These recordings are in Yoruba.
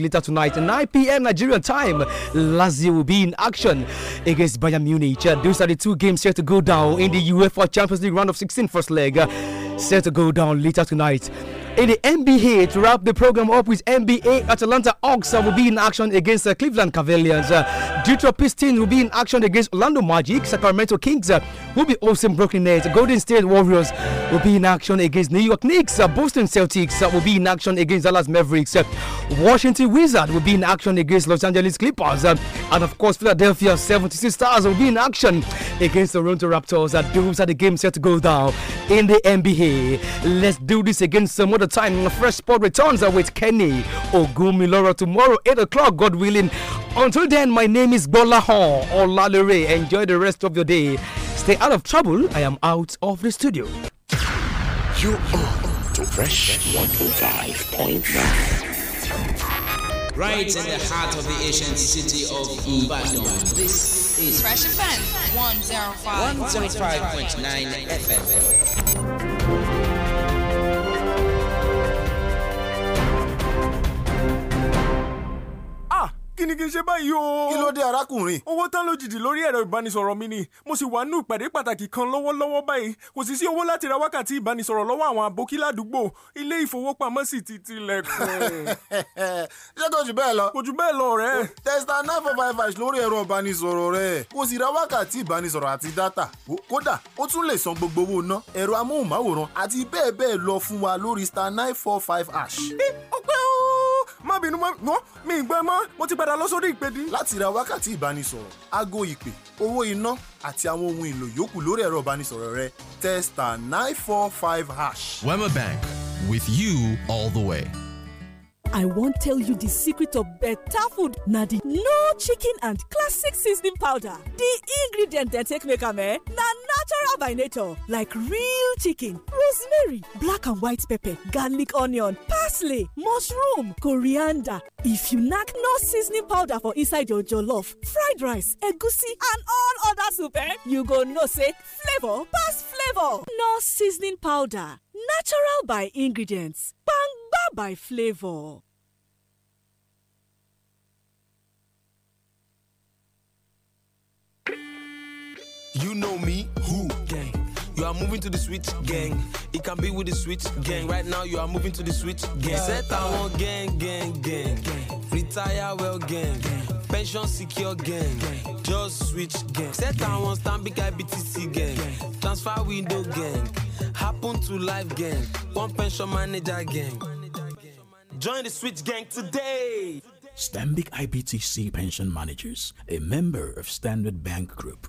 later tonight, 9 p.m. Nigerian time. Lazio will be in action against Bayern Munich. Uh, those are the two games set to go down in the UEFA Champions League round of 16 first leg. Uh, set to go down later tonight. In the NBA, to wrap the program up with NBA, Atlanta Hawks uh, will be in action against uh, Cleveland Cavaliers. Uh, Detroit Pistons will be in action against Orlando Magic. Sacramento Kings uh, will be hosting Brooklyn Nets. Golden State Warriors will be in action against New York Knicks. Uh, Boston Celtics uh, will be in action against Dallas Mavericks. Uh, Washington Wizards will be in action against Los Angeles Clippers. and of course, Philadelphia 76 Stars will be in action against the Toronto Raptors. That those are the games set to go down in the NBA. Let's do this again some other time. Fresh Sport returns with Kenny Ogumilora tomorrow, 8 o'clock, God willing. Until then, my name is Bola Hon Olalere. Enjoy the rest of your day Stay out of trouble. I am out of the studio. You are to Fresh 105.9. Right in the heart of the ancient city of Ibadan. This is Fresh Event 105.9 FM. kí ni kí n ṣe báyìí o. kí ló dé arákùnrin. owó tán lójijì lórí ẹ̀rọ ìbánisọ̀rọ̀ mi ni mo sì wà nínú ìpàdé pàtàkì kan lọ́wọ́lọ́wọ́ báyìí kò sì sí owó láti ra wákàtí ìbánisọ̀rọ̀ lọ́wọ́ àwọn abókí ládùúgbò ilé ìfowópamọ́sí ti tilẹ̀kùn. ṣé kò jù bẹ́ẹ̀ lọ. kò jù bẹ́ẹ̀ lọ rẹ. testa nine four five hash lórí ẹ̀rọ ìbánisọ̀rọ̀ rẹ kò sì ra wákàtí ìbánisọ̀rọ̀ má bínú má wọ́n mi ì gbẹ mọ́ mo ti padà lọ sórí ìpèdí. láti ra wákàtí ìbánisọ̀rọ̀ aago ìpè owó iná àti àwọn ohun èlò yòókù lórí ẹ̀rọ ìbánisọ̀rọ̀ rẹ tẹ nine four five hash. Wema Bank with you all the way. I wan tell you the secret of better food na the no chicken and classic seasoning powder. The ingredient dem take make am eh na natural by nature like real chicken, rosemary, black and white pepper, garlic onion, parsley, mushroom, coriander. If you knack no seasoning powder for inside your jollof, fried rice, egusi and all other soup eh, you go know say flavor, pass flavor. No seasoning powder natural by ingredients. Bang bye by flavor. You know me, who gang? You are moving to the switch gang. It can be with the switch gang. Right now, you are moving to the switch gang. Set our gang, gang, gang, gang. Retire well, gang. gang. Pension secure, gang. gang. Just switch gang. Set our stand big IBTC gang. gang. Transfer window gang. Happen to life gang. One pension manager gang. Join the Switch Gang today. Stanbic IBTC Pension Managers, a member of Standard Bank Group.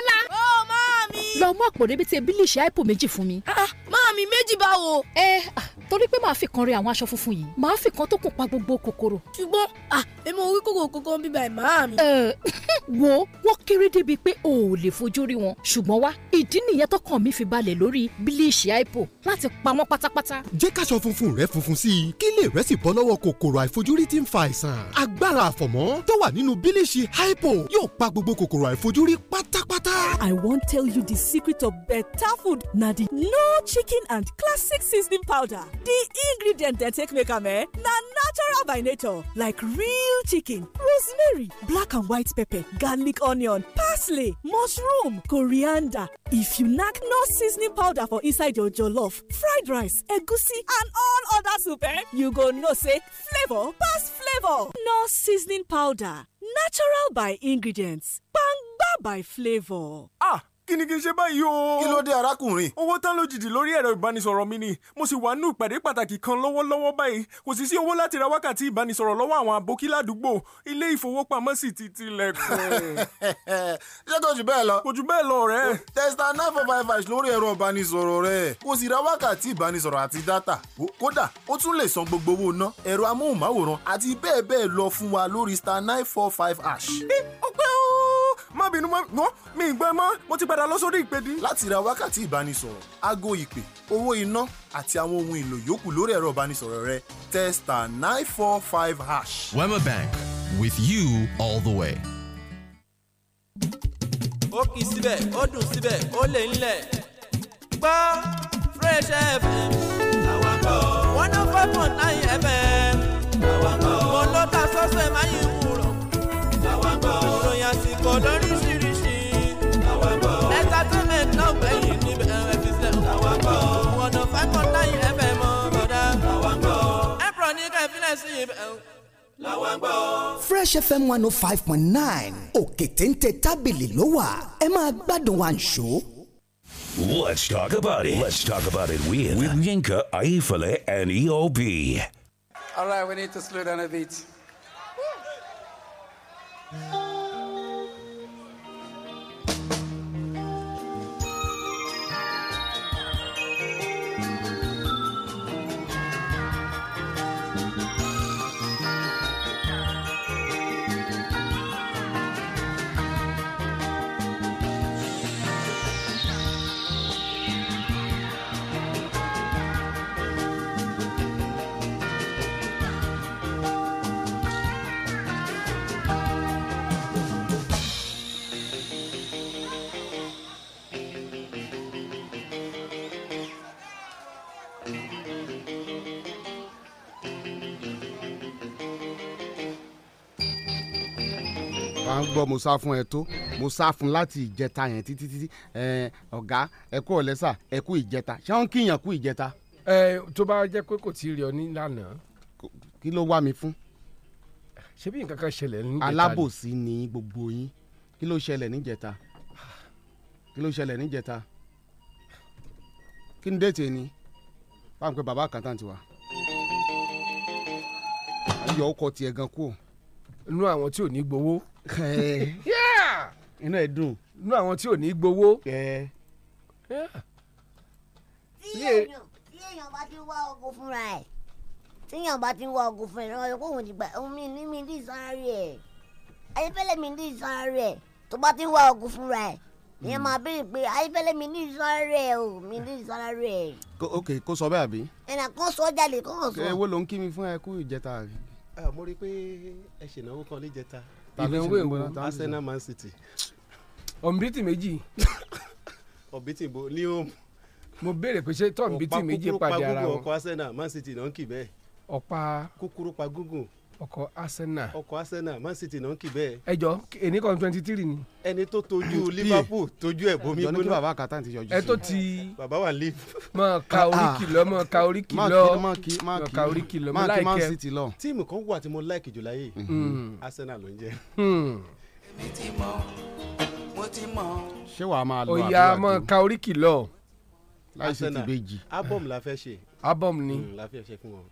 lọ mú àpò rẹbẹtẹ bílíṣì àìpò méjì fún mi. Ah, ah, máàmì méjì báwo. ẹ ah, torí pé màá fi kan rẹ àwọn aṣọ funfun yìí màá fi kan tó kùn pa gbogbo kòkòrò. ṣùgbọ́n èmi ò rí kòkòrò kankan bíbá ẹ̀ máàmì. wo wọ́n kéré débi pé o ò lè fojú rí wọn ṣùgbọ́n wá ìdí nìyẹn tọkàn mi fi balẹ̀ lórí bílíṣì àìpò láti pa wọ́n pátápátá. jẹ́ káṣọ funfun rẹ funfun sí i kí lè rẹ́ sì bọ́ lọ́wọ́ kòkòrò àìfojúrí tí ń fa àìsàn. agbára àfọ̀mọ́ tó wà nínú bílíṣì àìpò yóò pa gbogbo kòkòrò àìfojúrí pátápátá. I won't tell you this secret of better food na di no chicken and classic seasoning powder. The ingredient they take make am eh na natural by nature like real chicken, rosemary, black and white pepper, garlic onion, parsley, mushroom, coriander. If you knack no seasoning powder for inside your jollof, fried rice, egusi and all other soup eh, you go no say flavor, pass flavor, No seasoning powder, natural by ingredients, gbangba by flavor. Ah! kí ni kí n ṣe báyìí o. kí ló dé arákùnrin. owó tán lójijì lórí ẹ̀rọ ìbánisọ̀rọ̀ mi ni mo sì wà nínú ìpàdé pàtàkì kan lọ́wọ́lọ́wọ́ báyìí kò sì sí owó láti ra wákàtí ìbánisọ̀rọ̀ lọ́wọ́ àwọn abókí ládùúgbò ilé ìfowópamọ́sí ti tilẹ̀kùn. ṣé kò jù bẹ́ẹ̀ lọ. kò jù bẹ́ẹ̀ lọ rẹ. testa nine four five hash lórí ẹ̀rọ ìbánisọ̀rọ̀ rẹ kò sì ra wákàtí ìbánisọ̀rọ̀ má bínú má wọ́n mi ì gbẹ́ mọ́ mo ti padà lọ sórí ìpèdí. láti ra wákàtí ìbánisọ̀rọ̀ aago ìpè owó iná àti àwọn ohun èlò yòókù lórí ẹ̀rọ ìbánisọ̀rọ̀ rẹ tẹ nine four five hash. Wema Bank with you all the way. ó kì í síbẹ̀ ó dùn síbẹ̀ ó lè ń lẹ̀ gbọ́ Fresh FM one oh five point nine FM àwọn kan mo sọ́sẹ̀ máa ń wú. Fresh FM one oh five point nine òkè téńté tábìlì ló wà ẹ máa gbádùn wa ǹṣó. let us talk about it. Let's talk about it with, with Yinka, Aifale, and EOB. All right, we need to slow down a bit. Yeah. máa ń gbọ́ Musa sá fún ẹ tó mo sá fún láti ìjẹta yẹn títí títí ọ̀gá ẹ kú ọ̀lẹ́sà ẹ kú ìjẹta ṣé wọ́n ń kíyàn kú ìjẹta. ẹ tó bá jẹ́ pé kò tí ì rí ọ nílànà. kí ló wá mi fún. ṣé bí nǹkan kan ṣẹlẹ̀ níjẹta. alábòsí ni gbogbo yín kí ló ṣẹlẹ̀ níjẹta kí ló ṣẹlẹ̀ níjẹta kí ni déètì ni báwo pé bàbá àkàtà ti wà. ayọ̀ ọkọ̀ tiẹ̀ gan kú o inú àwọn tí ò ní gbowó. inú ẹ dùn. inú àwọn tí ò ní gbowó. tí èèyàn bá ti wá ogun fúnra ẹ̀ tí èèyàn bá ti wá ogun fúnra ẹ̀ lọ́wọ́ kó òun ti gbà omi ní mi ní ìsanárì ẹ̀ ayífẹ́lẹ́ mi ní ìsanárì ẹ̀ tó bá ti wá ogun fúnra ẹ̀ ìyẹn hmm. máa béèrè pé ayífẹ́lẹ́ mi ní ìsanárì ẹ̀ o mi ní ìsanárì ẹ̀. ok kó sọ bẹ́ẹ̀ àbí. ẹnì kan sọ jáde kó sọ. ewo ló ń kí mi fún ẹ kú ìjẹta rẹ. Eh, mo rí i pé ẹ ṣènáwó kan níjẹta ìnáwó ìbọn náà Arsenal Man City. ọ̀nbìtì méjì. ọ̀nbìtì bo ní òmù. mo béèrè pé ṣé tọ́ọ̀nbìtì méjì pàdé ara wọn. ọ̀pá kúkúrú pa gúgùn ọkọ̀ Arsenal Man City náà ń kì bẹ́ẹ̀. ọ̀pá kúkúrú pa gúgùn ọkọ̀ Arsenal. ọkọ̀ Arsenal Man City náà ń kì bẹ́ẹ̀. ẹ jọ èní kan twenty three ni. ẹni tó tọ́jú Liverpool tọ́jú ẹ̀ bomi gbóná. jọ ní kí bàbá kàtà ti yọjú sí. ẹ tó ti. bàbá wà lé. mọ ka oríkì lọ mọ ka oríkì lọ mọ ka oríkì lọ mọ láìkẹ. Man City lọ. tíìmù kan wà tí mo láìkì jù láyé mhm. hmm. Arsenal ló ń jẹ. Hmm. ṣé wàá máa lọ àbúrò àti. ọ̀yà ka oríkì lọ. láìsí ti bèjì. album la fẹ́ ṣe. album ni. Hmm, la fẹ́ ṣe fún wọn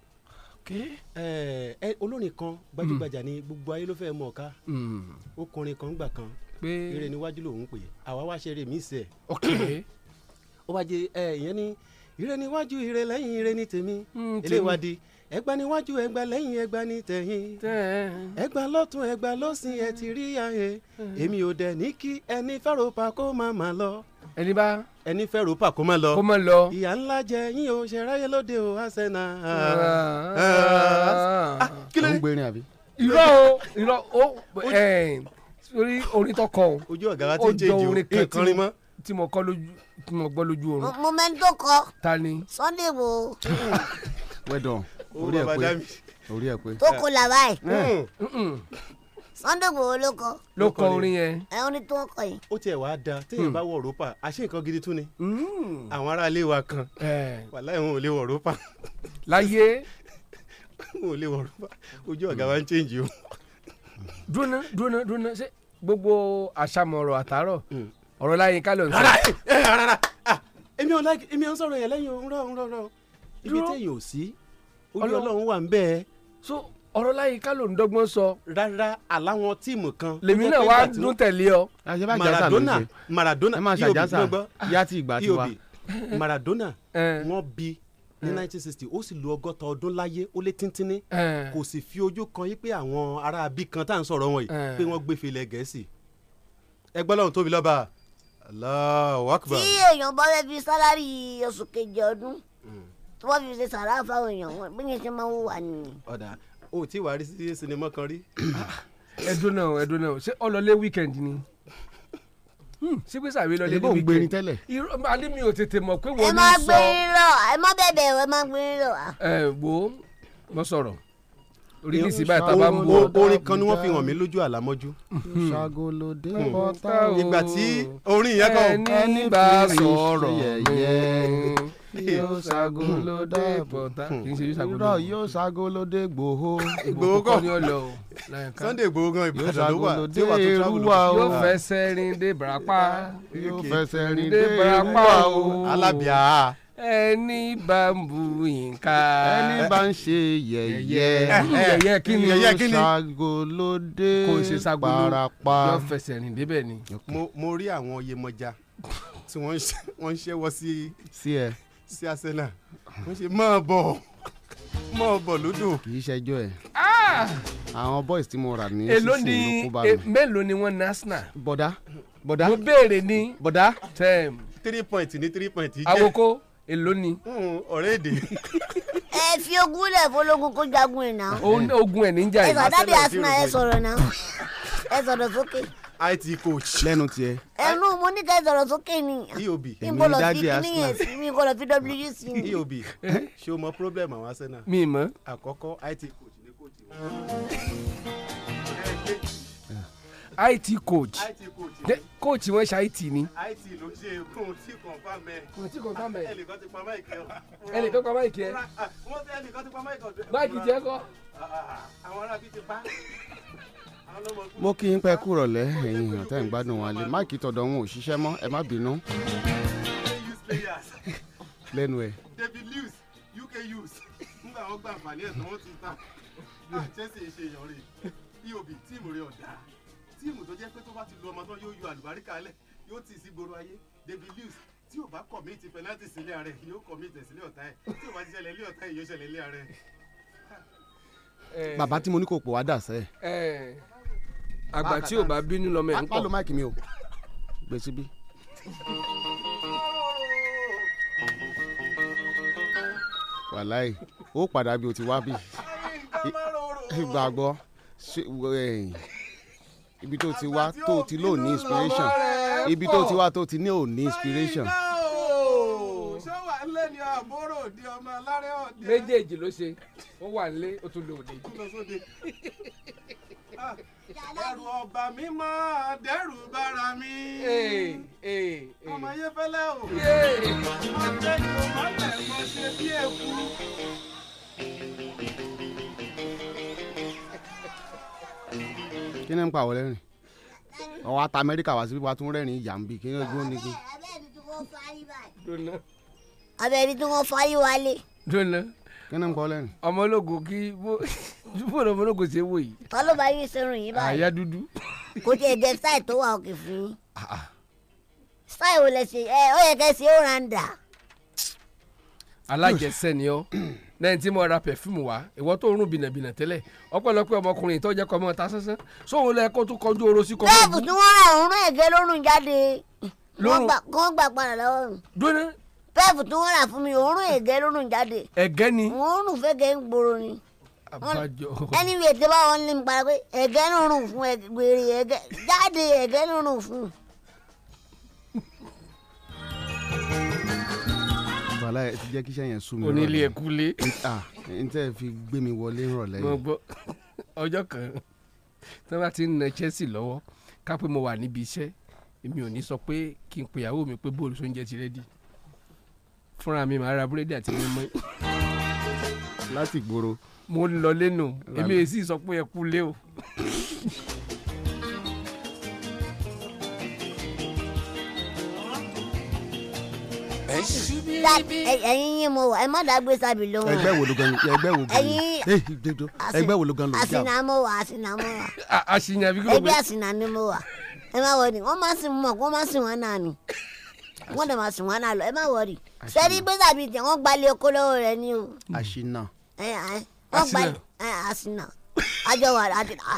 ẹ ẹ olórin kan gbajúgbajà hmm. ni gbogbo ayé ló fẹ́ mọ̀ ká ó hmm. kọrin kan gbà kan eré níwájú lòun pè àwa wá ṣeré mi sẹ ó wá jẹ ẹ ìyẹn ní ire níwájú ire lẹ́yìn ire ní tèmi hmm, eléwádìí ẹgbà níwájú ẹgbà lẹ́yìn ẹgbà ní tẹ̀yìn ẹgbà lọ́tún ẹgbà lọ́sìn ẹ ti rí ààyè hmm. èmi ò dẹ̀ ní kí ẹni fẹ́rọ̀pà kó má má lọ. ẹni bá ẹni fẹ́rọ̀pà kó má lọ. kó má lọ. ìyá ńlá jẹ yín o ṣe ráyé lóde o àṣẹnà. Ah. Ah. kí ló ń gbèrín àbí. irọ́ o irọ́ o eh, sórí orin tó kọ o. ojú ọ̀gá wa ti ń jẹ́ ìjò ìkànnì mọ́ tí mo kọ́ lójú tí mo gbọ́ lójú oorun. mo mẹ́ni ta ni. Sunday wo. well done orí ẹ pé orí ẹ pé. tó kò là báyìí eh. Sunday Igboho ló kọ. ló kọ orin yẹn. ẹ orin tó ń kọ yìí. ó tiẹ̀ wá da téèyàn hmm. bá wọ̀ rópa àṣé nǹkan gidi tún ni. Mm-hmm. àwọn aráalé wa kan eh. wàláhì wọn ò lè wọ̀ rópa. láyé. wọn ò lè wọ̀ rópa ojú ọ̀gá wa ń chẹ́ǹjì o. dúnà dúnà dúnà ṣé gbogbo àṣàmọ̀rọ̀ àtàrọ̀ ọ̀rọ̀ hmm. láyé ká ló ń sọ. rárá eh, ah, èmi ò sọ̀rọ̀ yẹn lẹ́yìn òun rọ̀ òun rọ̀ èmi téèyàn ò sí orí ọlọ́run wà ń bẹ́ẹ̀. so ọ̀rọ̀ láyìíká ló ń dọ́gbọ́n sọ. rárá aláwọn tíìmù kan. lèmi náà wá dún tẹ̀lé ọ. Maradona Maradona iobi gbọ́ngbọ́n iobi Maradona wọ́n Bi. ní 1960, sixty ó sì lu ọgọ́ta ọdún láyé ó lé tíntínní kò sì fi ojú kan yí pé àwọn ará abí kan tá à ń sọ̀rọ̀ wọn yìí pé wọ́n gbé filẹ̀ gẹ̀ẹ́sì ẹgbẹ́ lọ́run tóbi lọ́ba Allahu Akbar. tí èèyàn bá lẹ́bi sálárì oṣù kejì ọdún tó wọ́n fi ṣe sàrà fáwọn èèyàn wọn bí yẹn ṣe máa ń wà nìyẹn. ọ̀dà o tí wàá rí sinimá kan rí. ẹdun náà ẹdun náà ṣé ọlọlẹ weekend ni sígbésà rí lọlẹ ní weekend tẹ́lẹ̀. alẹ́ mi ò tètè mọ̀ pé wọ́n ló sọ. ẹ máa gbé rírọ ẹ má bẹ̀bẹ̀ ẹ máa gbé rírọ. ẹ wo mo sọ̀rọ̀ rílíìsì báyìí tá a ń bọ. orin kan ni wọ́n fi hàn mí lójú àlámọ́jú. Hmm. ṣàgòlòdè hmm. bọ́tà o. ìgbà tí orin yẹn kàn. ẹni bá sọ̀rọ̀ yẹ̀yẹ́ yóò ṣàgolo dé bọ̀tá hmm. hmm. kì í ṣe yóò ṣàgolo irọ́ yóò ṣàgolo dé gbòho gbòho kọ́ ni ó lọ o Sunday gbòho gan Ìbàdàn ló wà tí wà tó travel lọ. yóò fẹsẹ̀ rin dé Ìbàràpá yóò fẹsẹ̀ rin dé Ìbàràpá o alábìá ẹni bá ń bu nǹkan. ẹni bá ń ṣe yẹ̀yẹ́. yẹ̀yẹ́ kí ni yẹ̀yẹ́ kí ni. ṣàgolódé kò ṣe ṣàgolódé parapa. yọ fẹsẹ̀ ni. mo rí àwọn oyèmọja tí wọ́n ń ṣẹ́wọ́ sí ẹ sí àṣẹlà wọ́n ṣe máa bọ̀ máa bọ̀ lódò. kì í ṣẹjọ́ ẹ̀ ah! àwọn boys tí mo rà ní sísun ló kó bá e mi. mélòó ni wọ́n násínà. bọ̀dá bọ̀dá mo béèrè ní. bọ̀dá three point ní three point jẹ́. àwòkọ́ èló ni. Hmm, ọ̀rẹ́ èdè. ẹ fi ogun lẹ̀ fọlọ́gun kó jagun ẹ̀ náà. ogun ẹ̀ níjà yìí. ẹ sọ̀rọ̀ bí asuna ẹ sọ̀rọ̀ náà ẹ sọ̀rọ̀ sókè. IT coach. lẹ́nu tiẹ̀. ẹnu mo ní ká sọ̀rọ̀ sókè ni. eob èmi ni dájú arsenal mi kò lọ e sí wc mi. eob ṣé o mọ problem àwọn arsenal. mi mọ. àkọ́kọ́ IT coach ni coach wọn. IT coach coach wọn ṣe IT ni. IT ló ṣe kò tí confam ẹ. kò tí confam ẹ. ẹnìkan ti pa máìkì ẹ. ẹnìkan pa máìkì ẹ. wọ́n ti ẹnìkan ti pa máìkì ọ̀dọ́. máìkì jẹ́ kọ́. àwọn ará bíi ti pa mo kí n pẹ́ kúrọ̀ lẹ́ ẹ̀yin èèyàn tẹ́ ń gbádùn wa lé máìkì tọ̀dọ̀ wọn ò ṣiṣẹ́ mọ́ ẹ má bínú. lẹ́nu ẹ̀. David Lewis UK Youth nígbà wọn gba àǹfààní ẹ̀ tí wọ́n ti ta ah, Chelsea ṣe èèyàn rè pob tíìmù rẹ̀ ọ̀dà tíìmù tó jẹ́ pé tó bá ti lu ọmọ tán yóò yọ àlùbáríkà lẹ̀ yóò tì sí gbòòrò ayé David Lewis tí o bá kọ̀mìtì pẹ̀láńtì sílé ààrẹ yóò kọ̀mìtì sílé ọ̀tá ẹ̀ tí o bá ti ṣẹlẹ̀ ilé ọ̀tá ẹ̀ yóò ṣẹlẹ̀ ilé ààrẹ. Eh. bàbá tí mo ní kò pò wá dà sẹ́ẹ̀. Eh àgbà tí ò bá bínú lọ́mọ ẹ̀ ń pọ̀. apá ló máìkì mi o gbèsè bí. wàláì ó padà bí o ti wá bí gbàgbọ́ ibi tó ti wá tó ti lò ní inspiration ibi tó ti wá tó ti ní ò ní inspiration nílé ni àbúrò òde ọmọ alárẹ òde. méjèèjì ló ṣe ó wà nílé ó tún lò òde ẹrù ọba mi mọ́ dẹ́rù bára mi. ọmọ Ayéfẹ́lẹ́ o. ọ̀tẹ̀ kò mọ́lẹ̀ mọ́ ṣe bí èkú. kí ni ń pa àwọn lẹ́rìn ọwọ́ ata Amẹ́ríkà wá sí pípa tún rẹ́rìn ìyá ń bì kí ni ojú ni kí. abẹ́ni tí wọ́n fọ́ ayé wálé. kí ni ń pa ọ ọmọ ológun kí fóònù ọmọ náà kò ṣe é wò yìí. ta ló bá yí sẹ́rùn yìí báyìí. àyà dúdú. kò tiẹ̀ jẹ́ style tó wà òkè fún yín. Ah, ah. style wo lẹ ṣe ẹ ó yẹ kẹ́ ṣe ó ra ń dà. alájẹsẹ ni ọ lẹ́yìn tí mo ra pẹ̀fúmù wá ìwọ tó rún bìnàbìnà tẹ́lẹ̀ ọ̀pọ̀lọpọ̀ ọmọkùnrin ìtọ́jẹ́ kọ́ mọ́ ta sánsán sóhun lẹ kó tún kọjú oró sí kọ́mọ́. bẹ́ẹ̀ tí wọ́n ra òórùn ẹ̀gẹ́ lórun jáde wọ́n gbà padà lọ́wọ́ mi. dúró. bẹ́ẹ̀ tí wọ́n ra fún mi òórùn ẹ̀gẹ́ lórun jáde. ẹ̀gẹ́ ni. òórùn fẹ́gẹ́ ń gbòòrò ni àbájọ. anyway tí báwọn ní n para pé ẹ̀gẹ́ ń rùn fún wèrè ẹ̀gẹ́ jáde ẹ̀gẹ́ ń rùn fún. bàlá ẹ ti jẹ́ kíṣẹ́ yẹn sú mi. onílé ẹkú lé. n tẹ́ fi gbé mi wọlé rọ̀lẹ́. mo gbọ́ kan tí wọ́n bá ti ń na Chelsea lọ́wọ́ ká pé mo wà níbi iṣẹ́ èmi ò ní sọ pé kí n pè ìyàwó mi pé bóòlù sóúnjẹ ti rẹ́dí fúnra mi màá ra búrẹ́dì àti mímọ́ láti ìgboro. mo ń lọ lẹ́nu èmi èsì sọ pé ẹ kú lé o. ẹyin yín mo wà ẹ má dàgbé sábì lóhùn. ẹgbẹ́ wo ló gan ẹgbẹ́ wo gan ẹgbẹ́ wo ló gan ló jà. àsìnà mo wà àsìnà mo wà. àsìnà bí kò gbé. ẹgbẹ́ àsìnà ni mo wà ẹ má wọrí wọ́n má sìn mọ̀ wọ́n má sìn wọn náà ni wọ́n dẹ̀ má sìn wọn náà lọ ẹ má wọrí. sẹ́ni gbé sábì tẹ̀ wọ́n gbalẹ̀ okòlówó rẹ̀ ni o. àsìnà wọ́n gba àṣìnà àjọwà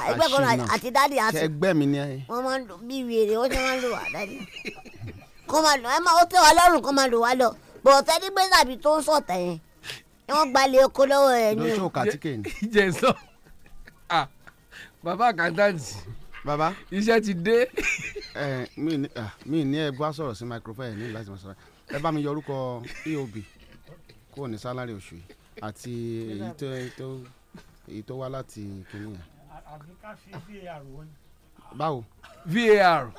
ẹgbẹ́ kan àti dáàdi àṣìnà ẹgbẹ́ mi ni ẹ. wọ́n máa ń lò bí wèrè wọ́n ṣe máa ń lò wà dáàdi kó máa lò ẹ máa ó tẹ wá lọ́rùn kó máa lò wá lọ bọ̀ ọ̀tẹ́ ní gbé tàbí tó ń sọ̀tẹ̀ yẹn ni wọ́n gbalẹ̀ oko lọ́wọ́ ẹ̀ ni. lóṣù kàtíkè ni. jẹsọ bàbá àkàntàǹtì bàbá iṣẹ́ ti dé. ẹ mi ní ẹ bá sọ̀rọ̀ sí microphone ẹ ní láti máa ẹ bá mi yọ orúkọ eob kúrò ní sálárì oṣù yìí àti èyí tó èyí tó wá láti kìnìún yẹn. var wọ́n. báwo. var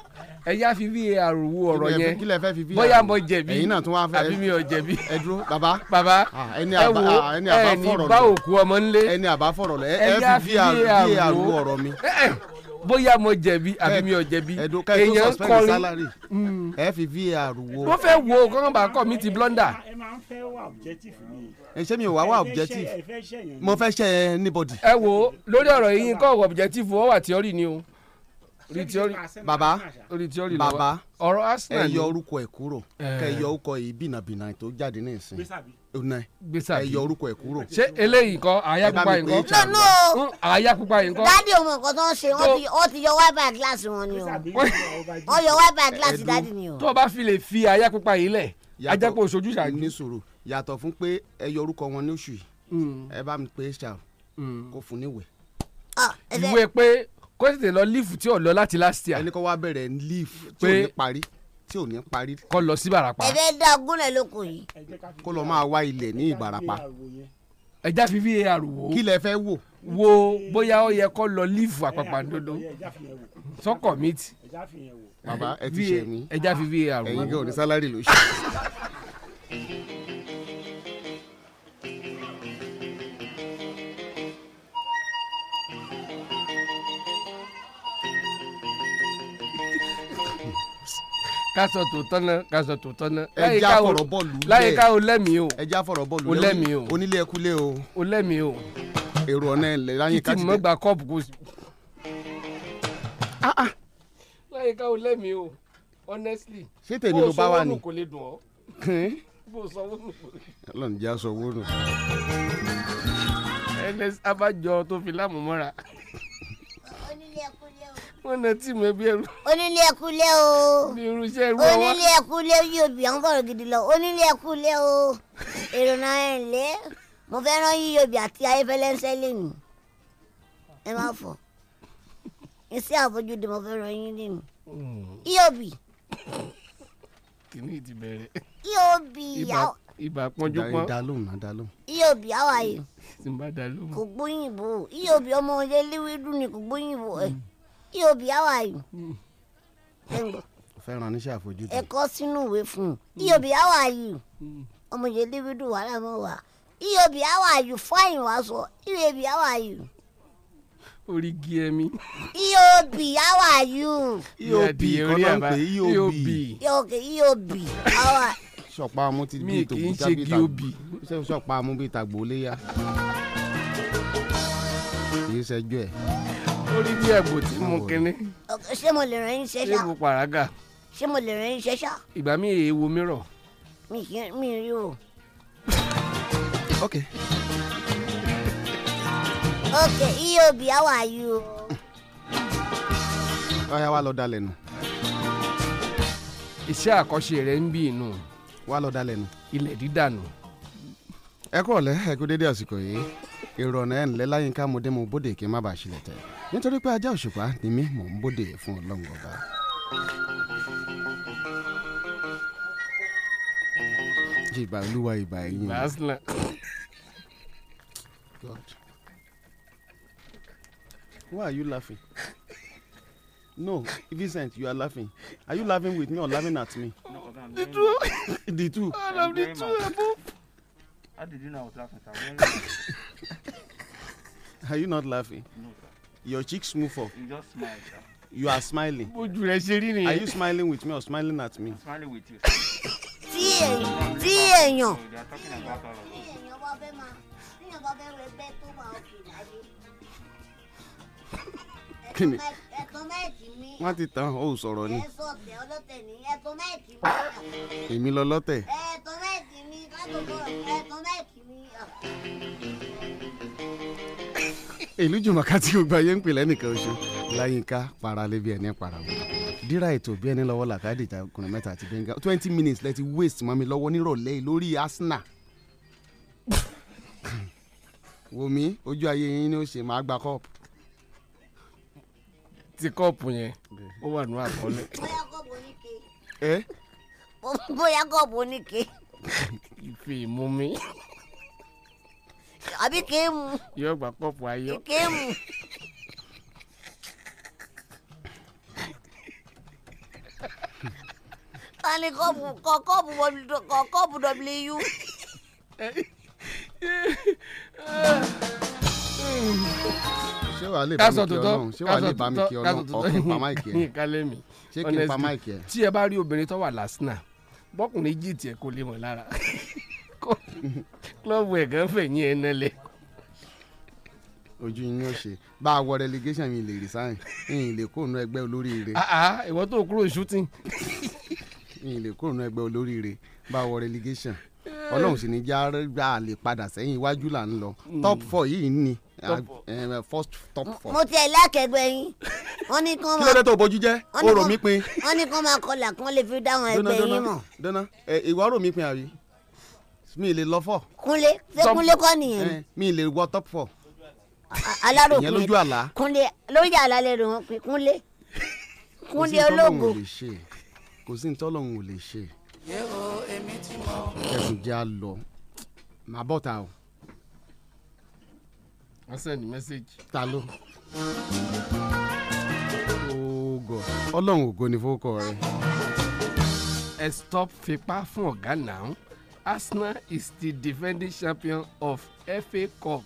ẹ yá fi var wo ọ̀rọ̀ yẹn kí lẹ fẹ́ fi bóyá mo jẹ̀bi ẹ̀yin náà tún wá fẹ́ àbí mi ò jẹ̀bi. ẹ dúró bàbá bàbá ẹ wo ẹni bá òkú ọmọ ńlé ẹni àbá fọ̀rọ̀ lọ ẹ fi var wo ọ̀rọ̀ mi bóyá mo jẹ̀bi àbí mi ò jẹ̀bi èèyàn kọrin mm. ẹ fi var wo. wọ́n fẹ́ wo kọ́ńtà bá kọ́ mi ti blunder. ẹ máa ń fẹ́ wá objective ni. ṣé mi ò wá wá objective mo fẹ́ ṣe anybody. ẹ wo lórí ọ̀rọ̀ yìí kọ́ objective wọ́n wà tíọ́rì ni o. Baba, tíọ́rì bàbá lórí tíọ́rì lọ́wọ́ bàbá ọ̀rọ̀ Arsenal ni ẹ yọ orúkọ ẹ̀ kúrò kẹ ẹ yọ orúkọ yìí bìnàbìnà tó jáde ní ìsìn ẹ yọ orúkọ ẹ̀ kúrò. ṣé eléyìí nǹkan àyà pupa yìí nǹkan nọ àyà pupa yìí nǹkan. dádì ọmọ nǹkan tó ń ṣe wọn ti yọ wáìpà gíláàsì wọn ni o wọn yọ wáìpà gíláàsì dádì ni o. tó o bá fi lè fi àyà pupa yìí lẹ̀ ajá pé oṣooju ṣáájú. ní sòrò yàtọ̀ fún pé ẹ yọ orúkọ wọn ní oṣù yìí hmm. ẹ bá mi pé ṣáà hmm. kó fún níwèé. Ah, ìwé pé kó tètè lọ lífù tí ò lọ láti last year. ẹni kó wá bẹ̀rẹ̀ lífù tí ò ní parí tí ò ní parí. kó lọ sí ìbàràpá. ẹ̀fẹ̀ dá gúnlẹ̀ lóko yìí. kó lọ máa wá ilẹ̀ ní ìbàràpá. ẹja fi var wo. kí lẹ fẹ́ wò. wo bóyá ó yẹ kó lọ lífù àpàpàǹdodo sọkọ mi ti. bàbá ẹ ti ṣe mí. ẹja fi var wo. ẹ̀yin kò ní sálárì lóṣù. kásọ tòótọ́ náà kásọ tòótọ́ náà. ẹja fọ̀rọ̀ bọ́ọ̀lù lẹ̀ láyìíká o lẹ́mìí o. ẹja fọ̀rọ̀ bọ́ọ̀lù lẹ̀ o lẹ́mìí o. onílé ẹkúlé o. o lẹ́mìí o. èrò ọ̀nà ẹ̀ lẹ̀ láyìíká ti mọ́ gba kọ́ọ̀pù kò sí. Ah, ah. láyìíká o lẹ́mìí o honestly. ṣé tèmi ló bá wà ní. bó o sọ wónù kò lè dùn ọ́. bó o sọ wónù kò lè. ọlọ́run jẹ́ aṣọ abájọ tó fi láàmú mọ́ra. onílé ẹkúlé wọn nà tí mi bí ẹrú. onílé ẹkúlé o. ní irúṣẹ́ irú ọwọ́. onílé ẹkúlé yìí òbí à ń bọ̀rọ̀ gidi lọ onílé ẹkúlé o. èrò náà ẹ̀ lé mo fẹ́ rán yíyí òbí àti ayéfẹ́lẹ́ ń sẹ́lẹ̀ mi. ẹ má fọ̀ iṣẹ́ àbójúde mo fẹ́ rán yín lé mi. iobi. Hmm. kìnìún ti bẹ̀rẹ̀. iobi yàwó. ibà pọ́njú pọ́n. dalóhùn náà dalóhùn. iobi how are you. tí n bá dalóhùn. kò gbóyìnbó iobi ọmọ ilé léwédú ni kò gbóyìnbó ẹ̀. Mm yóò how are you. fẹ́ràn oníṣẹ́ àfojúdi. ẹ̀kọ́ sínú ìwé fún un yóò how are you. ọmọ yẹn lébi-dùn wàhálà mọ́ wa yóò how are you fáyìn wá sọ yóò bí how are you. orí gí ẹmí. yóò bí how are you. yóò bí kọ́lá ń pè yóò bí. yóò bí how are you sọ̀pá amú ti bí tòkú tábí ta sọ̀pá amú bí tàgbó léyà kì í ṣẹjọ́ ẹ̀. orí bí tí mo kíní. ṣé mo lè rán ṣe ṣá. ṣé mo mo lè rán ṣe ṣá. ìgbà mi wo rọ. mi mi o. ok. ok iye obì á wà o. wa lọ dalẹ̀ nù. iṣẹ́ àkọ́ṣe rẹ̀ ń bí wa lọ dalẹ̀ nù. ilẹ̀ dídà nù. ẹ ẹ kú ìrọ̀nà ẹ̀ ńlẹ́ láyínká mo dé mo bóde kí n má bàa ṣílẹ̀ tẹ̀ nítorí pé ajá òṣùpá ni mí mò ń bóde fún ọlọ́run ọba. ìbà olúwa ìbà ẹ̀yìn. Why are you laughing? No, Vincent, you are laughing. Are you laughing with me or laughing at me? No, the two. the two. Out of the two How did you know I was laughing, sir? Are you not laughing? No, sir. Your cheeks move up. You just smile. sir. You are smiling. are you smiling with me or smiling at me? I'm smiling with you. Tí èèyàn tí èèyàn kí ni wọ́n ti tán ó sọ̀rọ̀ ni. èmi lọ lọ́tẹ̀. ìlú jùmọ̀ká tí gbogbo ayé ń pè lẹ́nìkan oṣù láyínká paralẹ́ bí ẹni paramu dírà ètò bí ẹni lọ́wọ́ làkàdé ìtàkùnrin mẹ́ta àti bẹ́ńgá twenty minutes lẹ́ti waste mọ́ mi lọ́wọ́ nírọ̀lẹ́ lórí Arsenal wò mí ojú ayé yín ni ó ṣe máa gba cup ti kọ́ọ̀pù yẹn ó wà nù àkọọ́lẹ̀. bóyá kọ́ọ̀pù oníke. ẹ. ife ìmú àbí kéèmù. yóò gba kọ́ọ̀pù ayọ̀. kéèmù. tani kọ́ọ̀pù kọ́ọ̀pù w. Yeah ṣé wàá lè bá mi kí ọlọ́run ṣé wàá lè bá mi kí ọlọ́run ọkùnrin pa máìkì ẹ ṣé kí n pa máìkì ẹ. tí ẹ bá rí obìnrin tó wà lásìnà bọ́kùnrin jì tiẹ̀ kò lè mọ̀ lára klọ́ọ̀bù ẹ̀ gan fẹ̀yìn ẹ̀ nẹ́lẹ̀. ojú yín yóò ṣe bá a wọ relegation mi lè resign ìyìn lè kóònù ẹgbẹ́ olóríire. Ah, ah, ìwọ tó kúrò shooting. ìyìn lè kóònù ẹgbẹ́ olóríire bá a wọ relegation ọlọ́run sì ní já a lè padà sẹ́yìn iwájú là ń lọ hmm. top four yìí ni. Eh, first top four. mo tiẹ̀ lákẹ̀gbẹ́ yín wọ́n ní kán máa. kílódé tó bójú jẹ́ o rò mí pin. wọ́n ní kán máa kọlà kán lè fi dáhùn ẹgbẹ́ yín mọ̀. dọ́nà ìwọ rò mí pin àbí mi lè lọ fọ. kúnlé ṣé kúnlé kọ́ nìyẹn. Eh, mi lè wọ top four. alárò kúnlé ìyẹn lójú àlá. kúnlé lórí àlá lè rò wọn pé kúnlé kúnlé ológo. kò sí ntọ́lọ́hún ò lè ṣe. ẹ̀sùn jẹ́ àlọ́ màá bọ̀ ta o wọ́n sẹ́ni mẹ́sẹ̀gì. ta ló. ogo ọlọ́run ògo ni fowókọ rẹ. ẹ stop fipá fún ọ̀gá náà Arsenal is the defending champion of FA Cup.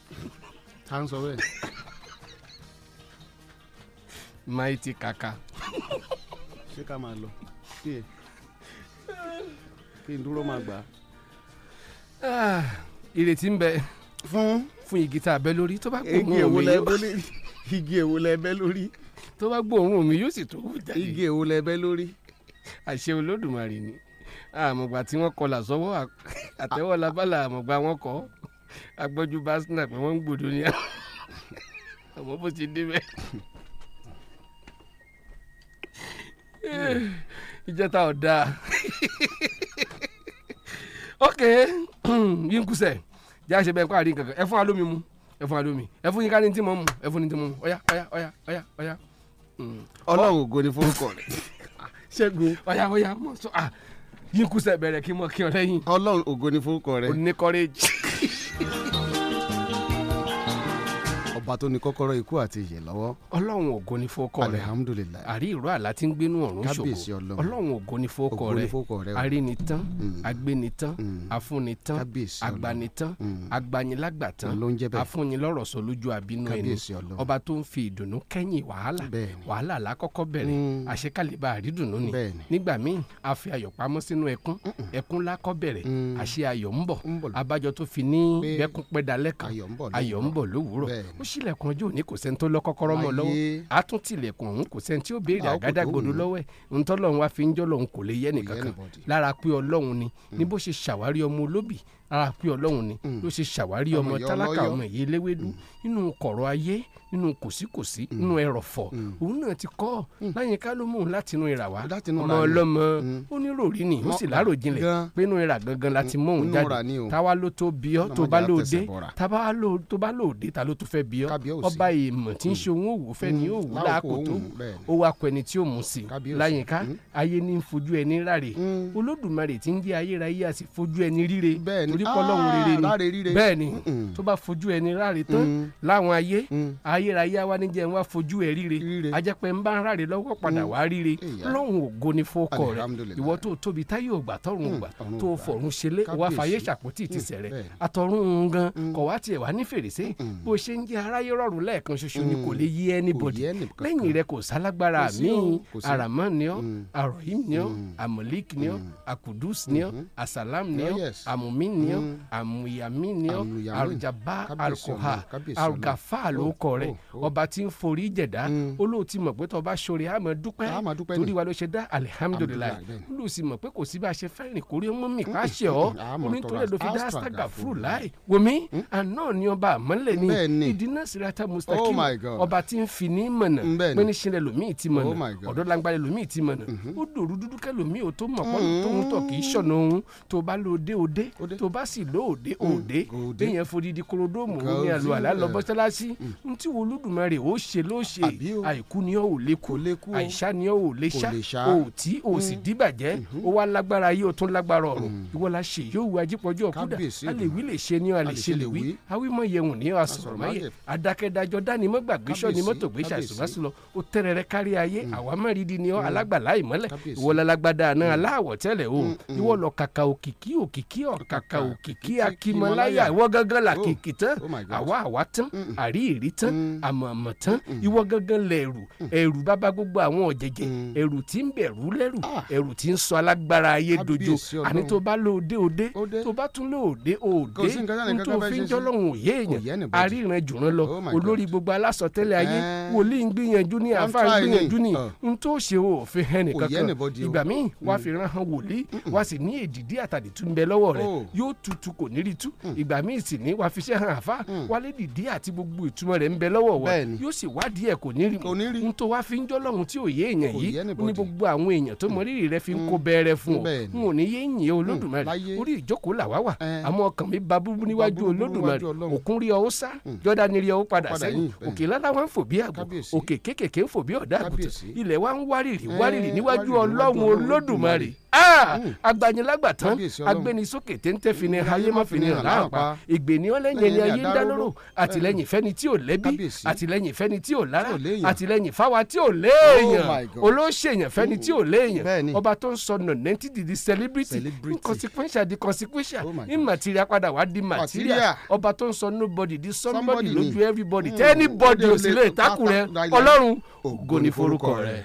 ta ń sọ bẹ́ẹ̀. mighty kaka. ṣé ká máa lọ kí ẹ kí n dúró máa gbà ah, ìrètí ń bẹ fún. fún igi tá a bẹ́ lórí tó bá gbóòórùn mi yóò igi èwo lẹ bẹ́ lórí. tó bá gbóòórùn mi yóò sì tó wù jáde. igi èwo lẹ bẹ́ lórí. àṣẹ olódùmarè ni àmọ̀gbà tí wọ́n kọlà sọ́wọ́ àtẹ́wọ́ labálà àmọ̀gbà wọn kọ́ agbọ́jú basina pé wọ́n ń gbòdo ni àmọ́ bó ti débẹ̀. ìjẹta ọ̀dà ok yín kùsẹ̀ jẹ́ àṣẹ bẹ́ẹ̀ káàrí kankan ẹ fún alómi mu ẹ fún alómi ẹ fún yín ní tí mo mu ẹ fún ní tí mo mu ọ̀yá ọ̀yá ọ̀yá ọ̀yá ọ̀yá. Hmm. ọlọ́run ògo ni forúkọ rẹ̀. ṣẹ́gun ọ̀yá ọ̀yá mọ̀ sọ à ah, yín kúṣẹ̀ bẹ̀rẹ̀ kí mo kí ọ lẹ́yìn. ọlọ́run ògo ni forúkọ rẹ̀. oníkọ́rẹ́jì. ọba tó ní kọ́kọ́rọ́ ikú àti ìyè lọ́wọ́. ọlọ́run ògo ni fọ́kọ rẹ̀ alihamudulilayi àrí ìró àlá tí ń gbénú ọ̀run ṣògo kábíyèsí ọlọ́run ọlọ́run ògo ni fọ́kọ rẹ̀ arínitán mm. agbénitán mm. afúnitán agbanitán mm. agbanilágbàtán afúnilọ́rọ̀ sọ lójú àbínú ẹni ọba tó ń fi ìdùnnú kẹ́yìn wàhálà wàhálà lákọ́kọ́ bẹ̀rẹ̀ àṣekálíbà àrídùnnú ni nígbà míì a fi ayọ̀ pamọ́ sínú ẹkún ẹkún lákọ́ bẹ̀rẹ̀ àṣe ayọ̀ ń bọ̀ abájọ tó fi ní bẹ́kún pẹ́ dalẹ́ kan ayọ̀ ń bọ̀ lówùúrọ̀ ó ṣ sílẹ̀kùn ojú òní kò sẹ́ni tó lọ kọ́kọ́rọ́ mọ́ lọ́wọ́ àtúntìlẹ̀kùn ọ̀hún kò sẹ́ni tí ó béèrè àgádágodo lọ́wọ́ ẹ̀ ntọ́lọ́run wá fi ń jọ́ lọ́hún kò lè yẹ nìkankan lára pé ọlọ́run ni ní mm. bó ṣe ṣàwárí ọmọ olóbì lára pé ọlọ́run ni mm. ló ṣe ṣàwárí ọmọ tálákà ọmọ ìyẹlẹ́wẹ́dú mm. nínú kọ̀rọ̀ ayé nínú kòsíkòsí mm. nínú ẹrọ̀fọ̀ mm. òun náà ti kọ́ mm. láyínká ló mú un láti inú ìrà wá ọmọ ọlọ́mọ oníròrí ni ó sì láròjinlẹ̀ pé inú ìrà gangan láti mú òun jáde táwa ló tó bí ọ́ tó bá lóde tó bá lóde ta ló tó fẹ́ bí ọba ìmọ̀ tí ń ṣe òun òwò fẹ́ ni òwò láàkótó ó wá kọ ẹni tí ó mú sí láyínká ayé ní fojú ẹni ráre olódùmarè tí ń jẹ́ ayérayé àti fojú ẹni ríre torí kọ́ lọ́hùn ni bẹ́ẹ̀ ni ah, tó bá fojú ẹni ráre tán ayérayé wa ní jẹ́ ń wá fojú ẹ̀ ríre ajẹ́pẹ́ ń bá ń ráre lọ́wọ́ padà wá ríre lóhùn ògo ni fọ́kọ rẹ̀ ìwọ tó tóbi táyé ògbà tọ̀run hmm, ògbà tó fọ̀run ṣẹlẹ̀ wá fàyè ṣàpótì tìṣẹ̀ hmm, rẹ̀ àtọ̀run gan hmm. kọ̀ wá tiẹ̀ wá ní fèrèsé bó ṣe ń jẹ́ aráyé rọrùn lẹ́ẹ̀kan ṣoṣo ni kò lè yí anybody lẹ́yìn rẹ̀ kò sálágbára míì aramọ́ ni ọ́ arohim ni ọ́ amolik ni ọ́ akudus ni ọ́ asalam oh, ni ọ́ amumi ni ọ́ amuyami ni ọ́ alujaba alkoha algafa ló rẹ̀ ọba tí ń forí jẹ̀dá mm. olóòtú mọ̀ pé tọba sori àmọ́ dúpẹ́ torí wa ló ṣe dá alihamudulilayi olùsì mọ̀ pé kò sí bá a ṣe fẹ́ràn kórè mú mi ká mm, ṣe ọ́ mm, onítorí ẹ̀ ló fi dá astaga fúru láì wòmí àná ni ọba àmọ́lẹ̀ ni ìdínà sirata mustaqim ọba tí ń fi ní mọ̀nà pínísìnlẹ̀ lomi ti mọ̀nà oh ọ̀dọ́ langbalẹ̀ lomi ti mọ̀nà mm-hmm. ó dòru dúdú kẹ́ lomi ò tó mọ̀ pọ́ mm-hmm. tóun tọ̀ kì í ṣọ̀nà òun tó bá lo òde òde tó bá sì lo òde òde bẹ́ẹ̀ yẹn fodidi korodóòmù ní wo olódùmarè ó ṣe ló ṣe àìkú ni ó ò lékú àìsá ni ó ò léṣá ò tí ò sì mm. dìbàjẹ́ mm-hmm. ó wá lágbára yìí ó tún lágbára ọ̀rọ̀ mm. ìwọ la ṣe yóò wu ajípọ̀jọ́ ọ̀kúdà a lè wí lè ṣe ni a lè ṣe lè wí awímọ̀ yẹ̀wùn ni asọ̀rọ̀ máyẹ̀ adákẹ́dájọ́ dání mọ́ gbàgbé sọ ni mọ́tò gbé ṣàṣùmọ́sí lọ ó tẹ́rẹrẹ kárí ayé mm. àwa mẹ́rìndín ni ọ́ alágbàlá ìmọ́lẹ̀ ìwọ lálágbádá náà aláwọ̀ tẹ́lẹ̀ o ìwọ lọ kàkà òkìkí òkìkí ọ̀kàkà òkìkí akímọláyà ìwọ gángan là oh. kìkì tán oh àwa àwa tán àrí ìrí tán àmọ̀mọ̀ tán ìwọ gangan lẹ̀rù mm. ẹ̀rù bàbá gbogbo àwọn ọ̀jẹ̀jẹ̀ mm. ẹ̀rù tí ń bẹ̀rù lẹ́rù ah. ẹ̀rù tí ń sọ alágbára ayé dojo àní tó bá lọ òde òde tó bá tún lọ òde òde nítorí òfin jọlọ́hún òye èèyàn àríran jùrán lọ oh olórí gbogbo alásọtẹ́lẹ̀ ayé eh. wòlíì ń gbìyànjú ní àfa ń gbìyànjú ní oh. n tó ṣe òfin hẹ́nì kankan ìgbà míì wá mm. fi ran han wòlíì wá sì ní èdìdí àtàdì tún bẹ lọ́wọ́ rẹ̀ oh. yóò tutù kò ní rí tú ìgbà míì sì ní wá fi ṣe han àfa wálé dìdí àti gbogbo ìtumọ̀ rẹ̀ ń bẹ l lọ́wọ́ wa yóò sì wádìí ẹ̀ kò ní rí n tó wá fi ń jọ́lọ́run tí ò yé èèyàn yìí ní gbogbo àwọn èèyàn tó mọ rírì rẹ fi ń kó mm. bẹ́ẹ̀rẹ̀ fún ọ n ò ní yé yìn mm. olódùmarè orí ìjókòó là wá wà àmọ́ ọkàn mi ba búburú níwájú olódùmarè òkun rí ọwọ́ sá mm. jọ́dánì rí ọwọ́ padà sẹ́yìn òkè lálá wa ń fò bí àgbò òkè kékèké ń fò bí ọ̀dà àgùntàn ilẹ̀ wa ń wárìrì wárìrì níwájú ọlọ́run olódùmarè. Ah, hmm. agbanilágbà tán agbẹnisókè téńté fini ayé má fini hàn láàpá ìgbèniọ́ lẹ́yìn ẹni ayé ń dá lóró àtìlẹ́yìn fẹ́ni tí ò lẹ́bí àtìlẹ́yìn fẹ́ni tí ò lára àtìlẹ́yìn fáwa tí ò léèyàn oh olóṣèyàn fẹ́ni tí ò léèyàn ọba tó ń sọ nọ̀nẹ́tì di di celebrity inconsequential di consequential oh immaterial padà wá di material ọba tó ń sọ nobody di somebody lójú everybody hmm. tẹ́nibọ́dì òsì lè takùn rẹ ọlọ́run ògo ni forúkọ rẹ.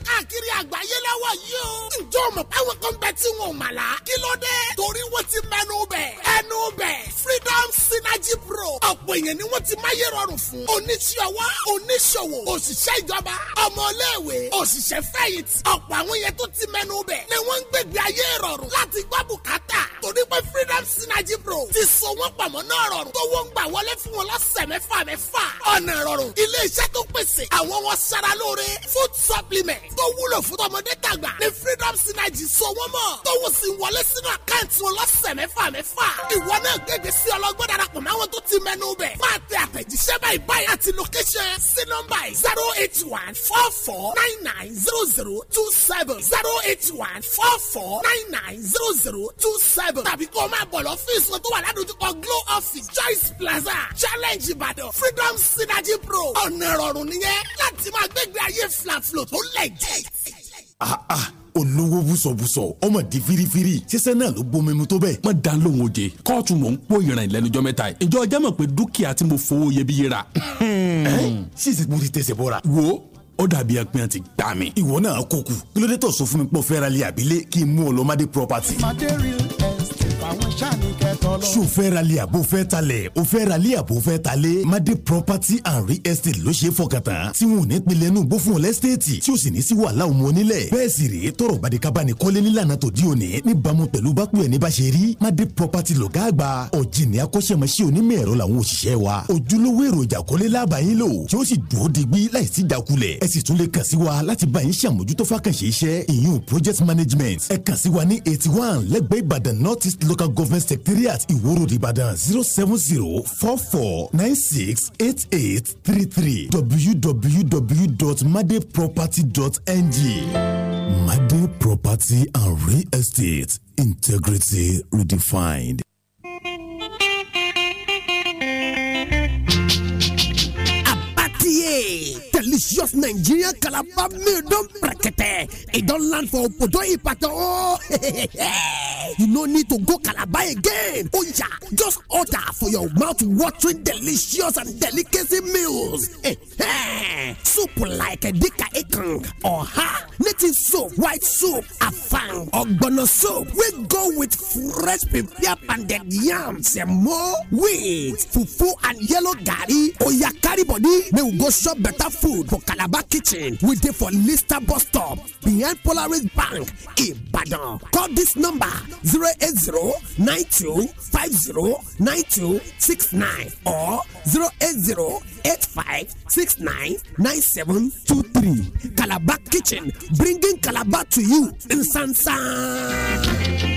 káàkiri àgbáyé lọ́wọ́ yìí o. ǹjọ́ mọ̀ báwọn kan bẹ tí wọn ò mà lá. kí ló dé? torí wọ́n ti mẹ́nu bẹ̀. ẹnu bẹ̀ freedom synergy pro. ọ̀pọ̀ èèyàn ni wọ́n ti máyé rọrùn fún. oníṣòwò oníṣòwò òṣìṣẹ́ ìjọba ọmọléèwé òṣìṣẹ́ fẹ̀yìntì. ọ̀pọ̀ àwọn yẹn tó ti mẹ́nu bẹ̀ ni wọ́n ń gbègbè ayé rọrùn láti gbọ́ bùkátà. torí pé freedom synergy pro ti so wọ́n pàmọ́ náà rọrùn. tó wọ́n gbà wọlé fún wọn lọ́sẹ̀ mẹ́fà mẹ́fà. ọ̀nà rọrùn ilé iṣẹ́ tó pèsè àwọn w wúlò fún tọmọdé tàgbà ní freedom synergy so wọ́n mọ̀ tówó sì ń wọlé sínú àkáǹtì wọn lọ́sẹ̀ mẹ́fà mẹ́fà ìwọ náà gègé sí ọlọ́gbọ́n darapọ̀ máwọn tó ti mẹ́nu bẹ̀ máa tẹ àtẹ̀jíṣẹ́ báyìí báyìí àti location sí nọ́mbà yìí zero eight one four four nine nine zero zero two seven zero eight one four four nine nine zero zero two seven tàbí kó o máa bọ̀ lọ́fíìsì wọn tó wà ládùúgbò glow office choice plaza challenge ìbàdàn freedom synergy pro ọ̀nà ìrọ̀rùn nìyẹn láti máa gbégbé ayé flaflo tó lẹ̀ jẹ́. Ah, ah, olówó bùsọ̀bùsọ̀ ọmọ di firifiri ṣiṣẹ́ náà ló bomi mu tó bẹ́ẹ̀. má dá lóhùn oje kóòtù mò ń pò ìrìn lẹ́nujọ́ mẹ́ta yìí ìjọ ọjà mọ̀ pé dúkìá tí mo fowó iyebíye rà. ṣíṣe mo ti tẹsẹ̀ bọ́ra. wo ó dàbí ẹpin àti gbà mí. ìwọ náà kò kù kí ló dé tó sọ fún mi pé o fẹ́ àbílẹ̀ kí n mú ọ lọ Mádé property. Mádé real estate àwọn sáà ṣó fẹ́ ra bo àbò fẹ́ talẹ̀ o fẹ́ ra lé àbò fẹ́ talẹ̀ madi property and real estate ló ṣe é fọkàntán tí wọn ò ní pilẹ̀ inú bó fún ọ lẹ́stéètì tí o sì ní sí wàhálà òun onílẹ̀ bẹ́ẹ̀ sì rèé tọrọ badikaba ni kọ́lé nílànà tó di òní níbàámu pẹ̀lú bákú ẹ̀ ní bá ṣe rí madi property lọ́gá àgbà ọ̀jìnì akọ́ṣẹ́mọṣẹ́ onímọ̀-ẹ̀rọ làwọn òṣìṣẹ́ wa ojúlówó èròjà kọ́lé lábàáyín lò tí ó sì dúró digbí láìsí ìjákulẹ̀ ẹ sì tún lè kàn sí wa láti bá yín ṣàmójútó fàkànṣe iṣẹ́ ìyún project management ẹ kàn sí wa ní eighty one lẹ́gbẹ̀ẹ́ Ìbàdàn North East Local Government Secretariat at Iworo Ibadan zero seven zero four four nine six eight eight three three www.madeproperty.ng. Made Property and Real Estate Integrity Redefined. Just Nigeria calabar meal don brekete. It don't land for Obodo Ibadan. Oh, you no need to go Calabar again. Oh yeah, just order for your mouth-watering delicious and delicacy meals. Eh, eh. Soup like edika ikong, oha, native soup, white soup, afang, ogbono soup. We go with fresh prepared pounded yam, more, wheat, fufu and yellow garri. Oya carry body, may we go shop better food for Calabar Kitchen. We there for Lister bus stop behind Polaris Bank, Ibadan. Call this number 08092509269 or 08085699723. Calabar Kitchen bringing Calabar to you in Sansan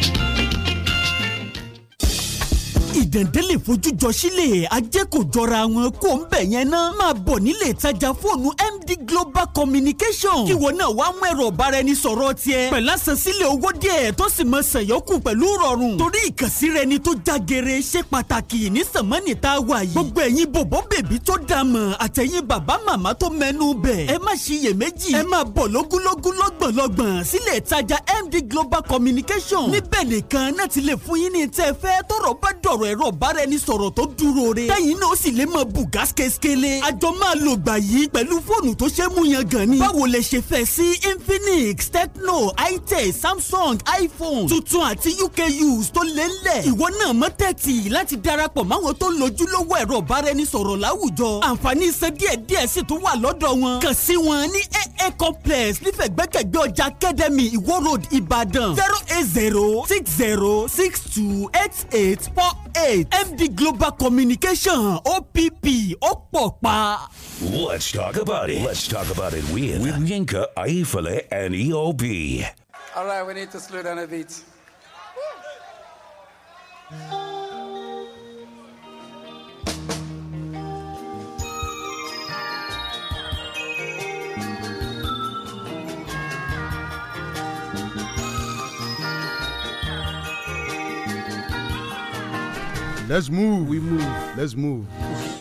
ìdẹ̀ndẹ́ lè fojú jọ sílẹ̀ ajé kò jọra wọn kó ń bẹ̀ yẹn ná máa bọ̀ nílé ìtajà fóònù MD Global Communication kíwọ náà wàá mú ẹ̀rọ ọ̀bára ẹni sọ̀rọ̀ tiẹ̀ pẹ̀lú àsansílẹ̀ owó díẹ̀ tó sì mọ sẹ̀yọ́kù pẹ̀lú rọrùn torí ìkànsí rẹ ni tó já gere ṣe pàtàkì ní sànmọ́nì tá a wà yìí gbogbo ẹ̀yin bòbọ́ bèbí tó dà mọ̀ àtẹ̀yin bàbá màmá tó mẹ́nu bẹ̀ ẹ má ṣiyèméjì ẹ máa bọ̀ lógúnlógún lọ́gbọ̀nlọ́gbọ̀n sílẹ̀ ìtajà MD Global Communication níbẹ̀ nìkan náà ti lè fún yín ní tẹ́ fẹ́ tọ̀rọ̀ bá dọ̀rọ̀ ọ̀rọ̀ ẹ̀rọ ìbáraẹnisọ̀rọ̀ tó dúró re tẹ́yìn náà sì lè máa bù gas kéékèèlé àjọ máa lò gbà yìí pẹ̀lú fóònù tó ṣe é mú yan gan ni báwo lẹ ṣe fẹ́ sí Infinix Tecno itel Samsung iPhone tuntun àti UK use tó lé lẹ̀ ìwọ náà mọ́ tẹ̀tì láti darapọ̀ máwọn tó lójúlówó ẹ̀rọ ìbáraẹnisọ̀rọ̀ láwùjọ àǹfààní iṣẹ́ díẹ̀díẹ̀ sì tún wà lọ́dọ̀ wọn kàn sí wọn ní AA complex nífẹ̀gbẹ́kẹ̀gbẹ́ ọjà academy Iwo Road Ibadan zero eight zero six zero six two eight eight four eight md global communication opp ó let's talk about it let's talk about it with, with yinka ayifale and eob. all right we need to slow down a bit. let's move we move let's move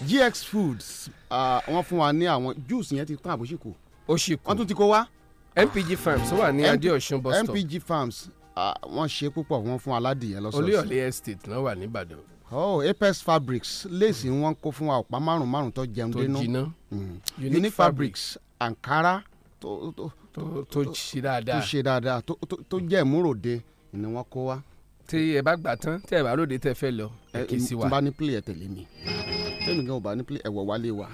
gx foods uh, wọ́n fún wa ní àwọn juice yẹn ti tán àbóṣì kù. ó ṣì kù wọ́n tún ti kó wá. mpg farms wà ní adéọ̀sùn bus stop mpg farms uh, wọ́n ṣe púpọ̀ wọ́n fún aládìyẹ lọ́sọ̀ọ̀sẹ̀. olúyọ̀lé estate náà wà nìbàdàn. oh apex fabrics léèsì wọn kó fún wa ọ̀pá márùn márùn tó jẹun dénú. tó jiná mm. unique fabrics ankara tó tó tó ṣe dáadáa tó ṣe dáadáa tó jẹ́ ìmúròde ni wọ́n kó wá tí ẹ bá gbà tán tí ẹ bá lóde tẹ fẹ́ lọ ẹ kì í sí wa. n bá ní play ẹ tẹ̀lé mi tẹ́mi gan ò bá ní play ẹ wọ̀ wálé wa.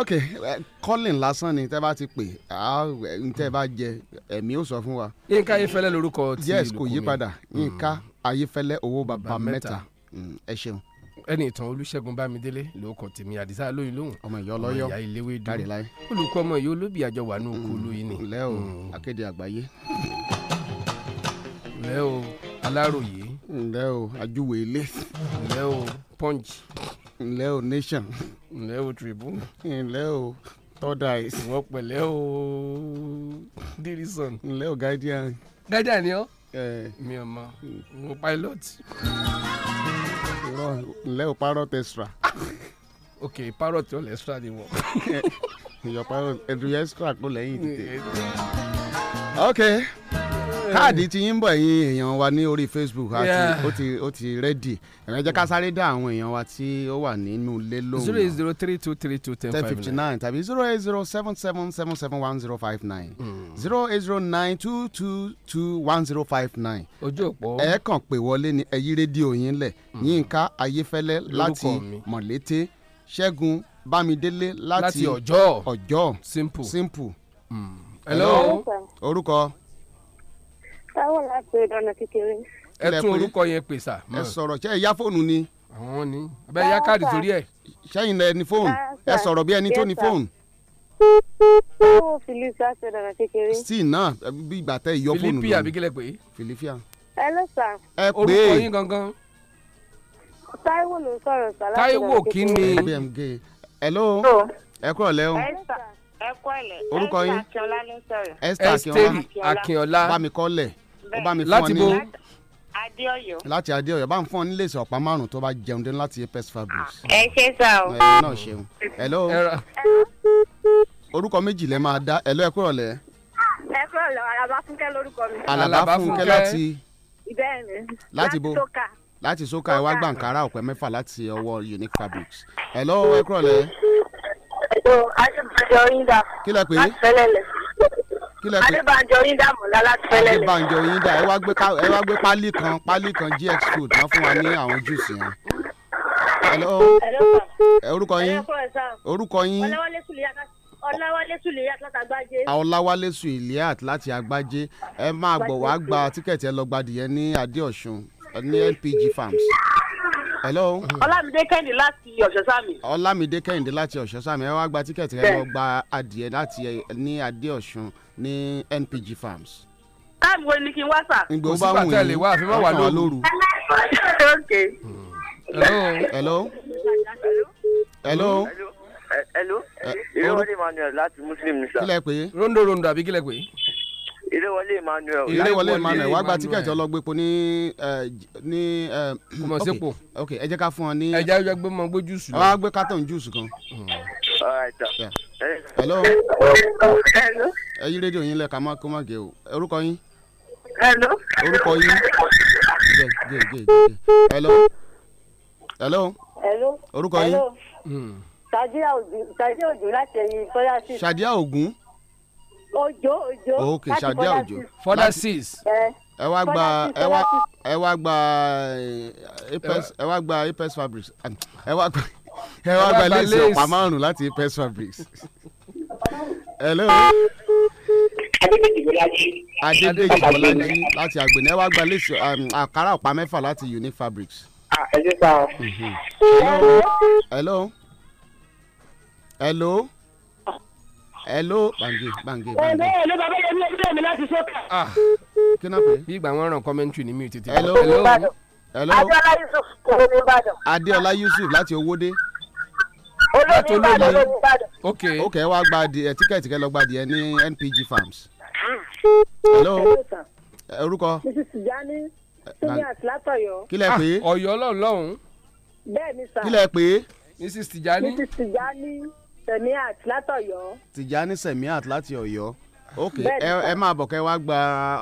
ok calling lásán ni tẹ́ bá ti pè tẹ́ bá jẹ ẹ̀mí ó sọ fún wa. yínká ayéfẹ́lẹ́ lorúkọ tí ìlú kò mi yes kò yí padà hmm. yínká ayéfẹ́lẹ́ owó baba mẹ́ta hmm, ẹ ṣeun ẹni ìtàn olùṣègùn bámidélé ló kọ tèmi àdìsá lóyún lóhùn ọmọ ìyá ọlọyọ ọmọ ìyá ìléwé dùn olùkọ́ ọmọ ìyá olóbì àjọwà ní òkú hmm, olóyin ni. lẹ́ọ̀ akéde àgbáyé ǹlẹ́ o aláròye. ǹlẹ́ o ajúwe ilé. ǹlẹ́ o punch. ǹlẹ́ o nation. ǹlẹ́ o tribune. ǹlẹ́ o third eyes. wọ́n pẹ̀lẹ́ o dirison. ǹlẹ́ o guardian. guardian ni ọ́. mi ò mọ mo pilot. ǹlẹ́ o parrot extra. ok parrot ò lè extra ni wọ́n. ìyọ̀ parrot ẹ̀dùn extra kò lẹ́yìn tètè. ok. Eh. káàdì ti yín bọ̀ yín èèyàn wa ní orí facebook àti ó ti ó ti rẹ́dì ẹ̀rẹ́ jẹ́ ká mm. sáré dá àwọn èèyàn wa tí ó wà nínú ilé lóhùn. zero eight zero three two three two ten fifty nine tàbí zero eight zero seven seven seven seven one zero five nine mm. zero eight zero nine two two two one zero five nine. ojú òpó. ẹ kàn pè wọlé ní ẹyí rédíò yín lẹ̀ mm. yínká ayéfẹ́lẹ́ láti mọ̀lété ṣẹ́gun bámidélé láti ọjọ́ ọjọ́ simple simple. Mm. hello orúkọ táwọn láti ìdáná kékeré. ẹ tún orúkọ yẹn pè sà. ẹ sọ̀rọ̀ ṣe ìyá fóònù ni. àwọn ni abẹ́ ìyá káàdì torí ẹ̀. sẹ́yìn lẹ ní fóònù ẹ sọ̀rọ̀ bí ẹni tó ní fóònù. Filipi láti ìdáná kékeré. sí náà bí ìgbà tẹ ìyọ fóònù lónìí. Filipi àbíkílẹ̀ pé. Filipi à. ẹ ló sà. ẹ pé orúkọ yín gangan. Táíwò ló sọ̀rọ̀ sà láti ìdáná kékeré. Táíwò kí ni. hello ẹ kúrọ̀ lẹ́hùn. ẹ sà orúkọ yín esther akínọlá bámi kọ́lẹ̀ ó bá mi fún ọ ní adéọyọ. láti adéọyọ bá ń fún ọ nílé ìsìn ọ̀pá márùn tó bá jẹun dé láti apes fabrics. Ah, ẹ ṣe sá o. ẹ náà ṣeun. hello. orúkọ méjì lẹ máa dá hello ẹ kúrọ̀ lẹ. ẹ kúrọ̀ lọ alábàfúnkẹ́ lórúkọ mi. alábàfúnkẹ́ láti. ìbẹ́ẹ̀ni láti bo láti sókà ẹ wá gbàǹkárá ọ̀pẹ mẹ́fà láti ọwọ́ unique fabrics. hello ẹ kúrọ̀ lẹ. ètò àjọyọ̀ yín dà. kí lẹ pè é. láti fẹ́lẹ̀ lẹ̀ adébànjọ yín dààmú láti fẹlẹ lẹ. yín dà ẹ wá gbé pálí kan pálí kan gx food wọn fún wa ní àwọn júùsì yẹn. hello orúkọ yín orúkọ yín ọláwálé suliat ah, láti agbájé. ọláwálé suliat láti agbájé ẹ máa gbọ̀ wá gba tíkẹ̀tì ẹ lọ gbadìyẹ ní adéọ̀sùn ní lpg farms hello. ọlámídé kẹ́hìndé láti ọ̀ṣọ́sàmì. ọlámídé kẹ́hìndé láti ọ̀ṣọ́sàmì ẹ wá gba tíkẹ́ẹ̀tì ẹ lọ gba adìẹ láti ní adé ní NPG Farms. táàmù wo ni kí n wá sà. ìgbà ó bá wù yín wá àfihàn wà lóru. hello. hello. hello. Hello, ìrẹ̀wọlé eh, Emmanuel láti Muslim nisa. kílẹ̀ pé. rondo rondo àbí kílẹ̀ pé. ìrẹ̀wọlé Emmanuel. ìrẹ̀wọlé Emmanuel wàá gba tíkẹ̀tì ọlọ́gbẹ́po ní eh, ní. Eh, ọmọ sẹ́pọ̀. ok ẹ jẹ́ ká fún ọ ní. ẹ jẹ́ gbé mọ gbé júùsù. wàá gbé kátọ̀n júùsù kan. Hmm hello. hello. ẹ yí rédíò yín lẹ́ka má kó má gé o orúkọ yín. hello. orúkọ yín. gé gé gé gé hello. hello. hello. orúkọ yín. sadiya ogun sadiya ogun láti ẹyin fọlá six. sadiya ogun. ojo ojo. ok sadiya ojo. fọlá six. ẹ wá gba ẹ wá ẹ wá gba apes ẹ wá gba apes fabric ẹ wá gba kẹ wá gba léèsì ọ̀pá márùn-ún láti pest fabrics. hello. adédèjì bọ́lájí. adédèjì bọ́lájí láti àgbẹ̀ni ẹ wá gba léèsì um, àkàrà ọ̀pá mẹ́fà láti unique fabrics. Ah, ẹ ṣe pa ọ. hello. hello. hello. bangi bangi bangi. ẹ ló bàbá yẹn mi ò tẹ̀ mí láti sókà. Ah, kí bí ìgbà wọn ràn kọ́mẹ́ntì ní mi ò tètè. hello. hello. hello. Adéọlá Yusuf kò ní Ìbàdàn. Adéọlá Yusuf láti Owódé olómi ìbàdàn olómi ìbàdàn. ok ok ẹ wá gba adìẹ tíkẹ́ẹ̀tì kẹ́ lọ gba adìẹ ní NPG Farms. hello orúkọ. mrs Tijani. tóní àtìlátọ̀yọ́. kí lẹ pè é. Ah, ọ̀yọ́ lọ́hùn-ún. bẹ́ẹ̀ ni kí lẹ pè é. mrs tijani. mrs tijani semiat láti tijani semiat láti Ọ̀yọ́ ok ẹ máa bọ̀ kẹ́ wá gba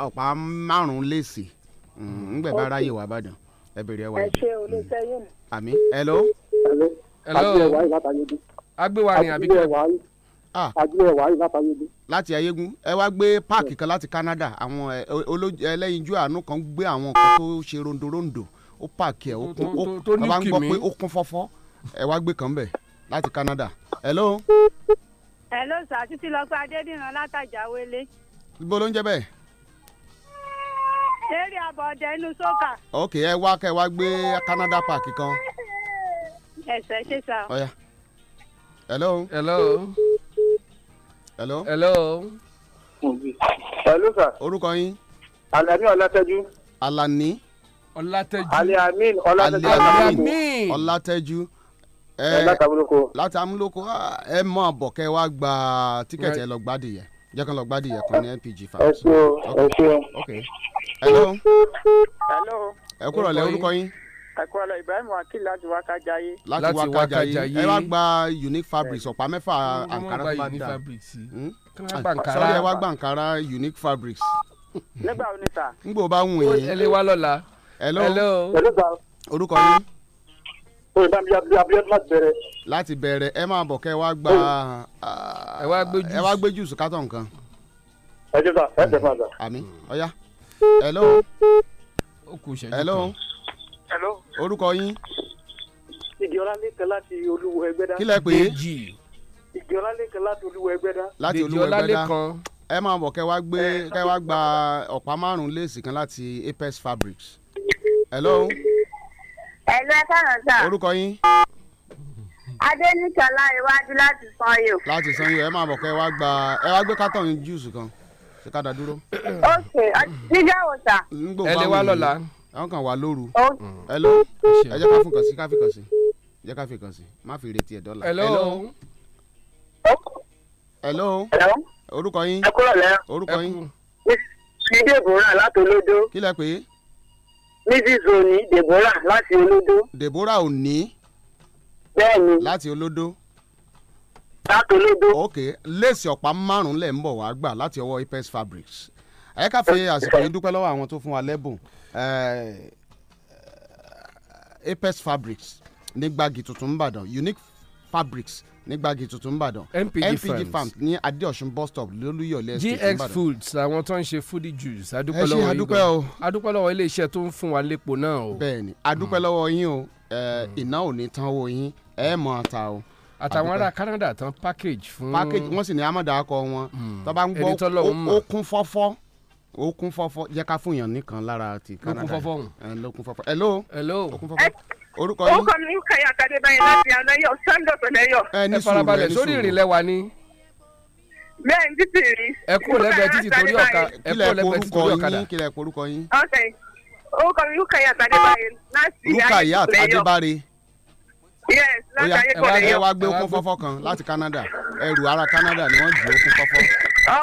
ọ̀pá márùn-ún lẹ́sì ńgbẹ̀ mm, bá ráyè wá bàdàn ẹ bèrè ẹ wá. ẹ ṣe olùsẹ́yìn. Mm, àmín hello. hello àgbẹ̀ ah. wáyé láti ayégun. agbéwà rìn àbí kí àgbẹ̀ wáyé láti ayégun. láti ayégun ẹ wá gbé páàkì kan láti Canada àwọn eh, ẹlẹ́yinjú àánú kan gbé àwọn nǹkan tó ṣe rondorondo ó páàkì ẹ̀ ó kún ó bá ń gbọ́ pé ó kún fọ́fọ́ ẹ wá gbé kan bẹ̀ láti Canada. hello. hello sir títí lọ pé adédìran látàjà wọlé. ibo ló ń jẹ bẹ́ẹ̀ eré abọ́dẹ inú sókà. ok ẹ wá kẹ wá gbé Canada park kan ẹsẹ ṣe sá. ọ̀ya hello. hello. hello. hello. hello sir. orúkọ yín. Alani Ọlátẹ́jú. Alani. Ọlátẹ́jú. Aliamin Ọlátẹ́jú. Aliamin Ọlátẹ́jú eh, látàmúlòkó látàmúlòkó ah, ẹ mọ àbọ̀ kẹ wá gba tíkẹ́ẹ̀tì ẹ lọ gbádìí yẹ jẹ́ kán lọ gbádìí yẹ kan ní npg farm. ẹ ṣe o ẹ ṣe o. hello. hello. ẹ kúrọ̀lẹ́ orúkọ yín ẹ̀kọ́ rẹ̀ Ibrahim Wakil láti Wákàjáyé. láti Wákàjáyé ẹ wá gba unique fabric ọ̀pá mẹ́fà àǹkárá tó bá dà sọ́ọ́dì ẹ wá gba àǹkárá unique fabric. nígbà wo ni sà. n gbọ́ bá wùn yín. ẹ lè wá lọ́la. hello hello sà. orúkọ yín. oyinba Abíọ́dún láti bẹ̀rẹ̀. láti bẹ̀rẹ̀ ẹ máa bọ̀ kẹ́ ẹ wá gba ah, ẹ wá gbé jùsù kátó nǹkan. ẹ jẹ́ sà ẹ jẹ́ fún àgbà. àmín ọ̀ya hello. ó kù ìṣẹ́jú kan. hello. hello orúkọ yín. ìjọra lẹ́kẹ̀ láti olúwo ẹgbẹ́dá. kí lẹ pé. ìjọra lẹ́kẹ̀ láti olúwo ẹgbẹ́dá. láti olúwo ẹgbẹ́dá ẹ máa bọ̀ kẹ́ wá gbé kẹ́ wá gba ọ̀pá márùn-ún léèsì kan láti Apex Fabrics. hello. hello ẹ káàárọ̀ sà. orúkọ yín. adéníkà láìwájú láti sanyo. láti sanyo ẹ máa bọ̀ kẹ́ wá gba ẹ wá gbé kátọ̀ yín júùsì kan ṣe ká da dúró. ok nígbà wo sà. ẹ lè wá lọ́la àwọn kan wà lóru hello ẹ jẹ́ ká fún kàn sí ká fi kàn sí ẹ jẹ́ ká fi kàn sí má fi retí ẹ̀ dọ́là. hello hello orúkọ yín orúkọ yín. kí Deborah láti olódó. kí lẹ pé. mrs oni Deborah láti olódó. Deborah oni. bẹ́ẹ̀ni. láti olódó látòlódó. ok léèsì ọ̀pá márùn-ún lẹ̀ ń bọ̀ wá gbà láti ọwọ́ Apex Fabrics ẹ̀ka fi àsìkò yìí dúpẹ́ lọ́wọ́ àwọn tó fún wa lẹ́bùn uh, Apex Fabrics ní gbági tuntun nìbàdàn Unique Fabrics ní gbági tuntun nìbàdàn MPG, MPG farms ní Adéọ̀sùn bus stop lólúyọ̀lé estate nìbàdàn. GX Foods àwọn tó ń ṣe foodie juice adúpẹ́ lọ́wọ́ yín gan adúpẹ́ lọ́wọ́ ilé iṣẹ́ tó ń fún wa lépo náà o. bẹ́ẹ̀ni adúpẹ́ mm. lọ́wọ́ yín o mm. iná ò ní tán owó yín ẹ mọ ata o. àtàwọn ará Canada tán package fún. package wọ́n sì ní amọ̀dà akọ wọn. Mm. tó bá ń gbọ́ ó kún fọ́fọ́ ó kún fọ́fọ́ jẹ́ ká fún yàn nìkan lára ti Canada ló kún fọ́fọ́ ọ̀hún ló kún fọ́fọ́ hello. hello ó kún fọ́fọ́ orúkọ yín. orúkọ mi ń kàyà kàdé báyìí láti aláyọ sunday pẹlẹyọ. ẹ ní farabalẹ̀ sórí ìrìnlẹ̀ wa ni. bẹ́ẹ̀ ní títì rí. ẹ kú lẹ́gbẹ̀ẹ́ títì torí ọ̀ka ẹ kú lẹ́gbẹ̀ẹ́ títì torí ọ̀kadà. kílẹ̀ orúkọ yín. ok orúkọ mi rúkàyà àtàdébáre láti ayé àtàdébáre. yes láti ayé pẹlẹyọ. ẹ wá gbé okun fọ́fọ́ kan láti Canada ẹrù ara Canada ni wọ́n jù okun fọ́fọ́.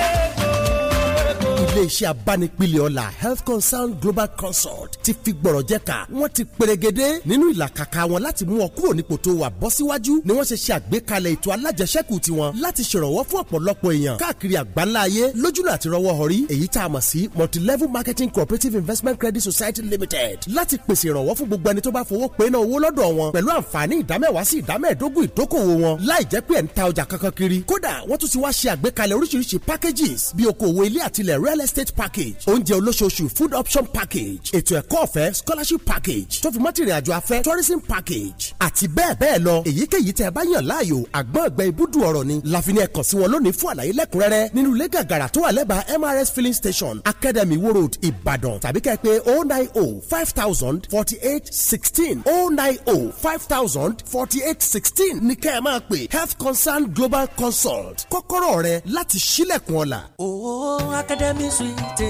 iléeṣẹ́ abánipilẹ̀ ọ̀la health concern global consult ti fi gbọ̀rọ̀ jẹ́ ká wọ́n ti pèrègede nínú ìlàkàkà wọn láti mú ọ kúrò nípò tó wà bọ́ síwájú ni wọ́n ṣe ṣe àgbékalẹ̀ ètò alájẹsẹ́kù tiwọn láti ṣèrànwọ́ fún ọ̀pọ̀lọpọ̀ èèyàn káàkiri àgbáńlá ayé lójúlọ àti rọwọ́ ọ̀rí èyí tá a mọ̀ sí multilevel marketing cooperative investment credit society limited láti pèsè ìrànwọ́ fún gbogbo ẹni tó bá fowó pe náà owó lọ́dọ̀ wọn pẹ̀lú àǹfààní ìdámẹ́wàá sí ìdámẹ́ẹ̀dógún ìdókòwò wọn láì jẹ́ pé ẹ̀ ń ta ọjà kankan kiri kódà wọ́n tún ti wá ṣe àgbékalẹ̀ oríṣiríṣi packages bí okòwò ilé àtilẹ̀ real estate package oúnjẹ olóṣooṣù food option package ètò ẹ̀kọ́ ọ̀fẹ́ scholarship package tó fi mọ́tìrìn àjò afẹ́ tourism package àti bẹ́ẹ̀ bẹ́ẹ̀ lọ èyíkéyìí tẹ́ ẹ bá yàn láàyò àgbọn ẹgbẹ́ ibùdó ọ̀rọ̀ ni láfi ní ẹ kàn sí wọn lónìí fún àlàyé lẹ́kùnrẹ́rẹ́ nínú ilé gàgàrà tó wà lẹ́bàá MRS filling station Academy Iwo Road Ìbàdàn tàbí kẹ́ ẹ pé oh nine oh five thousand forty eight sixteen oh nine oh five thousand forty eight sixteen ní kẹ́ ẹ máa pè health concern global consult kọ́kọ́rọ́ rẹ láti ṣílẹ̀kùn ọ̀la. o oh, Academy suite.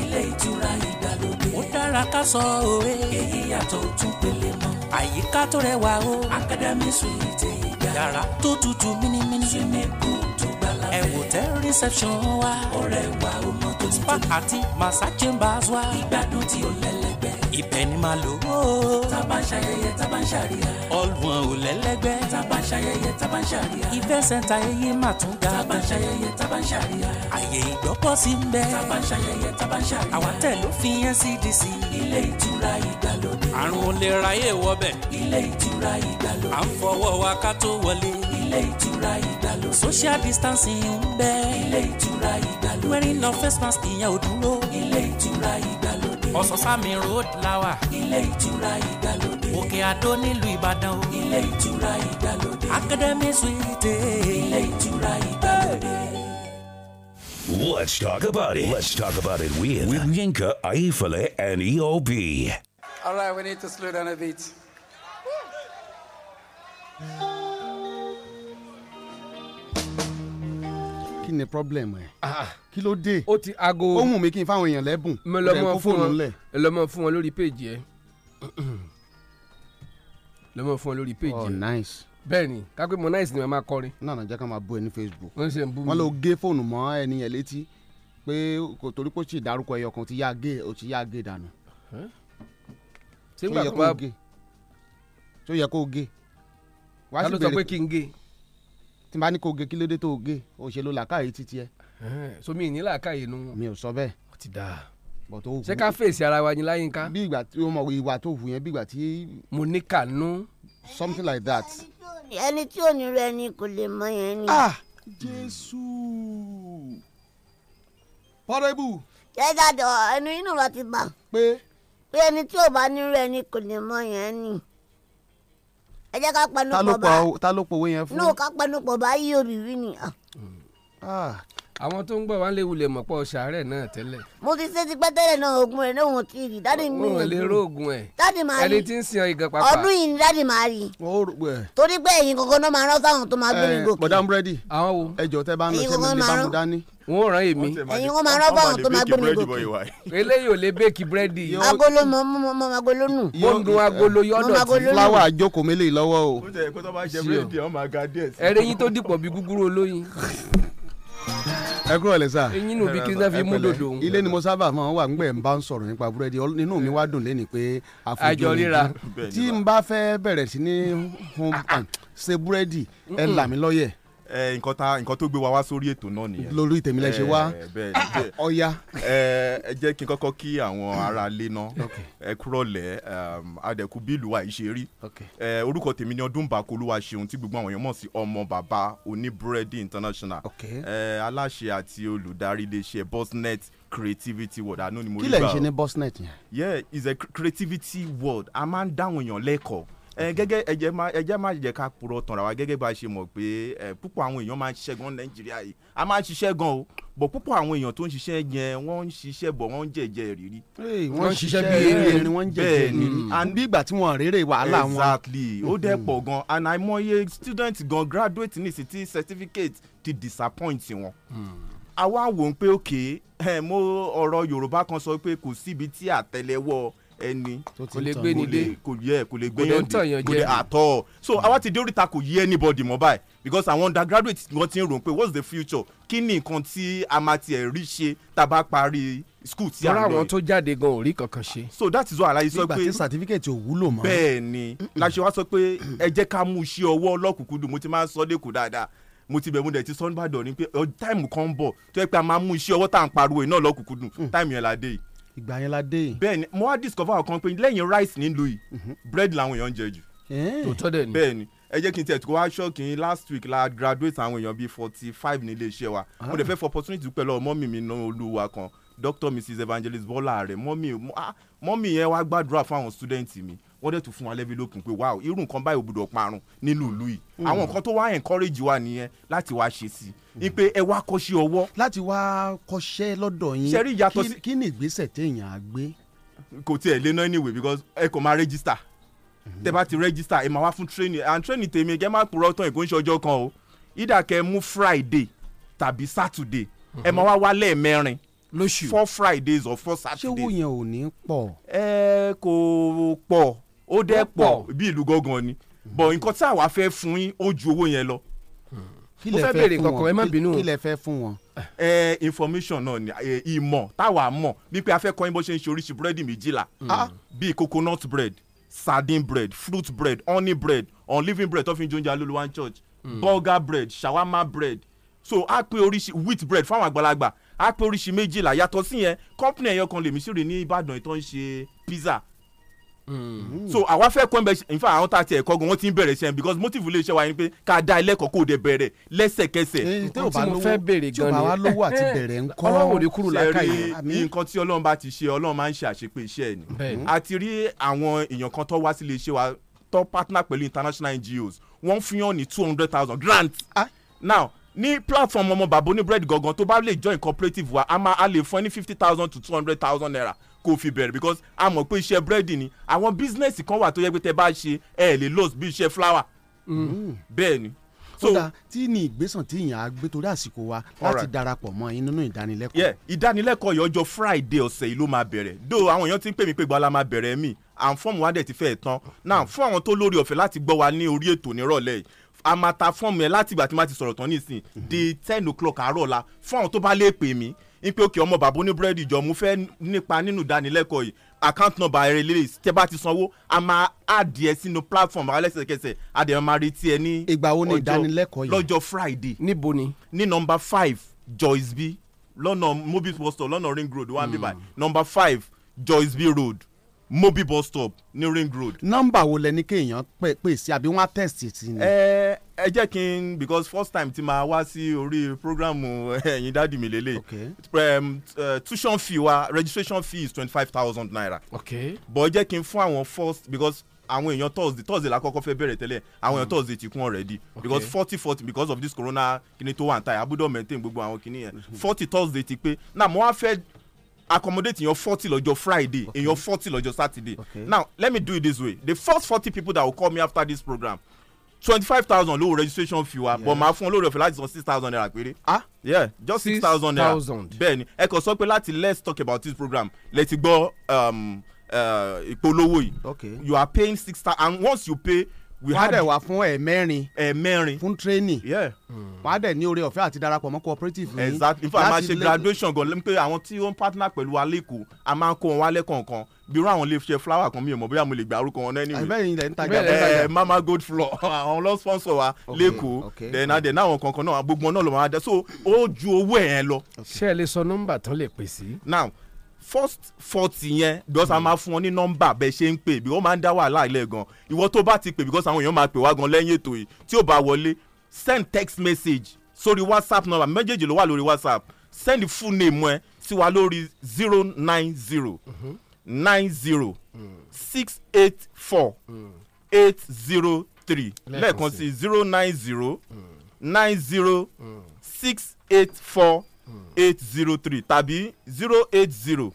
ilé ìtura ìgbàlódé. ó dára ká sọ òwe. èyí yàtọ̀ ojú pele mọ́. àyíká tó rẹwà o. academy suite ìgbà. yàrá tó tutù mímímí. swimming pool tó gbala fẹ́. ẹ wò reception wa. ọ̀rẹ́ wa o mọ tó ti tó. spa àti massage chambers wa. ìgbádùn tí ó lẹ́lẹ́ ibẹ̀ ni màá lò ó. tábà ń ṣayẹyẹ tábà ń ṣàríyá. ọlùwọ̀n ò lẹ́lẹ́gbẹ́. tábà ń ṣayẹyẹ tábà ń ṣàríyá. ìfẹ́ sẹ́ńtà eyé mà tún ga. tábà ń ṣayẹyẹ tábà ń ṣàríyá. àyè ìgbọ́pọ̀ sí ń bẹ. tábà ń ṣayẹyẹ tábà ń ṣàríyá. àwa tẹ̀ ló fi NCDC. ilé ìtura ìgbàlódé. àrùn olè ra yé wọbẹ̀. ilé ìtura ìgbàlódé. à ń fọwọ́ wa ká tó wọlé. ilé ìtura ìgbàlódé. social distancing ń bẹ. ilé ìtura ìgbàlódé. wearing no face mask ìyẹn ò dúró. ilé ìtura ìgbàlódé ọ̀sánsámi road lawa. ilé ìtura ìgbàlódé. òkè àdó nílùú ìbàdàn o. ilé ìtura ìgbàlódé. academy suite. ilé ìtura ìgbàlódé. Let's talk about it. Let's talk about it with, with Yinka, Aifale, and EOB. All right, we need to slow down a bit. ni problem ẹ. Ah, ah. kí ló dé. ó ti aago. ó wù mí kí n fáwọn èèyàn lẹ́bùn. mo lọ́mọ fún wọn lọ́mọ fún wọn lórí péjì ẹ. lọ́mọ fún wọn lórí péjì oh, ẹ. oh nice. bẹ́ẹ̀ni kápẹ́ mo nice ni mo máa kọrin. náà nàjà kan máa bú ẹ ní facebook. wọ́n ṣe ń bú mi. wọ́n lọ gé fóònù mọ́ ẹni yẹn létí pé kò torí pé ó sì dárúkọ ẹyọ kan ti yá gé ó ti yá gé dànù. ṣé yẹ kó gé ṣé yẹ kó gé. wàá sì bèrè tí n bá ní kó ge kí ló dé tó ge o ṣe lo làákàyè títí ẹ. somi ìní làákàyè nu. mi ò sọ bẹ́ẹ̀. ó ti dáa bọ̀tò òwú. ṣé ká fèsì ara wa ni láyé nká. bí ìgbà tí o mọ ìwà tó hù yẹn bí ìgbà tí. mo ní kànú. something like that. ẹni tí ò ní rẹ ni kò lè mọ yẹn ni. ah jésù pọ́nrẹ́bù. ṣé dáadọ̀ ẹnu inú rẹ ti bà. pé. pé ẹni tí ò bá ní rẹ ni kò lè mọ yẹn ni ẹ jẹ́ ká pẹnupọ̀ bá ta ló pọ̀ owó yẹn fún. nù ká pẹnupọ̀ bá yí òbí wí ni. Ah. Ah àwọn tó ń gbọ́ wá léwu lè mọ̀ pọ̀ ṣàárẹ̀ náà tẹ́lẹ̀. mo ti ṣe ti pẹ́ tẹ́lẹ̀ náà oògùn rẹ̀ náà wọ́n ti rí dáàdi mi. wọn ò lè rí oògùn ẹ̀. dáàdi máa rí ẹni tí ń sin ìgàn pàpà. ọdún yìí ni dáàdi máa rí. torí pé ẹ̀yin kankan náà máa rán sáwọn tó máa gbé mi gòkè. bọ̀dá búrẹ́dì àwọn wo ẹjọ́ tẹ́ bá ń lọ sẹ́mi ní bámu dání. wọn ò rán èmi. ẹ̀yin wọn máa rán fáwọn tó máa gbé mi gòkè. eléyìí ò lè bẹ́ẹ̀kì búrẹ́dì. agolo mọ mọ agolo nù ẹ kúrò lẹ sá. eyín nù bí kírísítà fi mú dòdò. ilé ni mo sábà máa ń wà ńgbẹ́ ń bá ń sọ̀rọ̀ nípa búrẹ́dì inú mi wá dùn lẹ́ni pé àjọ ríra tí n bá fẹ́ bẹ̀rẹ̀ sí ní ṣe búrẹ́dì ẹ là mí lọ́yẹ̀ nǹkan ta nǹkan tó gbé wa wá sórí ètò náà nìyẹn. lórí tèmílẹ̀ ṣe wá ọ̀ya. Ah, ẹ jẹ́ kí n kọ́kọ́ kí àwọn ará ilé náà ẹ kúrọ̀lẹ́ um, adẹ̀kú bílù wa yìí ṣe rí. orúkọ tèmi ni ọdún bàkólúwa ṣeun tí gbogbo àwọn èèyàn mọ̀ sí ọmọ bàbá oníbúrẹ́dì international aláṣẹ àti olùdarí iléeṣẹ́ bosnet creativity world àánú ni mo rí gbà. kí lẹ̀ ṣe ní bosnet yẹn. yeah is a creativity world a máa ń dáwọn èèyàn lẹ́kọ̀ọ́ gẹ́gẹ́ ẹ̀jẹ̀ má ẹ̀jẹ̀ má jẹ́ ká purọ́ tàn ra wa gẹ́gẹ́ bá a ṣe mọ̀ pé púpọ̀ àwọn èèyàn máa ń ṣiṣẹ́ gan nàìjíríà yìí a máa ń ṣiṣẹ́ gan o bọ̀ púpọ̀ àwọn èèyàn tó ń ṣiṣẹ́ yẹn wọ́n ń ṣiṣẹ́ bọ̀ wọ́n ń jẹ̀jẹ̀ ìrírí. wọ́n ń ṣiṣẹ́ bí erin wọ́n ń jẹ̀jẹ̀ ni and ìgbà tí wọ́n rèrè wàhálà wọn. exactly ó hmm. dẹ̀ pọ̀ gan and àìmọye student gan graduate ní ìsìtì certificate ti disappoint wọn. àwa hmm. wò ó pé òkè mo ọ̀rọ̀ yorùbá kan sọ pé kò síbi tí àtẹ́lẹwọ́ ẹni kò lè gbé ni dé kò yẹ kò lè gbé yẹn dé kò lè àtọ so mm. àwa ti dé oríta kò yí anybody mọ́ báyìí because àwọn undergraduate wọn ti ń rò pé what's the future kí ni nǹkan tí a máa tiẹ̀ rí ṣe tá a bá parí school tí a lọ yìí. àwọn tó jáde gan ò rí kankan ṣe. so that is why alaye sọ pé nígbà tí certificate ò wúlò mọ́. bẹ́ẹ̀ ni láṣẹ wa sọ pé ẹ jẹ́ ká mú iṣẹ́ ọwọ́ ọlọ́kùnkúndùn mo ti máa ń sọ lẹ́kọ̀ọ́ dáadáa mo ti bẹ̀ mo dẹ̀ ti sọ nígbàdàn ni pé táìmù kan ń bọ̀ tó yẹ pé a máa mú iṣẹ́ ọwọ́ tá à ń pariwo iná lọ́kùnkúndùn mm. táìmù yẹn la dé yìí ìgbà yẹn la dé. bẹ́ẹ̀ni mo wá discover àwọn kan pé lẹ́yìn rice nílùú yìí mhm. bread làwọn èèyàn ń jẹ jù. tòótọ́ dẹ̀ ni bẹ́ẹ̀ni ẹ jẹ́ kí n tẹ̀ tó wá ṣọ́ọ̀kì last week la graduate àwọn èèyàn bíi forty five nílé iṣẹ́ wa mo ah. dẹ̀ fẹ́ fọ opportunity pẹ̀lú ọmọ mi mi náà olúwa kan doctor mrs evangelist bọ́lá rẹ̀ mọ́mì ah, yẹn wá gbàdúrà fún àwọn student mi wọ́n dẹ̀ tún fún wa lẹ́bí lókun pé wow irú nǹkan báyìí ò gbọdọ̀ parun nílùú ìlú yìí hmm. àwọn nǹkan tó wá encourage wa nìyẹn láti wá ṣe sí i hmm. pé ẹ wá kọ́ṣẹ́ ọwọ́. láti wá kọ́ṣẹ́ lọ́dọ̀ yín ṣẹ́rí kí ni ìgbésẹ̀ téèyàn á gbé. kò tiẹ̀ lé náà anyway because ẹ kò máa register hmm. tẹ bá ti register ẹ máa wá fún training and training tèmi kẹ máa purọ́ tán ìkóńṣe ọjọ́ kan o ìdá kẹ mú Friday tàbí Saturday ẹ máa wá wálẹ̀ mẹ́rin lóṣù four Fridays or four Saturdays. ṣé wo yẹn ò ní pọ̀. ẹ kò pọ̀ ó dẹ́ pọ̀ bí ìlú gángan ni but nǹkan tá a wá fẹ́ fún yín ó ju owó yẹn lọ. kí lẹ fẹ́ fún wọn kí lẹ fẹ́ fún wọn. ẹ eh, information náà ni eh, ìmọ̀ táwa mọ̀ wípé a fẹ́ kọ́ yín bó ṣe ń ṣe oríṣi búrẹ́dì méjìlá hmm. ah. bíi coconut bread sardine bread fruit bread honey bread unleavened bread tó fi ń jẹ oúnjẹ church hmm. burger bread shawarma bread so a pín oríṣi wheat bread fáwọn àgbàlagbà a pín oríṣi méjìlá yàtọ̀ sí yẹn company ẹ̀yọ kan lèmi sì rí ní Ìbàdàn ìtọ́ ń ṣe pizza Mm. so àwa fẹ́ kọ́ ẹ̀ bẹ́ẹ̀ in fact àwọn tá a ti ẹ̀kọ́ gan wọ́n ti ń bẹ̀rẹ̀ iṣẹ́ because motive ilé iṣẹ́ wa ni pé ká da ẹlẹ́kọ̀ọ́ kó o dẹ̀ bẹ̀rẹ̀ lẹ́sẹ̀kẹsẹ̀. nǹkan tí mo fẹ́ béèrè gan ni tí o bá wá lówó àti bẹ̀rẹ̀ ń kọ́ ọlọ́run ní kúrò lákàyè. sẹ́rí nǹkan tí ọlọ́run bá ti ṣe ọlọ́run partner pẹ̀lú international NGOs wọ́n fún ní two hundred thousand grant now ní platform ọmọ bàbá oníbírẹ́dì gangan tó bá lè join cooperative wa a máa a lè fún ẹ ní fifty thousand to two hundred thousand naira kó fi bẹ̀rẹ̀ because a mọ̀ pé iṣẹ́ búrẹ́dì ni àwọn bísínẹ́sì kan wà tó yẹ pé tẹ bá ṣe ẹ lè lose bí iṣẹ́ flower mm. bẹ́ẹ̀ ni kódà tí ní ìgbésàn tí ìyàn á gbé torí àsìkò wa láti darapọ̀ mọ́ yín nínú ìdánilẹ́kọ̀ọ́. yẹ ìdánilẹ́kọ̀ọ́ yìí ọjọ́ friday ọ̀sẹ̀ yìí ló máa bẹ̀rẹ̀ dó àwọn èèyàn ti ń pè mí pé gbọ́dọ̀ máa bẹ̀rẹ̀ mí and fọ́ọ̀mù wa dẹ̀ ti fẹ́ẹ̀ tán náà fún àwọn tó lórí ọ̀fẹ́ láti gbọ́ wa ní orí ètò nírọ̀lẹ́ yìí a máa ta fọ́ọ̀mù yẹn láti ìgbà tí ma ti sọ̀rọ̀ tán nísìn mm-hmm. di ten o'clock àárọ̀ la fún àwọn tó bá lè pè mí ń pé òkè ọmọ bàbá oníbúrẹ́dì jọ mo fẹ́ nípa nínú ìdánilẹ́kọ̀ọ́ yìí account number rẹ lè tẹ bá ti sanwó a máa àdìẹ sínú platform alẹ́sẹ̀kẹsẹ̀ àdìẹ máa retí ẹ ní ìgbà wo ni ìdánilẹ́kọ̀ọ́ yìí lọ́jọ́ friday níbo ni ní nọmba five joyce b lọ́nà mobile post lọ́nà ring road wà níbàyí hmm. nọmba five joyce b road mobi bus stop ní ring road. nọ́mbà wo lẹ ní kéèyàn pè pè sí àbí wọ́n á tẹ̀sì sí ni. ẹ ẹ jẹ́ kí n because first time ti máa wá sí orí programu eh, ẹ̀yin dáàdì mi lélẹ̀ eh, tuition fee wa registration fee is twenty five thousand naira. okay. but jẹ́ kí n fún àwọn first because àwọn èèyàn thursday thursday la kọ́kọ́ fẹ́ bẹ̀rẹ̀ tẹ́lẹ̀ àwọn èèyàn mm. thursday ti kún already because forty forty because of this corona kini tó wà ń ta ẹ̀ abúdó maintain gbogbo àwọn kini yẹn mm-hmm. forty thursday ti pé Na mo wá fẹ́ accommodate your forty lọ́jọ́ friday èèyàn your forty lọ́jọ́ saturday okay. now let me do it this way the first forty people that will call me after this program twenty-five thousand lówó registration fee wa but màá fún olórí ọ̀fẹ́ láti san six thousand naira péré ah yeah just six thousand naira bẹ́ẹ̀ ni ẹ kàn sọ pé láti let's talk about this program lẹ ti gbọ́ um, uh, ìpolówó yìí you are paying six thousand and once you pay wọ́n á dẹ̀ wá fún ẹ̀ẹ̀mẹ́rin ẹ̀ẹ̀mẹ́rin fún training wọ́n á dẹ̀ ní oore ọ̀fẹ́ àti darapọ̀ mọ́ cooperative yìí exactly in fact a máa ṣe graduation gan pé àwọn tí ó ń partner pẹ̀lú wa lẹ́kọ̀ọ́ a máa ń kó wọn wálé kọ̀ọ̀kan bí irú àwọn lè flower kan mi ò mọ̀ bóyá mo lè gba orúkọ wọn anyway àbẹ́rẹ́ ilẹ̀ ń tajà ẹ mama gold floor àwọn lọ sponsor wa lẹ́kọ̀ọ́ then adẹ̀ náà àwọn kankan náà gbogbo náà ló máa dẹ so ó ju owó ẹ̀ yẹn lọ. ṣé ẹ lè sọ nọ́mbà tán lè pèsè. now first forty yẹn because a máa fún ọ ní nọ́mbà bẹ́ẹ̀ ṣe ń pè bí wọ́n máa ń dá wàhálà ilẹ̀ gan ìwọ tó bá ti pè because àwọn èèyàn máa pè wá gan lẹ́yìn ètò yìí tí ò bá wọlé send text message sórí whatsapp number méjèèjì ló wà lórí whatsapp send full name ẹ sí wa lórí zero nine zero nine zero six eight four eight zero three lẹ́ẹ̀kan sí zero nine zero nine zero six eight four eight zero three tàbí zero eight zero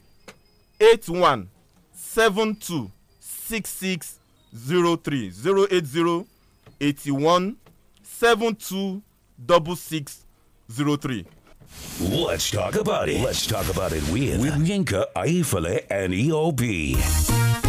eight one seven two six six zero three zero eight zero eighty one seven two double six zero three. Let's talk about it. Let's talk about it with, with Yinka, Aifale, and EOB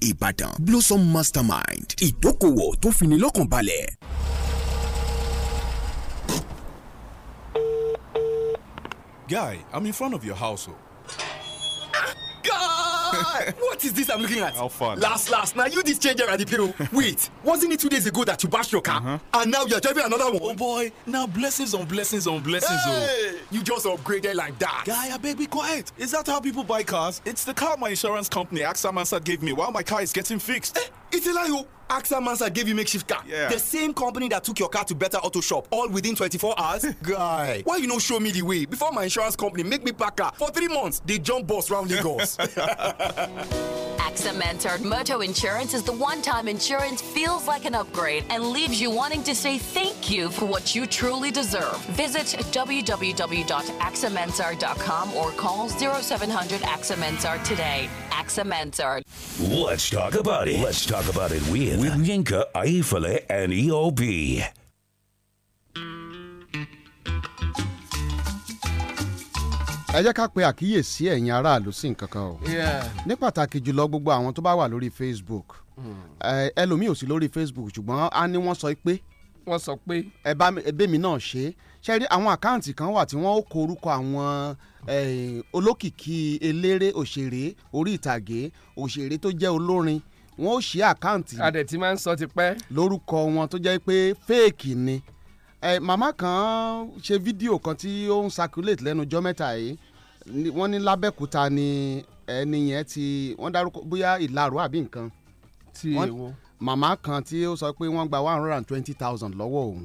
challenge ìbàdàn blossom mastermind ìdókòwò tó fini lọ́kàn balẹ̀. Guy, I'm in front of your household. Oh. what is this I'm looking at? How fun. Last, last. Now you this changer at the pillow. Wait, wasn't it two days ago that you bashed your car? Uh-huh. And now you're driving another one? Oh boy, now blessings on blessings on blessings. Oh. Hey! You just upgraded like that. Guy, I beg be quiet. Is that how people buy cars? It's the car my insurance company, AXA Mansard, gave me while my car is getting fixed. Eh, it's a lie, oh. AXA Mansa gave you makeshift car. Yeah. The same company that took your car to Better Auto Shop, all within 24 hours. Guy, why you no show me the way before my insurance company make me pack car for three months? They jump boss round Lagos. AXA mentored Moto Insurance is the one-time insurance feels like an upgrade and leaves you wanting to say thank you for what you truly deserve. Visit www.axamentor.com or call 0700 AXA Mentor today. AXA Let's talk about it. Let's talk about it with with Yinka, Aifale, and EOB. ẹ jẹ́ ká pe àkíyèsí ẹ̀yin aráàlú sí nǹkan kan o ní pàtàkì jùlọ gbogbo àwọn tó bá wà lórí Facebook hmm. ẹlòmíì ò sí lórí Facebook ṣùgbọ́n a ní wọ́n sọ pé wọ́n sọ pé ẹ bá ebémi náà ṣe ṣe rí àwọn àkáǹtì kan wà tí wọ́n ó kọ orúkọ àwọn olókìkí eléré òṣèré orí ìtàgé òṣèré tó jẹ́ olórin wọn ò ṣí àkáǹtì. adẹ̀ máa ń sọ ti pẹ́. lórúkọ wọn tó jẹ́ pé fẹ́ẹ̀kì ni eh, màmá kan ṣe fídíò kan tí ó ń circulate lẹ́nu ọjọ́ mẹ́ta yìí wọ́n ní lábẹ́kúta ni ẹni yẹn ti wọ́n dárúkọ bóyá ìlarò àbí nǹkan. ti èwo. màmá kan tí ó sọ pé wọ́n gba one hundred and twenty thousand lọ́wọ́ òun.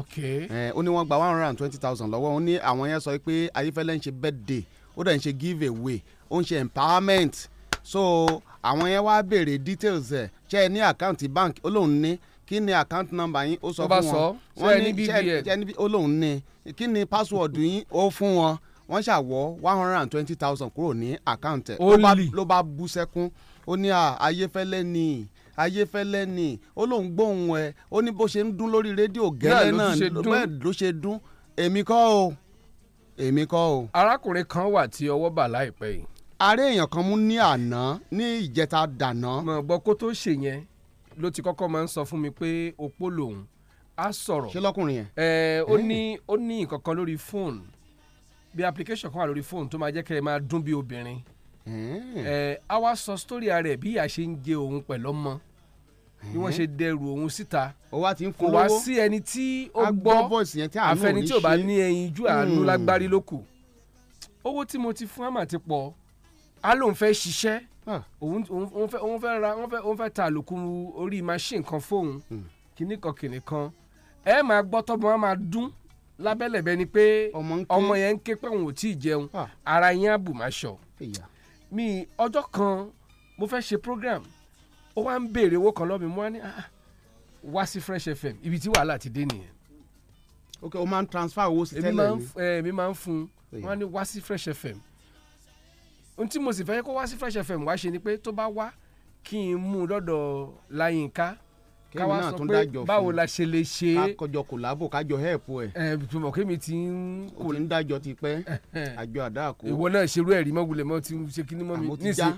ok. ẹ ó ní wọ́n gba one hundred and twenty thousand lọ́wọ́ òun ní àwọn yẹn sọ pé ayífẹ́lẹ́ ń ṣe birthday ó dẹ̀ ń ṣe give away ó ń ṣe empowerment so àwọn yẹn wá béèrè details ẹ̀ ṣe é ní àkáǹtì bank olóhùn ní kí ni account number yín ó sọ fún wọn wọ́n ní ṣe ní olóhùn ní kí ni password yín ó fún wọn wọ́n ṣàwọ́ one hundred and twenty thousand kúrò ní àkáǹtì ẹ̀ ló bá bú sẹ́kún ó ní ayéfẹ́lẹ́ ni ayéfẹ́lẹ́ ni ó lóun gbóhùn ẹ̀ ó ní bó ṣe ń dún lórí rédíò gẹ́lẹ́ náà bẹ́ẹ̀ ló ṣe dún èmi kọ́ o èmi kọ́ o. arákùnrin kan wà tí ọwọ́ bà láìpẹ́ yìí aré èèyàn kan mú ní àná ní ìjẹta dàná. mọ̀ gbọ́ kó tó ṣe yẹn ló ti kọ́kọ́ máa ń sọ fún mi pé opó lòun á sọ̀rọ̀. ṣé lọ́kùnrin yẹn. ẹ ó ní ó ní nǹkan kan lórí fóònù bí application kan wà lórí fóònù tó máa jẹ́ kẹ́ ẹ máa dún bí obìnrin. ẹ á wá sọ sítórì rẹ bí ìyá ṣe ń jẹ òun pẹ̀lú ọmọ bí wọ́n ṣe dẹrù òun síta. ó wá ti ń polówó kò wá sí ẹni tí ó gbọ́ àfẹni tí ò bá ní ẹyin ju àánú hmm. lágbárí lókù owó tí mo ti fún àmà pọ̀ á lóun fẹ́ ṣiṣẹ́ ah. òun òun fẹ́ òun fẹ́ ra òun fẹ́ òun fẹ́ ta àlòkù orí machine kan fóun hmm. kìnnì kan kìnnì kan ẹ máa gbọ́ tọ́mọ wọn máa dún lábẹ́lẹ̀bẹ́ ni pé ọmọ yẹn ń ké pé òun ò tí ì jẹun ah. ara yẹn á bù máa ṣọ. mi ọjọ́ kan mo fẹ́ ṣe program ó wá ń béèrè owó kan lọ́mi mo wá ní ah, wá sí Fresh FM ibi tí wàhálà ti dé nìyẹn. ok o máa ń transfer owó sí tẹ́lẹ̀ mi. èmi máa ń fún un wọ́n á ní wá sí Fresh FM ohun tí mo sì fẹ́ kó wá sí Fresh FM wá ṣe ni pé tó bá wá kí n mú un lọ́dọ̀ Láyínká káwa sọ pé báwo la ṣe lè ṣe. kájọ kòlábò kájọ hẹ́ẹ̀pù ẹ̀. ẹ tùmọ̀ kémi ti ń. o ti ń dájọ ti pẹ́ àjọ àdáàkó. ìwọ náà ṣerú ẹ̀rí mọ́gulẹ̀ mọ́ ti ṣe kí ni mọ́ mi níṣẹ́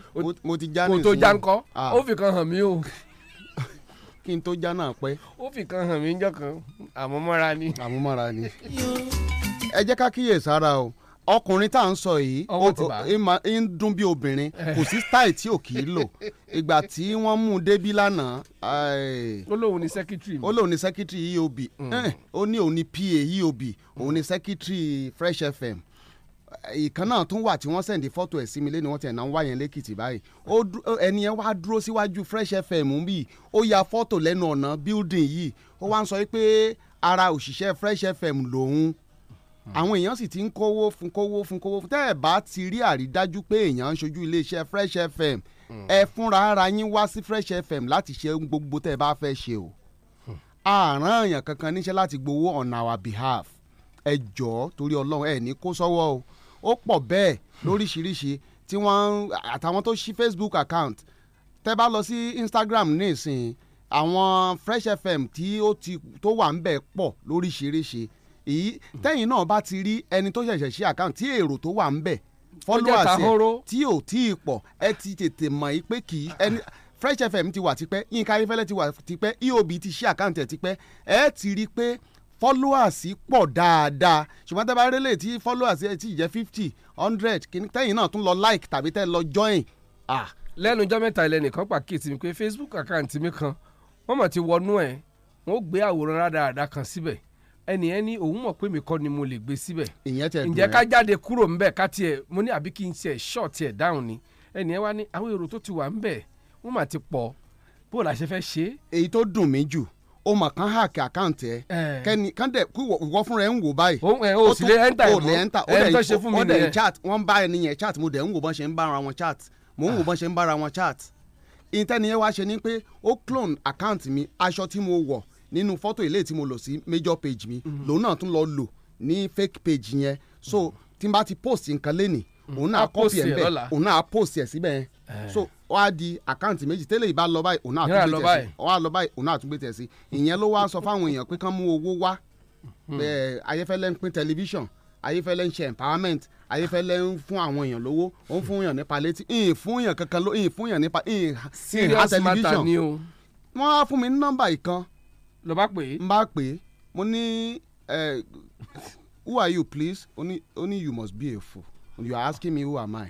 mo ti já nísìnyí kò tó já ńkọ́ ó fi kan hàn mí o. kí n tó já náà pẹ́. ó fi kan hàn mí jọ kan àmúmọ́ra ni. àmúmọ́ra ni. ẹ jẹ́ ká kíyè sára o ọkùnrin tá à ń sọ yìí ó ń dún bí obìnrin eh. kò sí style tí ò kì í lò ìgbà tí wọ́n mú un débí lánàá. ó lóun ni secretary. ó lóun ni secretary eob mm. eh, ó ní òun ni pa eob òun ni mm. secretary fresh fm ìkan náà tún wà tí wọ́n sẹ̀ǹdì fọ́tò ẹ̀ sí mi lé ni wọ́n ti ẹ̀nà ń wá yẹn lẹ́kìtì báyìí ẹni yẹn wá dúró síwájú fresh fm bíi ó ya fọ́tò lẹ́nu ọ̀nà building yìí ó wá ń sọ pé ara òṣìṣẹ́ fresh fm lòun àwọn èèyàn sì ti ń kówó fún kówó fún kówó fún tẹ́ ẹ̀ bá ti rí àrídájú pé èèyàn ń ṣojú iléeṣẹ́ Fresh FM hmm. ẹ fúnra ara yín wá sí Fresh FM láti ṣe gbogbo tẹ́ ẹ bá fẹ́ ṣe o àrán hmm. èèyàn kankan níṣẹ́ láti gbowó on our behalf ẹ jọ̀ọ́ torí Ọlọ́run ẹ ní kó sọ́wọ́ o ó pọ̀ bẹ́ẹ̀ hmm. lóríṣiríṣi tí wọ́n àtàwọn tó ṣí Facebook account tẹ́ bá lọ sí Instagram ní ìsìn àwọn Fresh FM tí ó ti tó wà ń bẹ̀ pọ̀ lóríṣiríṣi èyí tẹ́yìn náà bá ti rí ẹni tó ṣẹ̀ṣẹ̀ ṣe àkáǹtì tí èrò tó wà ń bẹ̀ followers ẹ̀ tí ò tí ì pọ̀ ẹ ti tètè mọ̀ yí pé kì í ẹni Fresh FM ti wà tipẹ́ Yínká Ayéfẹ́lẹ́ ti wà tipẹ́ EOB ti ṣe àkáǹtì ẹ̀ tipẹ́ ẹ ti rí i pé followers pọ̀ dáadáa ṣùgbọ́n tẹ́ bá rélé tí followers ẹ ti jẹ́ fifty hundred tẹ́yìn náà tún lọ like tàbí tẹ́ lọ join. Ah. lẹ́nu ọjọ́ mẹ́ta ẹlẹ́nìkan pàkíyèsí mi pé Facebook àkáǹtì mi kan wọ́n mọ̀ ti wọnú ẹ̀ wọ́n gbé àwòrán rádaràda kan síbẹ̀ ẹnìyẹn ní òun mọ̀ pé mi kọ́ ni mo lè gbé síbẹ̀ ǹjẹ́ ká jáde kúrò ńbẹ̀ ká tiẹ̀ mo ní àbí kí n tiẹ̀ ṣọ́ tiẹ̀ dáhùn ni ẹnìyẹn wá ní àwọn èrò tó ti wà ńbẹ̀ wọ́n mà ti pọ̀ bó la ṣe fẹ́ ṣe. èyí tó dùn mí jù ó mà kàn háàkì àkáǹtì ẹ kẹni kàndẹ kí wọ fúnra ẹ ń wò báyìí. ó ẹ ò sì lè ẹ́ńtà ẹ̀ mọ́ ẹ̀ tó ṣe fún mi nìyẹn. ó dẹ̀ chat wọ́n bá ẹni yẹn chat mo dẹ̀ ń wò bọ́n ṣe ń bára wọn chat mo ń wò ah. bọ́n ṣe ń bára wọn chat. ìtẹ́niyẹn wá ṣe ni pé ó clone àkáǹtì mi aṣọ tí mo wọ̀ nínú fọ́tò ilé tí mo lò sí major page mi mhm. lòun náà tún lọ lò ní fake page yẹn so mhm. tí n bá ti post nǹkan lẹ́nìí mhm. òun náà kọ́ sí ẹ̀ bẹ́ẹ̀ òun náà post ẹ̀ síbẹ̀ yẹn eh. so wá di àkáǹtì méjì tẹ́lẹ̀ ìbá lọ báyìí òun náà tún gbé tẹ̀ sí wá lọ báyìí òun náà tún gbé tẹ̀ sí ìyẹn ló wá sọ fáwọn èèyàn pé kán mú owó wá hmm. ayéfẹ́lẹ́ ń pín tẹlifíṣàn ayéfẹ́lẹ́ ń ṣe empowerment ayéfẹ́lẹ́ ń fún àwọn èèyàn lówó ó ń fún èèyàn nípa létí ìyìn fún èèyàn kankan ló ìyìn fún èèyàn nípa ìyìn ha tẹlifíṣàn wọ́n á fún mi nọ́mbà ìkan ló bá pè é. n bá pè é mo ní who are you please ó ní you must be a fool you are asking me who am I.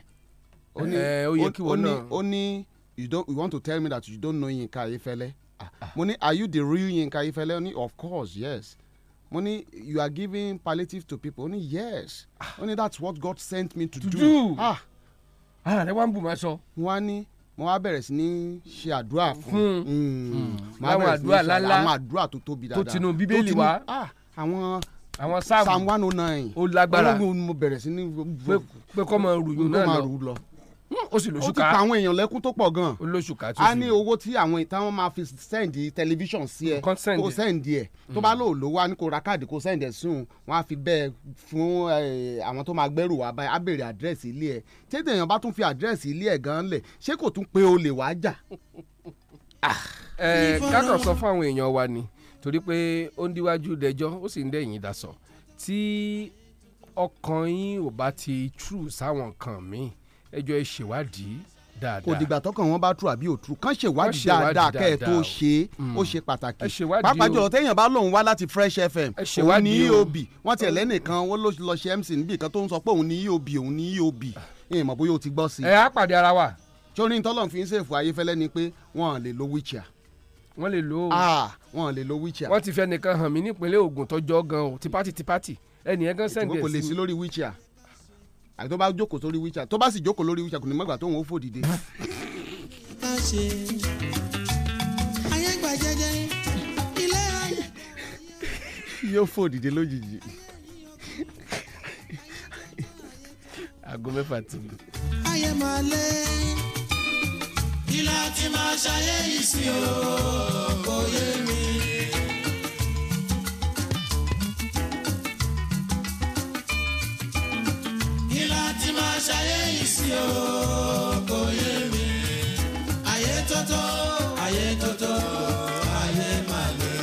ó ní ó yẹ kí wọ́n náà ó ní you don't you want to tell me that you don't know Yinka Ayefele ah, mo ní are you the real Yinka Ayefele ó ní of course yes mo ní you are giving palliative to people ó ní yes ó ní that's what God sent me to, to do. do. Ah. ara ah, rẹ wá ń bù máa sọ. wọ́n á ní mo wá bẹ̀rẹ̀ sí ní ṣe àdúrà fún un hmm. Hmm. Hmm. láwọn àdúrà lálá àwọn àdúrà tó tóbi dáadáa tó tinú bíbélì wá ah, àwọn àwọn sáàmù oh sáàmù mo bẹ̀rẹ̀ sí ní pé kọ́ máa rù yóò náà lọ ó sì lóṣù ká ó ti pa àwọn èèyàn lẹ́kún tó pọ̀ gan-an ó lóṣù ká tó sì a ní owó tí àwọn ìta wọn máa fi sẹ́ǹdì tẹlifíṣàn sí ẹ kó sẹ́ǹdì ẹ tó mm. bá lóò lówó a ní kó ra káàdì kó sẹ́ǹdì ẹ sùn wọn á fi bẹ́ẹ̀ fún àwọn tó máa gbẹ́rù wá báyìí á béèrè àdírẹ́sì ilé ẹ tètè èèyàn bá tún fi àdírẹ́sì ilé ẹ gan-an lẹ̀ ṣé kò tún pé o lè wá jà. Ah, kákọ̀ sọ fún àwọn èèyàn wa ni torí pé ó ń díwájú dẹjọ́ ó sì ń dẹ̀yìn dasọ̀ tí ọkàn yín ò bá ti true sáwọn kan míì ẹjọ́ ẹ ṣèwádìí dáadáa kò dìgbà tọkàn wọn bá tú àbí òtú kán ṣèwádìí dáadáa kẹ́ ẹ tó ṣe hmm. ó ṣe pàtàkì pàápàá jùlọ téèyàn bá lòun wá láti fresh fm òun ní eob wọn tiẹ̀ lẹ́nìkan ó lọ ṣe mc níbi kan tó ń sọ pé òun ní eob òun ní eob ìyẹn mọ̀ bóyá o ti gbọ́ sí i. ẹ á pàdé ara wa. torí tọ́lọ́n fi ń ṣèfò ayéfẹ́lẹ́ ni pé wọ́n lè lo wheelchair. wọ́n lè lo. Ah, wọ́n lè lo wheelchair. wọ́n ti fẹ́ nìkan hàn mí nípínlẹ̀ Ògùn tọ́jọ́ gan o tipátitipáti ẹnìyẹn gan sẹ́ndẹ̀ẹ́sì. ìwé kò lè sí lórí wheelchair àti tó bá jókòó sórí wíṣà tó bá sì jókòó lórí wíṣà kò ní mọ̀gbà tóun fò dìde. yóò fò dìde lójijì aago mẹ́fà ti lù. ayé máa lé kí láti máa ṣayé yìí sí o kò yé mi. kí láti máa ṣayé yìí sí o kò yé mi ayé tótó ayé tótó ayé máa lè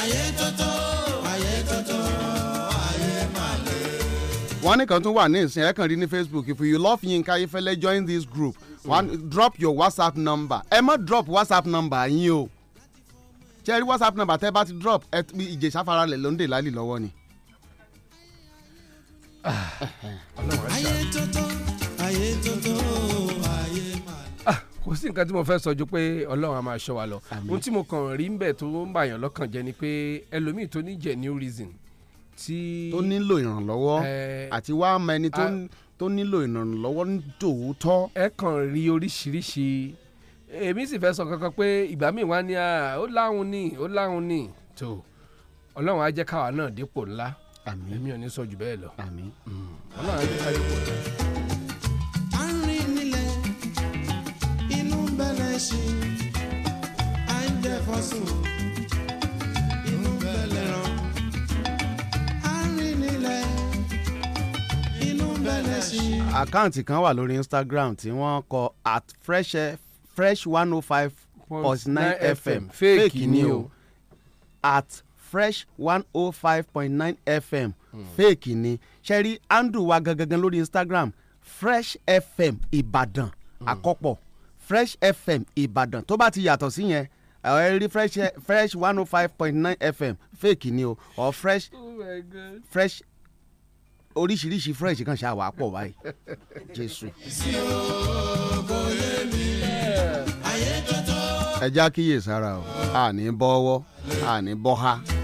ayé tótó ayé tótó ayé máa lè. wọ́n ní kan tún wà ní ìsìn ẹ̀kan rí ní Facebook if you love Yinka Ayefele join this group one drop your WhatsApp number ẹ má drop WhatsApp number yín o ṣe rí WhatsApp number tẹ́ bá ti drop ìjẹ̀ṣà faralẹ̀ ló ń dè lálẹ́ lọ́wọ́ ni ayé ah, tuntun ayé tuntun ayé màlẹ́. kò sí nǹkan tí mo fẹ́ sọ ju pé ọlọ́run a máa ṣọ́ wa lọ ohun tí mo kàn rí ń bẹ̀ tó ń bàyàn lọ́kàn jẹ́ ni pé ẹlòmíì tó ní jẹ́ new reason tí. tó nílò ìrànlọ́wọ́ eh, àti wá mọ ẹni tó nílò ìrànlọ́wọ́ ní tòótọ́. ẹ kàn rí oríṣiríṣi èmi sì fẹ́ sọ kankan pé ìgbà míì wá ní ah, ó láhùn ní ó láhùn ní tó ọlọ́run á jẹ́ káwa náà dépò ńlá àmín èmi ò ní sọ jù bẹ́ẹ̀ lọ. àmín. Mm. ọlọ́run á jẹ́ ká yọ̀ pọ̀ tán. ń rìn nílẹ̀ inú bẹ̀rẹ̀ ṣe à ń inú bẹ̀rẹ̀ rán. àkáǹtì kan wà lórí Instagram tí wọ́n kọ at fresh fresh one oh five point nine fm oh fake ni o at fresh one oh five point nine fm mm. fake ni ṣẹ́rí andrew wa gangan lórí instagram fresh fm ìbàdàn mm. àkọ́pọ̀ fresh fm ìbàdàn tó bá ti yàtọ̀ sí yẹn ẹ rí fresh fresh one oh five point nine fm fake ni o or fresh oh fresh oríṣiríṣi fresh kan ṣáà wà pọ̀ báyìí jésù. ẹ já kíyè sára o àní bọ́wọ́ àní bọ́ha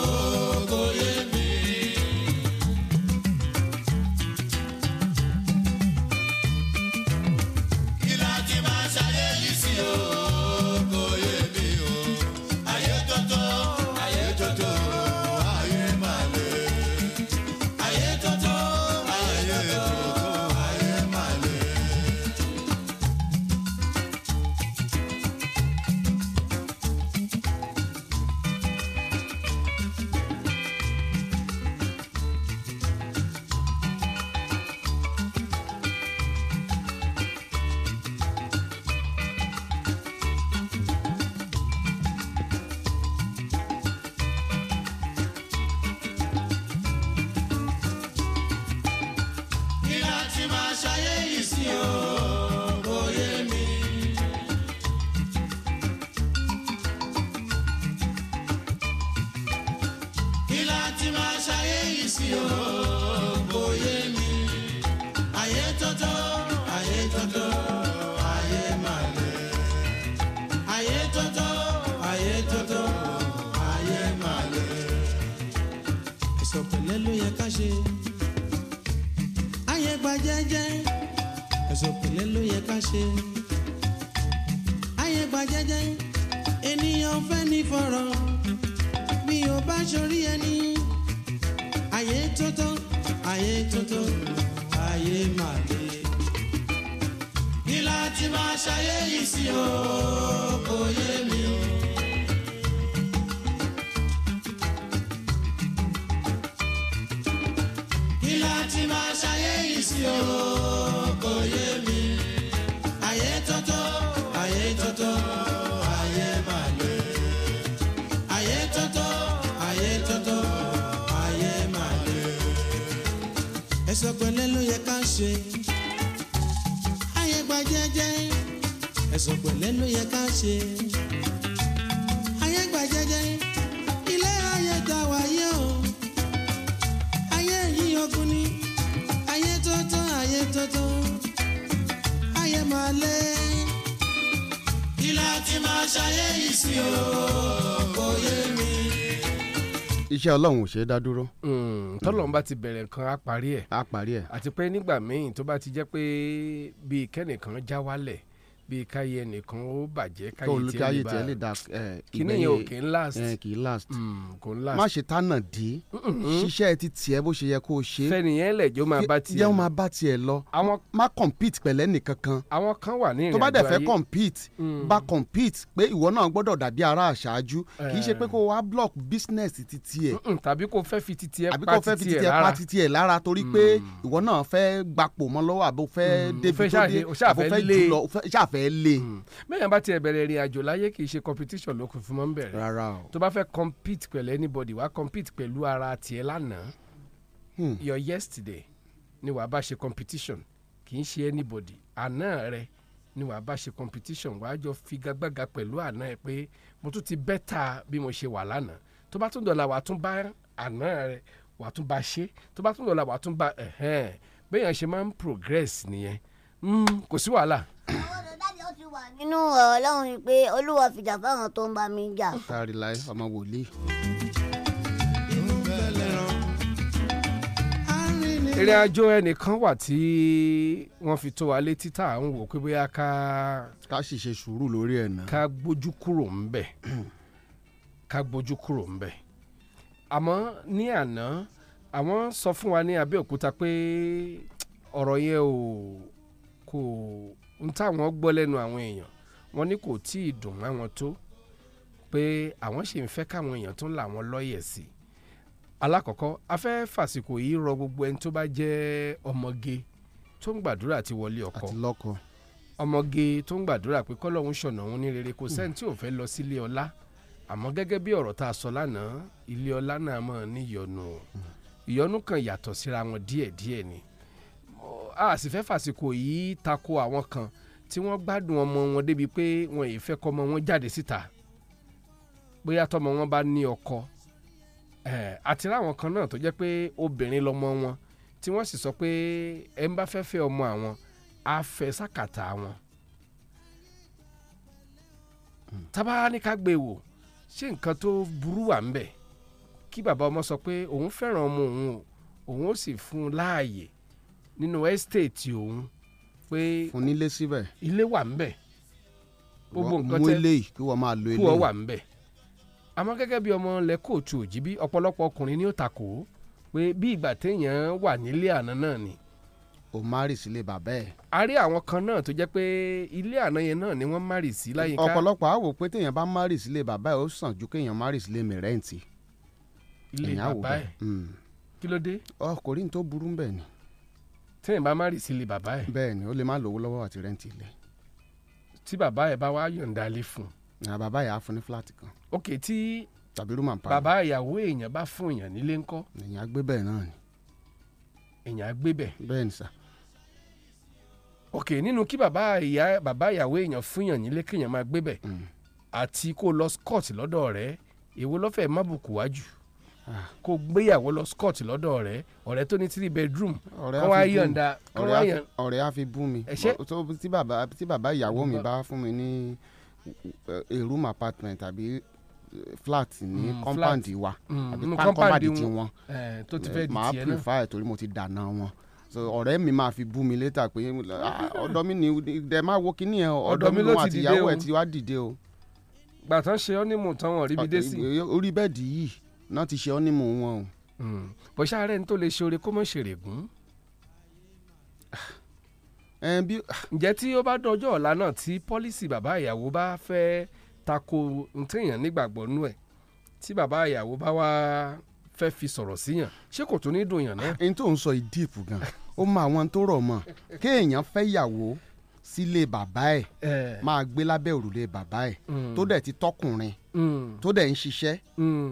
ṣe. ayé gbà jẹjẹ ilé ayé gbà wáyé o ayé yìí ogun ni ayé tó tán ayé tó tán ayé máa lé. kí la máa ṣayé yìí sí o kò yé mi iṣẹ́ ọlọ́run ò ṣe é dá dúró. Hmm, tọ́lọ́run bá ti bẹ̀rẹ̀ nǹkan á parí ẹ̀. á parí ẹ̀. àti pé nígbà míì tó bá ti jẹ́ pé bíi kẹ́nìkan já wálẹ̀ bíi káyé ẹnìkan ó bàjẹ́ káyé tiẹ̀ lè ba kíní yẹn ò kì í last kì í last kò ń last má ṣe tánà dé ṣiṣẹ́ ti tiẹ̀ bó ṣe yẹ kó o ṣe fẹnìyẹn lẹ̀jọ́ máa bá tiẹ̀ lọ máa bá tiẹ̀ lọ má compete pẹ̀lẹ́ nìkankan àwọn kan wà ní ìrìnàjò ayé tó bá dẹ̀ fẹ́ compete mm. bá compete pé ìwọ náà gbọ́dọ̀ dàbí ara àṣáájú kì í ṣe pé kó o wá block business ti tiẹ̀ tàbí kó o fẹ́ fi ti tiẹ̀ pa ti tiẹ̀ lára torí pé mm. ìwọ náà fẹ́ gbapò mọ́ lọ́wọ́ àbò fẹ́ mm. débi tó fẹ́ lé. Hmm. bẹ́ẹ̀ bá tiẹ̀ bẹ̀rẹ̀ ìrìn àjò láyé kì í ṣe competition ló kù fún mọ́ ń bẹ̀rẹ̀ rárá o tó bá fẹ́ compete pẹ̀lú anybody wàá compete pẹ̀lú ara tiẹ̀ lánàá hmm. your yesterday ni wàá bá ṣe competition kì í ṣe anybody àná rẹ ni wàá bá ṣe competition wàá jọ figagbága pẹ̀lú àná ẹ pé mo tún ti bẹ́tà bí mo ṣe wà lánàá tó bá tún dọ̀la wàá tún bá àná rẹ wàá tún bá ṣe tó bá tún dọ̀la wàá tún bá ẹ̀hẹ́n béèyàn ṣe máa ń progress nìyẹn hmm, kò sí wàhálà nínú ọ̀rọ̀ ọlọ́run ni pé olúwa fìjà fáwọn tó ń bá mi jà. sáré láì ọmọ wòlíì. eré àjò ẹnìkan wà tí wọ́n fi tó wa létí tá à ń wò pé bóyá ká. ká sì ṣe sùúrù lórí ẹ̀ náà. ká gbójú kúrò ń bẹ̀ ká gbójú kúrò ń bẹ̀ àmọ́ ní àná àwọn sọ fún wa ní Abẹ́òkúta pé ọ̀rọ̀ yẹn ò kò n táwọn gbọ́ lẹ́nu àwọn èèyàn wọ́n ní kò tí ì dùn máwọn tó pé àwọn sì ń fẹ́ káwọn èèyàn tún là wọ́n lọ́yẹ̀ sí i alákọ̀ọ́kọ́ a fẹ́ fàsìkò yìí rọ gbogbo ẹni tó bá jẹ́ ọmọge tó ń gbàdúrà ti wọlé ọkọ àti lọ́kọ ọmọge tó ń gbàdúrà pé kọ́lọ́hún ṣọ̀nà òun ní rere kò hmm. sẹ́ni tí ò fẹ́ lọ sílé ọlá àmọ́ gẹ́gẹ́ bí ọ̀rọ̀ tá a sọ lánàá ilé ọlá náà mọ̀ níyọnu hmm. ìyọnu kan yàtọ̀ síra wọn díẹ̀díẹ̀ ni a fàsìkò yìí tako àwọn kan tí wọ́n gbádùn ọmọ wọn débi pé wọn ì fẹ́ kọ́mọ wọn jáde síta bóyá tọmọ wọn bá ní ọkọ àti láwọn kan náà tó jẹ́ pé obìnrin lọmọ wọn tí wọ́n sì sọ pé ẹ ń bá fẹ́ fẹ́ ọmọ àwọn á fẹ́ sákàtà wọn. Hmm. tábà ní ká gbé e wò ṣé nǹkan tó burú wà ń bẹ̀ kí bàbá ọmọ sọ pé òun fẹ́ràn ọmọ òun o òun ó sì fún un láàyè nínú ẹ́stéètì òun. No pé. fún nílé síbẹ̀. ilé wà ń bẹ̀. gbogbo nǹkan tẹ́ mú ilé yìí kí wọ́n máa lo ilé yìí. kí wọ́n wà ń bẹ̀. àmọ́ gẹ́gẹ́ bí ọmọ ilẹ̀ kóòtù òjìbí ọ̀pọ̀lọpọ̀ ọkùnrin ni ó pé bí ìgbà téèyàn wà nílé àná náà ni. o márì sílé bàbá ẹ. a rí àwọn kan náà tó jẹ́ pé ilé àná yẹn náà ni wọ́n márì sí láyìíká. ọ̀pọ̀lọpọ̀ á wò pé téèyàn bá márì sílé bàbá ẹ ó sàn ju kéèyàn márì sílé mìrẹ́ǹtì. ilé bàbá ẹ hmm. kí ló dé. ọ tó burú ń ni tẹ́yìn bá má rì sí ilé bàbá ẹ̀. bẹ́ẹ̀ni ó lè má lówó lọ́wọ́ àti rẹ́ǹtì ilé. tí bàbá ẹ̀ bá wá yọ̀ǹda ilé fún. na bàbá yà á fún ní fúláàtì kan. ok tí tàbí rúmà pa. bàbá ìyàwó èèyàn bá fún èèyàn nílé ńkọ́. èèyàn á gbé bẹ́ẹ̀ náà ni. èèyàn á gbé bẹ́ẹ̀. bẹ́ẹ̀ ni sà. ok nínú kí bàbá ìyá bàbá ìyàwó èèyàn fún èèyàn nílé kéèyàn máa gbé bẹ́ẹ̀ mm. àti kó lọ scott lọ́dọ̀ rẹ̀ èwo lọ́fẹ̀ẹ́ má wájú kó gbéyàwó lọ Scott lọ́dọ̀ ọ̀rẹ́ ọ̀rẹ́ tó ní three bedroom kó wá yọ̀ǹda kó wá yọ̀ǹda. ọ̀rẹ́ á fi bú mi tí bàbá tí bàbá ìyàwó mi bá fún mi ní eh, a room apartment tàbí eh, flat ní hmm, compound wa hmm, àbí compound ti wọn tó ti fẹ́ di tiẹ̀ náà màá prefer torí mo ti dànà wọn so ọ̀rẹ́ mi máa fi bú mi létà pé ah, ọ̀dọ̀ mi ni dẹ máa wo kíní ẹ ọ̀dọ̀ mi ló àti ìyàwó ẹ ti wá dìde o. gbàtàn ṣe ọ́ ní mùtán wọn rí bi dé sí. Eh, orí bẹ́ẹ̀dì yìí náà ti ṣe ọ́ ní mò ń wọ̀n o. bọ̀ṣá rẹ̀ ń tó lè ṣoore kó mọ̀ ṣèrè gún. ǹjẹ́ tí ó bá dọjọ́ ọ̀la náà tí pọ́lísì bàbá ìyàwó bá fẹ́ tako ntẹ̀yàn nígbàgbọ́ nú ẹ̀ tí bàbá ìyàwó bá wá fẹ́ fi sọ̀rọ̀ síyàn ṣé kò tún ní dùn yàn náà. ẹni tó ń sọ ìdíìpù gan ó mọ àwọn tó rọ̀ mọ́ kéèyàn fẹ́ yàwó sílé bàbá ẹ̀ máa gbé lábẹ́ òrùlé bàbá ẹ̀ hmm. tó dẹ̀ ti tọkùnrin hmm. tó dẹ̀ ń ṣiṣẹ́ hmm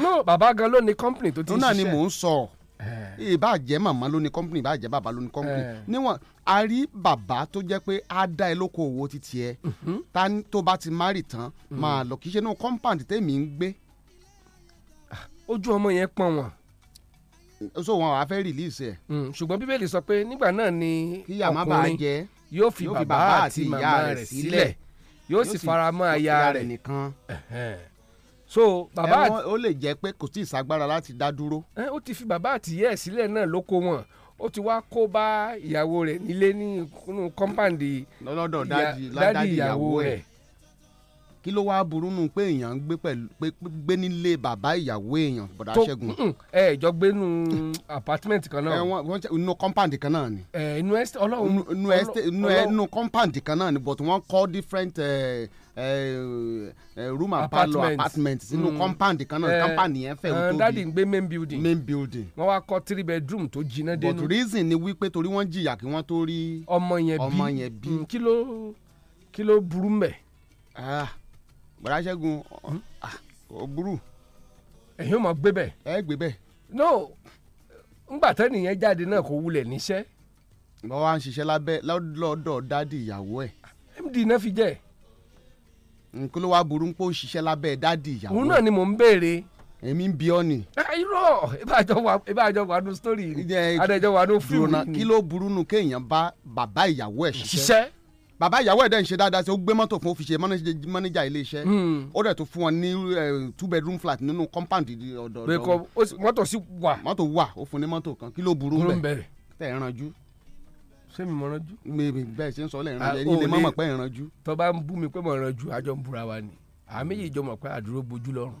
no bàbá gan ló ní company tó ti ń ṣiṣẹ́. náà ni mò ń sọ eh. ìbá jẹ́ màmá ló ní company ìbá jẹ́ bàbá ló ní company eh. níwọ̀n a rí bàbá tó jẹ́ pé á dá ẹ lóko òwò títí ẹ mhm. tó bá ti márì tán máa mm. lọ kí ṣe náà compound tèmi ń gbé. Ah, ojú ọmọ yẹn pọn wọn so wọn wàá fẹ́ release ẹ̀. Mm, ṣùgbọ́n bíbélì sọ pé nígbà náà ni ọkùnrin yóò fi bàbá àti màmá rẹ̀ sílẹ̀ yóò sì faramọ́ aya rẹ̀ nìkan so bàbá àti. ó lè jẹ́ pé kò tí ì sagbára láti dá dúró. ẹ ó ti fi bàbá àtìyẹ́ ẹ̀ sílẹ̀ náà lóko wọn ó ti wá kó bá ìyàwó rẹ̀ nílé nínú kọ́ńpáǹdì lọ́dọ̀ dádì ìyàwó rẹ̀. kí ló wáá burú nù pé èèyàn ń gbé pẹ̀lú gbé nílé bàbá ìyàwó èèyàn bọ̀dá ṣẹ́gun. ẹ ẹ jọ gbé nu apartment kan náà. ẹ wọn wọn inú kọ́ńpáǹdì kan náà ni. ẹ inú ẹsẹ ọlọ́run inú ẹsẹ inú kọ́ńpáǹdì kan náà ni but wọ́n kọ́ different. Uh, Eh, eh, room and apartment sínú mm. compound kan náà eh, compound yẹn fẹ́ o tóbi. dadi ń gbé main building. main building. wọ́n wá kọ́ three bedroom tó jiná dénú. but reason ni wípé torí wọ́n jìyà kí wọ́n tó rí ọmọ yẹn bí ọmọ yẹn bí. Mm, kí ló kí mbẹ. Ah, bàrà ṣẹ́gun ó hmm? ah, burú. ẹ̀yin ò mọ̀ gbé bẹ́ẹ̀. ẹ gbé bẹ́ẹ̀. no ngbà tẹ́nìyẹn jáde náà kò wulẹ̀ níṣẹ́. lọ́wọ́ à ń ṣiṣẹ́ lọ́dọ̀ dádì ìyàwó ẹ̀. md náà fi jẹ́ ẹ̀ nkú ló wá burú pé ó ṣiṣẹ́ lábẹ́ dádì ìyàwó. òun náà ni mò ń béèrè. èmi ń bi ọ́ ni. Ah, irọ́ ìbájọ́ wà nù sítórì ni adájọ́ wà nù fíìmù ni. kí ló burú nu kéèyàn bá bàbá ìyàwó ẹ̀ ṣiṣẹ́ bàbá ìyàwó ẹ̀ dẹ́n ṣe dáadáa sí ó gbé mọ́tò fún ó fi ṣe mọ́nẹ́jà ilé iṣẹ́ hmm. ó dẹ̀ tó fún wọn ní eh, two bedroom flat nínú compound ọ̀dọ̀. mọ́tò sì wà. mọ́tò wà ó fún ní mọ́tò kan kí ló burú bẹ́ẹ̀ tẹ̀ ẹ́ ranjú ṣé mi mọ̀ ranjú. mi bẹ́ẹ̀ ṣe ń sọ lẹ́ẹ̀ran yẹn ní ilé mọ́mọ́ pé ìranjú. tó bá ń bú mi pé mọ̀ ranjú àjọ ń búra wa ni àmì yìí jọ mọ̀ pé àdúró bojú lọ́rùn.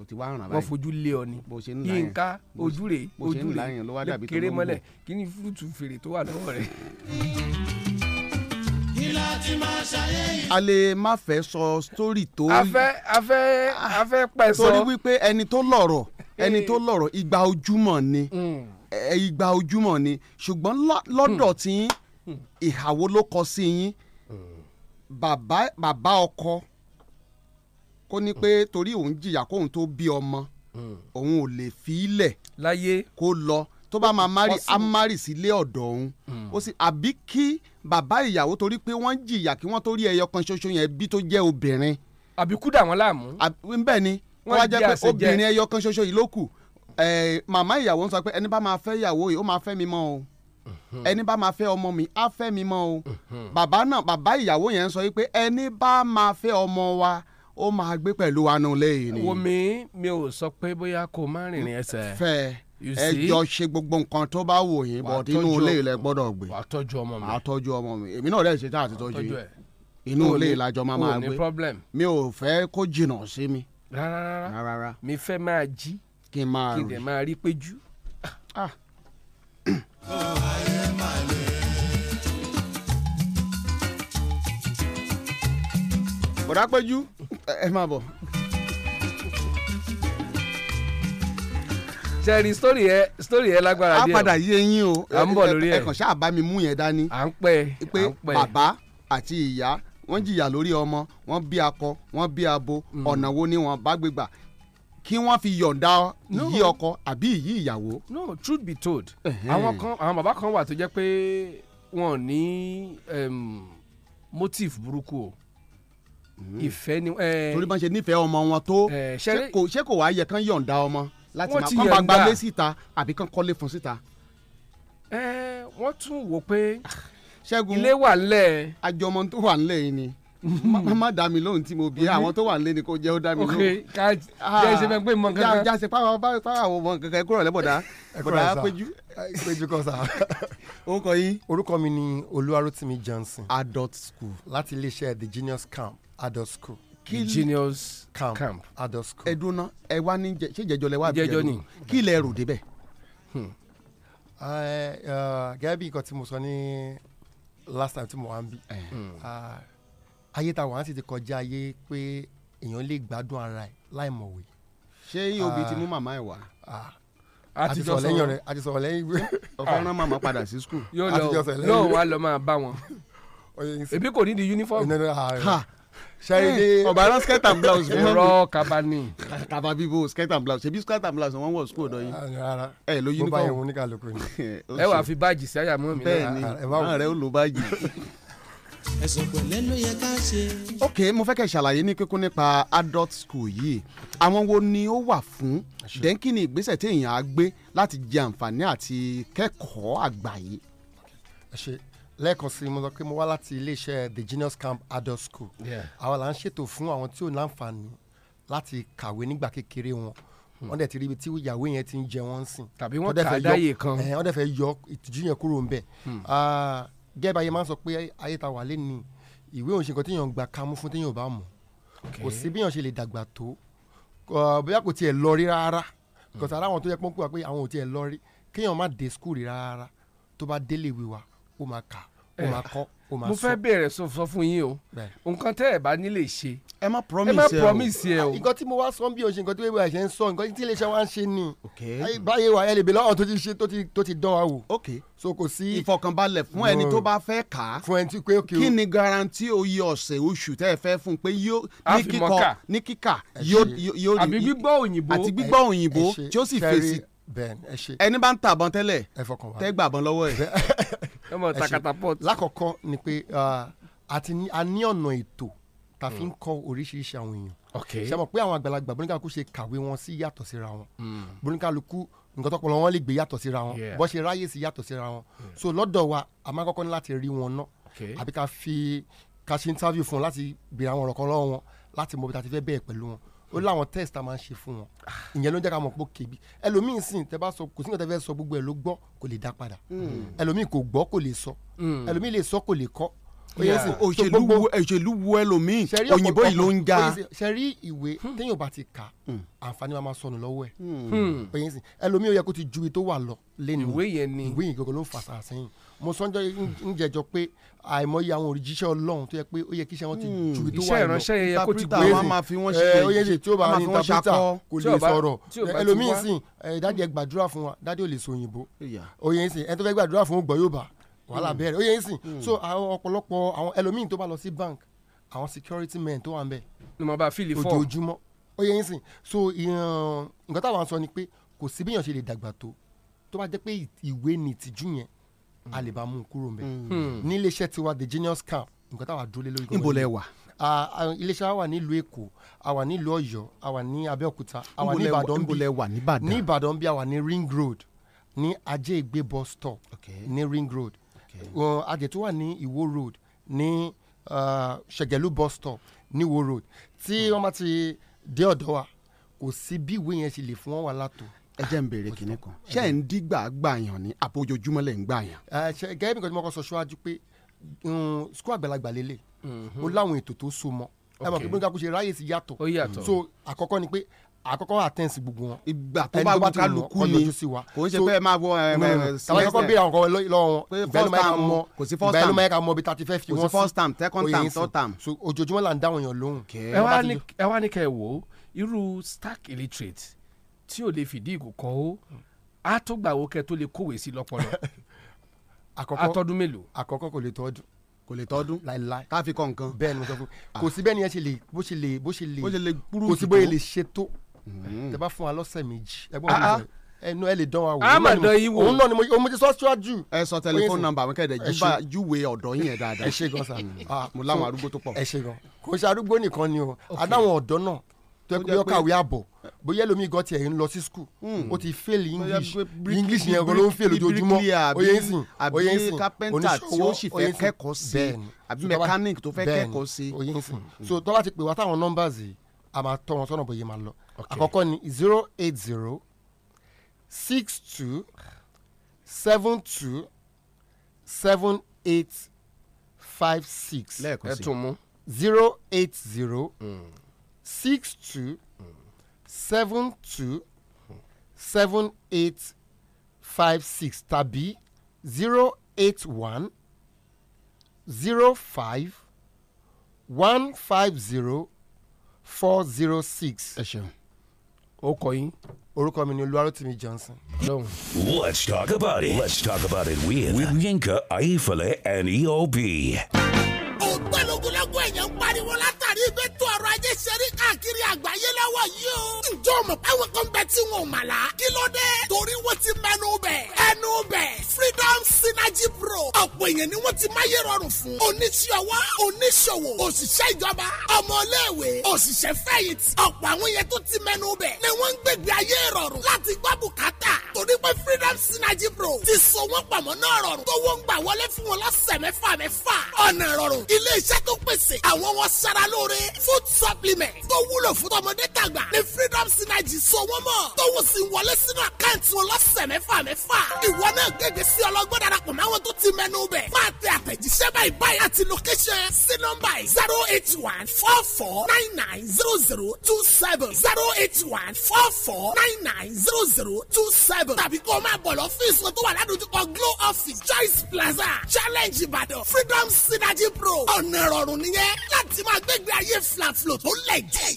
o ti wá ràn báyìí wọ́n fojú lé ọ ni. bó ṣe ń la yínká ojú rè ojú rè kéré mọ́lẹ̀ kí ni fúrúùtù fèrè tó wà lọ́wọ́ rẹ̀. a lè má fẹ́ sọ sítórì tó. a fẹ́ a fẹ́ a fẹ́ pẹ̀ torí wípé ẹni tó lọ̀rọ̀ ẹni tó lọ̀rọ̀ ìgbà ojúmọ́ ni. Hmm igba ojúmọ́ ni ṣùgbọ́n lọ́dọ̀ tí ìhàwó ló kọ sí yín bàbá ọkọ kó ní pé torí òun jìyà kóun tó bí ọmọ òun ò lè fi í lẹ̀ láyé kó lọ tó bá máa mari á mari sílé ọ̀dọ̀ òun hmm. ó sì àbí kí bàbá ìyàwó torí pé wọ́n jìyà kí wọ́n tó rí ẹyọ kan ṣoṣo yẹn bí tó jẹ́ obìnrin. àbí kú dà láàmú. bẹ́ẹ̀ ni wọ́n wá jẹ́ pé obìnrin ẹyọ kan ṣoṣo yìí ló kù Eh, màmá ìyàwó ń sọ pé ẹni bá máa fẹ́ ìyàwó yìí ó máa fẹ́ mi mọ́ o mhm. ẹni bá máa fẹ́ ọmọ mi á fẹ́ mi mọ́ o mhm. bàbá náà bàbá ìyàwó yẹn ń sọ pé ẹni bá máa fẹ́ ọmọ wa ó máa gbé pẹ̀lú wa nù lẹ́yìn ni. wo mi mi ò sọ pé bóyá kó má rìnrìn ẹsẹ̀. fẹ́ẹ́ ẹ jọ ṣe gbogbo nǹkan tó bá wò yín bọ̀ inú ilé ilẹ̀ gbọ́dọ̀ gbé wàá tọ́jú ọmọ mi wàá tọ́jú ọmọ mi èmi náà rẹ̀ ṣe tá àti tọ́jú yín inú ilé ìlàjọ máa máa gbé mi ò fẹ́ kó jìnnà sí mi. rárá rárá mi fẹ́ máa jí kí n máa rò kí n dẹ̀ máa rí péjú. Ah. bọ̀dá péjú ẹ máa bọ̀. sẹ́ni sítórì yẹn sítórì yẹn lágbára díẹ̀. a padà yé yín o. à ń bọ̀ lórí ẹ̀. ẹ kàn ṣáà bá mi mú yẹn dání. à ń pẹ́ à ń pẹ́ pé bàbá àti ìyá wọ́n jìyà lórí ọmọ wọ́n bí akọ wọ́n bí abo mm. ọ̀nà wo ni wọ́n bá gbégbà kí wọ́n fi yọ̀ǹda ìyí ọkọ àbí ìyí ìyàwó. no truth be told àwọn kan àwọn bàbá kan wà tó jẹ́ pé wọ́n ní motive burúkú o hmm. ìfẹ́ ni. Eh, torí bá ń ṣe nífẹ̀ẹ́ ọmọ wọn tó eh, ṣé kò wá yẹ kán yọ̀ǹda ọmọ láti máa kán bá gbalé síta àbí kán kọ́lé fún síta. Eh, wọ́n tún wò pé ah, ṣẹ́gun ilé wà ńlẹ̀. àjọmọ tó wà ńlẹ̀ yìí ni má dá mi lóhùn tí mo bí àwọn tó wà nílé ni kò jẹ́ ó dá mi lóhùn. ok ah, jẹ́ ṣe pé mọ kankan. jáse pàwọ́ pàwọ́ mọ kankan kúrò lẹ́bọ̀dá bọ̀dá péjú. péjú kan sá. orúkọ yín. orúkọ mi ni Olúwarótìmí Johnson. adult school láti iléeṣẹ́ the genius camp adult school. the genius camp, adult school. ẹdun náà ẹ wá ní ṣé jẹjọ lẹ wá bí ẹjọ ni kí ilẹ̀ rò débẹ̀. Hmm. gẹ́gẹ́ bí nǹkan tí mo sọ ní last time tí mo wá ń bí ayé táwọn á sì ti kọjá ayé pé èèyàn lè gbádùn ara ẹ̀ láì mọ̀wé. ṣé obi ah. ti mú màmá ẹ̀ wá. àti ah. sọ̀rọ̀ lẹ́yìn rẹ̀ àti sọ̀rọ̀ lẹ́yìn rẹ̀. ọ̀fẹ́ rán màmá padà sí skul. yóò wá lọ máa bá wọn. èmi kò ní di uniform ah, ṣayide ọba rán skirt and blouse fún mi. ẹ̀rọ kaba ni. kaba bíbo skirt and blouse ṣebí skirt and blouse wọ́n wọ̀ school dọ̀yìn. rárá ẹ ló uniform. bó bá yẹ wọn ní kálukú ni. ẹ wàá fi báàjì sí àyàmú mi. bẹ́ẹ̀ni ọmọ rẹ ó lo báàjì. ẹ̀sùn pẹ̀lẹ́ ló yẹ ká ṣe. ok mo fẹ́ kẹ́ ṣàlàyé ní kíkún nípa adult school yìí àwọn wo ni ó wà fún then kí ni ìgbésẹ̀ tí èèyàn á gbé láti jẹ àǹfààní àti kẹ́kọ̀ọ́ àgbà yìí. ẹ ṣe lẹ́ẹ̀kan sí mo sọ pé mo wá láti iléeṣẹ́ the genius camp adult school àwọn là ń ṣètò fún àwọn tí ò láǹfààní láti kàwé nígbà kékeré wọn hmm. wọ́n dẹ̀ ti rí ibi tí ìyàwó yẹn ti ń jẹ wọ́n sìn. tàbí wọ́n kà á dáyè kan. wọ́n dẹ̀ fẹ́ yọ ìtìjú yẹn kúrò ńbẹ̀. Hmm. Ah, gẹ́gẹ́ báyìí máa ń sọ pé ayé ta wà lẹ́nu ìwé òun ṣe nǹkan téèyàn gbà kámú fún téèyàn ò bá mọ̀ kò sí béèyàn ṣe lè dàgbà tó bóyá kò tiẹ̀ lọ rí rárá kòtà hmm. aláwọn tó yẹ pọ́npọ́n pé àwọn ò tiẹ̀ lọ rí kéèyàn má dé skul rí rárá tó bá délé ìwé wa ó máa kà ó máa eh. kọ́ mo fẹ́ bẹ̀rẹ̀ sọ fún yín o nǹkan tẹ́ ẹ̀ bá nílé ṣe ẹ má promise ẹ o ah, nǹkan tí mo wá sọ bí o ṣe nǹkan tí wíwá ṣe ń sọ nǹkan tí iléeṣẹ́ wa ń ṣe ni báyé wa ẹ lè bè lọ́wọ́ tó ti ṣe tó ti dán wa wò so kò sí. ìfọkànbalẹ̀ fún ẹni tó bá fẹ́ kà á fún ẹni tí pé kí ni garanti oye ọ̀sẹ̀ oṣù tẹ́ ẹ fẹ́ fún pé yóò ní kíkà yóò di àbí gbígbọ́ òyìnbó àti gbígbọ́ òyìnbó tí ó sì fèsì bẹ́ẹ̀ni ẹ ṣe. ẹni bá ń ta àbọn tẹ́lẹ̀ tẹ́ gbà àbọn lọ́wọ́ ẹ̀. ẹ mọ̀ takata port. lákọ̀ọ́kọ́ ni pé a ní ọ̀nà ètò ta fi ń mm. kọ́ oríṣiríṣi àwọn èèyàn. okay ṣe mọ̀ pé àwọn àgbàlagbà bóníkàlùkù ṣe kàwé wọn sí yàtọ̀ síra wọn. Mm. bóníkàlùkù nǹkan tọpọlọ wọn lè gbé yàtọ̀ síra wọn bó ṣe ráyè sí yàtọ̀ síra wọn. so lọ́dọ̀ wa a máa kọ́kọ́ ní láti rí wọn ná àbí ká fi ká ṣe interview fún wọn láti béèrè àwọn ọ̀rọ̀ kan lọ́wọ́ wọn láti mọ bí ta ti fẹ́ bẹ́ẹ̀ pẹ̀lú wọn ó láwọn test a máa ń ṣe fún wọn ìyẹn ló ń jẹ́ ká mọ̀ pé kébi ẹlòmíín sìn tẹ́ bá sọ kò sí nǹkan tẹ́ fẹ́ sọ gbogbo ẹ̀ ló gbọ́ kò lè dá padà hmm. ẹlòmíín kò gbọ́ kò lè sọ hmm. ẹlòmíín lè sọ kò lè kọ́ òṣèlú wo ẹlòmíín òyìnbó yìí ló ń já. ṣe ìwé hmm. téèyàn bá ti kà àǹfààní wa máa sọnù lọ́wọ́ ẹ̀ ẹlòmíín ó yẹ kó ti ju iye wà lọ lẹ́nu ìwé yẹn gọ́gọ́ ló ń fà sàásẹ́yìn mo sọ́njọ́ ńjẹjọ pé àìmọye àwọn òrìjíṣẹ́ ọlọ́run tó yẹ pé ó yẹ kí iṣẹ́ wọn ti hmm, ju ìtò wà lọ iṣẹ́ ìránṣẹ́ yẹ kó ti gbé wọn máa fi wọ́n eh, ṣe é ó yẹ tí ó bá ní tapita kò lè sọ̀rọ̀ ẹlòmíín sìn eh, dáàdi ẹ gbàdúrà fún wa dáàdi ò lè sọ òyìnbó ó yẹ sìn ẹni tó fẹ́ gbàdúrà fún ògbọ́ yóò bá wàhálà hmm. bẹ̀rẹ̀ ó yẹ sìn so àwọn ọ̀pọ̀lọpọ̀ àwọn ẹlòmíín tó bá lọ sí bank àwọn security men tó wà ń bẹ̀ ojoojúmọ́ ó sìn so nǹkan táwọn sọ ni pé kò sí bí èèyàn ṣe ni ìtìjú a lè bá mú un kúrò mbẹ hmm. hmm. ní iléeṣẹ́ tiwa the genius camp nǹkan táwa dúró lé lórí gbọ́dọ̀ níbo lẹ wà iléeṣẹ́ wa wà nílùú èkó a wà nílùú ọ̀yọ́ a wà ní abẹ́òkúta a wà ní ìbàdàn bí ní ìbàdàn bí a wà ní ring road ní ajé ìgbé bus stop ní ring road àjẹtó wà ní ìwó road ní ṣẹ̀gẹ̀lú bus stop ní ìwó road tí wọ́n bá ti dé ọ̀dọ̀ wa kò sí bí ìwé yẹn ṣe lè fún wọn wà látò ẹ jẹ́ n béèrè kinní kan ṣé ẹ̀ ń dígbà gbàyàn ní àbójoojúmọ́ lẹ̀ ń gbàyàn. gẹ́gẹ́ bí nǹkan tí mo kọ́ sọ ṣíwájú pé um, sukuu àgbàlagbà lélẹ̀ mhm. ó láwọn ètò tó so mọ́ ẹ mọ̀ pé bí nǹkan kò ṣe ráyè sí yàtọ̀ so àkọ́kọ́ ni pé àkọ́kọ́ àtẹ̀sí gbogbo wọn. ìgbà tó bá wà kálukú ni kò ń ṣe pé ẹ máa wọ ẹ ẹ sábà kọ́kọ́ bí àwọn kan lọ́wọ́ wọn ìbẹ́lú máa mọ kò sí first time ìbẹ́lú máa ka mọ bí thirty five kì wọ́n sí kò sí first time second time third time. so ojoojúmọ́ là ń dáwọn èèyàn lóhùn. ẹ wá ní kẹ́ ẹ wò irú stark illiterate tí ò lè fìdí ìgò kan ó á tó gbà wo kẹ́ tó lè kówè sí lọ́pọlọ àtọ́dún mélòó. àkọ́kọ́ kò lè tọ́dún kò lè tọ́dún láìláì ká fi kọ́ nǹkan bẹ́ẹ̀ ni mo sọ fún ah. kò sí bẹ́ẹ̀ ni ẹ ṣe lè bó ṣe lè bó ṣe lè kò sí bóyá lè ṣe tó mm-hmm. tẹ bá fún wa lọ́sẹ̀ méjì ẹgbọ́n mi sọ ẹnu ẹ lè dán wa wò. àmà dán yín òun náà ni mo mo ti sọ síwájú. ẹ sọ tẹlifóònù nọ́mbà mi kẹdẹ júbà júwe ọ̀dọ̀ yín yẹn dáadáa. ẹ ṣe gan sa ah, mo láwọn arúgbó tó pọ̀. ẹ ṣe gan kò ṣe arúgbó nìkan ni o adáwọn ọ̀dọ́ náà tó yọ káwé àbọ̀ bóyá ẹlòmíì gan tiẹ̀ ń lọ sí school hmm. ó ti fail english english yẹn gan ló ń fail ojoojúmọ́ oyè ń sìn oyè ń sìn oníṣòwò oyè ń sìn bẹ́ẹ̀ ni àbí mechanic tó fẹ́ kẹ́kọ̀ọ́ sí oyè ń sìn hmm. so tó bá ti pè wá táwọn numbers yìí a máa tọ́ wọn sọ́nà bóyá máa lọ àkọ́kọ́ ni zero eight zero six two seven two seven eight five six ẹ tún mú zero eight zero hmm. six two seven two seven eight five six tàbí zero eight one zero five one five zero four zero six. ẹ ṣeun ó kọ yín orúkọ mi ni olúwarótìmí johnson. let's talk about it let's talk about it with, with yinka ayifale and eob. ògbẹ́lógúnlógún èèyàn ń pariwo látàrí ìgbẹ́tọ̀ ọrọ̀ ajé ṣẹ́rí káàkiri àgbáyé láyé wa yìí o. ǹjọ́ mọ̀ báwọn kan bẹ tí wọn ò mà la. kí ló dé. torí wọ́n ti mẹ́nu bẹ̀. ẹnu bẹ̀. freedom synergy pro. ọ̀pọ̀ èèyàn ni wọ́n ti máyé rọrùn fún. oníṣòwò oníṣòwò òṣìṣẹ́ ìjọba ọmọléèwé òṣìṣẹ́ fẹ̀yìntì. ọ̀pọ̀ àwọn yẹn tó ti mẹ́nu bẹ̀. ni wọ́n ń gbègbè ayé rọrùn láti gbọ́ bùkátà. torí pé freedom synergy pro ti so wọ́n pamọ́ náà rọrùn. tó wọ́n gbà wọlé fún wọn lọ́sẹ̀ mẹ́fà mẹ́fà. ọ̀nà rọrùn ilé iṣẹ́ tó pèsè àwọn wọn sara lóore food supplement tó wúlò fún tọmọdé tàgbà ní freedom synergy so wọ́n mọ̀ tóun sì wọlé sínú àkáǹtì wọn lọ́sẹ̀ mẹ́fà mẹ́fà. ìwọ náà gègé sí ọlọ́gbọ́n darapọ̀ máwọn tó ti mẹ́nu bẹ̀. máa tẹ àtẹ̀jíṣẹ́ báyìí báyìí àti location sí nọ́mbà yìí zero eight one four four nine nine zero zero two seven zero eight one four four nine nine zero zero two seven. tàbí kó o máa bọ̀ lọ́fíìsì tó wà ládojúkọ glow office Choice Plaza Challenge Ìbàdàn Freedom Synergy Pro ọ̀nà ìrọ̀rùn nìyẹn láti máa gbégbé ayé flaflo tó lẹ̀ jẹ́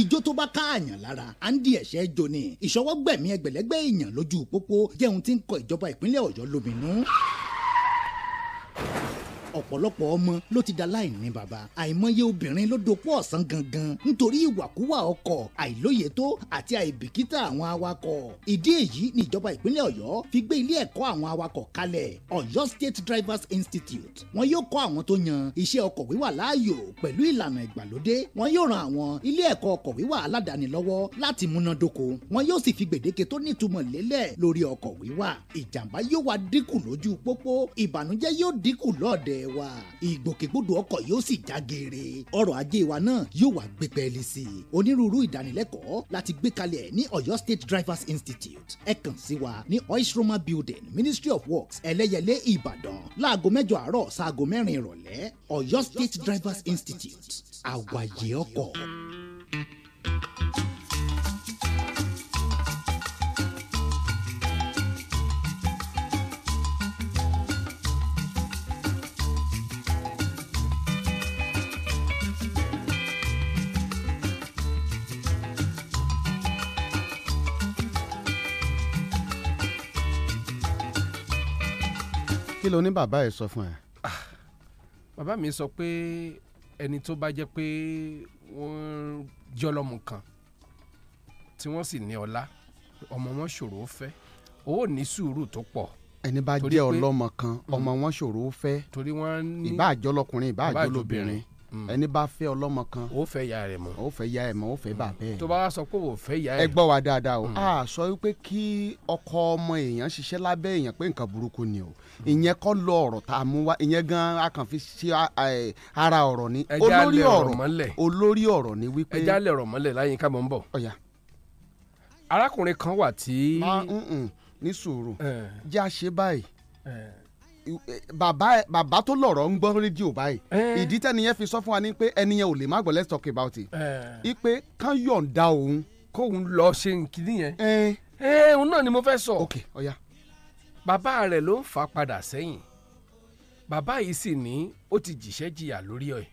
ìjó tó bá káàyàn lára à ń di ẹ̀ṣẹ́ jo ni ìṣọwọ́gbẹ̀mí ẹgbẹ̀lẹ́gbẹ̀ èèyàn lójú pópó jẹun tí ń kọ ìjọba ìpínlẹ̀ Ọ̀yọ́ lóminú ọ̀pọ̀lọpọ̀ ọmọ ló ti da láìní bàbá àìmọye obìnrin ló dopọ̀ ọ̀sán gangan nítorí ìwàkúwà ọkọ̀ àìlóye tó àti àìbìkítà àwọn awakọ̀ ìdí èyí ni ìjọba ìpínlẹ̀ ọ̀yọ́ fi gbé ilé ẹ̀kọ́ àwọn awakọ̀ kalẹ̀ ọ̀yọ́ state drivers institute wọn yóò kọ́ àwọn tó yan iṣẹ́ ọkọ̀ wíwà láàyò pẹ̀lú ìlànà ìgbàlódé wọn yóò ran àwọn ilé ẹ̀kọ́ ọkọ̀ wíwà aládàáni lọ́wọ́ láti múnádóko wọn yóò sì fi gbèdéke tó nítumọ̀ lélẹ̀ lórí ọkọ̀ wíwà ìjàmbá yóò wá dínkù lójú pópó ìbànújẹ́ yóò dínkù lọ́ọ̀dẹ ilẹ̀ wa ìgbòkègbodò ọkọ̀ yóò sì já geere ọrọ̀ ajé wa náà yóò wá gbé pẹ́ẹ́lí sí i onírúurú ìdánilẹ́kọ̀ọ́ láti gbé kalẹ̀ ní Ọ̀yọ́ State Drivers Institute ẹ sí wa ní oishroma building Ministry of Works ẹlẹ́yẹlé Ìbàdàn láago mẹ́jọ àárọ̀ sáago mẹ́rin ìrọ̀lẹ́ Ọ̀yọ́ State Drivers Institute àwàyé ọkọ̀. ló ní bàbá ẹ sọ fún ẹ. bàbá mi sọ pé ẹni tó bá jẹ́ pé wọ́n jẹ́ ọlọ́mọ kan tí wọ́n sì ní ọlá ọmọ wọn ṣòro fẹ́ ó ní sùúrù tó pọ̀ ẹni bá jẹ́ ọlọ́mọ kan hmm. ọmọ wọn ṣòro fẹ́ ìbá àjọlọkùnrin ìbá àjọlóbìnrin Mm. ẹni bá fẹ́ ọlọ́mọ kan ó fẹ́ ya rẹ̀ mọ́ O fẹ́ ya ẹ̀ mọ́ ó fẹ́ bàbá mm. ẹ̀. tó bá wá sọ pé ó fẹ́ ya ẹ̀. ẹ gbọ́ wa dáadáa o mm. a sọ wípé kí ọkọ ọmọ èèyàn ṣiṣẹ́ lábẹ́ èèyàn pé nǹkan burúkú ni o ìyẹn kọ́ lọ ọ̀rọ̀ tá a mú wá ìyẹn gan a fi ṣe ara ọ̀rọ̀ ni olórí ọ̀rọ̀ olórí ọ̀rọ̀ ni wípé. ẹ jálẹ̀ ọ̀rọ̀ mọ́lẹ̀ láyé ká mọ́ ń bọ̀. arákùnrin kan wà tí. ní sùúrù jẹ́ bàbá bàbá tó lọ̀rọ̀ ń gbọ́ rédíò báyìí ìdí tẹ́niyẹn fi sọ fún wa ni pé ẹniyẹn ò lè má gbọ́ let's talk about it ipe kán yọ̀ǹda òun. kóun lọ ṣe nkíní yẹn ẹ òun náà ni mo fẹ́ sọ. ok ọ̀ya. bàbá rẹ̀ ló ń fà padà sẹ́yìn bàbá yìí sì ní ó ti jìṣẹ́ jìyà lórí ẹ̀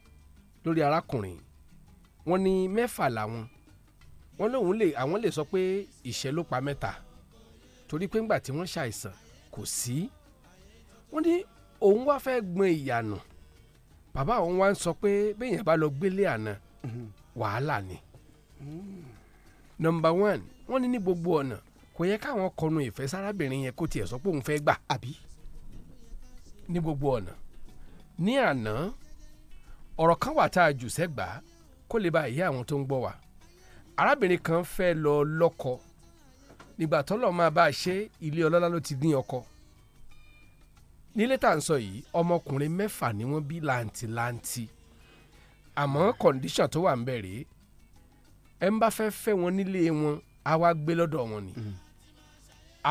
lórí arákùnrin wọn ní mẹ́fà làwọn wọn lóun lè àwọn lè sọ pé ìṣẹ́ ló pa mẹ́ta torí pé ńgbà tí wọ́n ṣàìsàn kò sí wọ́n ní òun wá fẹ́ gbọn ìyànà bàbá òun wá ń sọ pé béèyàn bá lọ gbélé àná wàhálà ni. nọmba one wọ́n ní ní gbogbo ọ̀nà kò yẹ káwọn kọnu ìfẹ́ sárábìnrin yẹn kó tiẹ̀ sọ pé òun fẹ́ gbà. àbí. ní gbogbo ọ̀nà ní àná ọ̀rọ̀ kan wà tá a jù sẹ́gbàá kó lè ba ìyá àwọn tó ń gbọ́ wa arábìnrin kan fẹ́ lọ lọ́kọ nígbà tọ́lọ́ máa bá a ṣe ilé ọlọ́lá ló ti ní ọkọ nílé tá à ń sọ yìí ọmọkùnrin mẹ́fà ni wọ́n bí làǹtìlanti àmọ́ kọ̀ǹdíṣàn tó wà ń bẹ̀rẹ̀ ẹ̀ ń bá fẹ́ fẹ́ wọn nílé wọn á wá gbé lọ́dọ̀ wọn ni mm.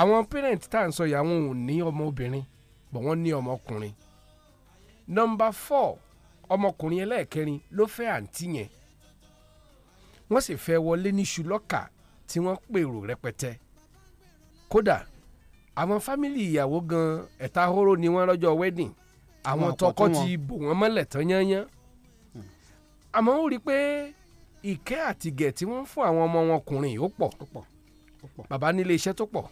àwọn parent tá à ń sọ yìí àwọn ò ní ọmọbìnrin bọ̀ wọ́n ní ọmọkùnrin nọmba four ọmọkùnrin ẹlẹ́ẹ̀kẹrin ló fẹ́ àǹtí yẹn wọ́n sì fẹ́ wọlé ní ṣùlọ́kà tí wọ́n pèrò rẹpẹtẹ kódà àwọn fámìlì ìyàwó gan ẹ̀ta hóró ni wọ́n lọ́jọ́ wedding àwọn tọkọ ti bò wọ́n mọ́lẹ̀ tán yányán hmm. àmọ́ ó rí i pé ìkẹ́ àtìgẹ̀ tí wọ́n ń fún àwọn ọmọ wọn kùnrin ó pọ̀ bàbá nílé iṣẹ́ tó pọ̀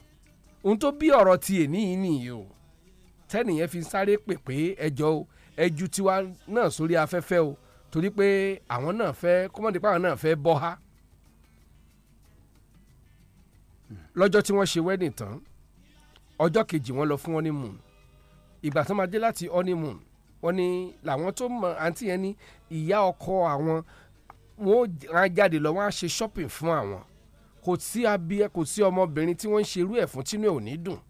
ohun tó bí ọ̀rọ̀ ti èní yìí nìyí o tẹ́nìyẹn fi sáré pè pé ẹjọ́ o ẹjú tiwa náà sórí afẹ́fẹ́ o torí pé àwọn náà fẹ́ kọ́mọ̀dépa àwọn náà fẹ́ bọ́ ha hmm. lọ́jọ́ tí wọ́n ṣe wedding tán ọjọ́ kejì wọ́n lọ fún honeymoon ìgbà tó máa dé láti honeymoon wọ́n ní làwọn tó mọ àǹtí yẹn ní ìyá ọkọ àwọn wọ́n á jáde lọ wọ́n á ṣe shopping fún àwọn kò sí abiyẹ kò sí ọmọbìnrin tí wọ́n ń ṣerú ẹ̀ fún tínú ẹ̀ ò ní dùn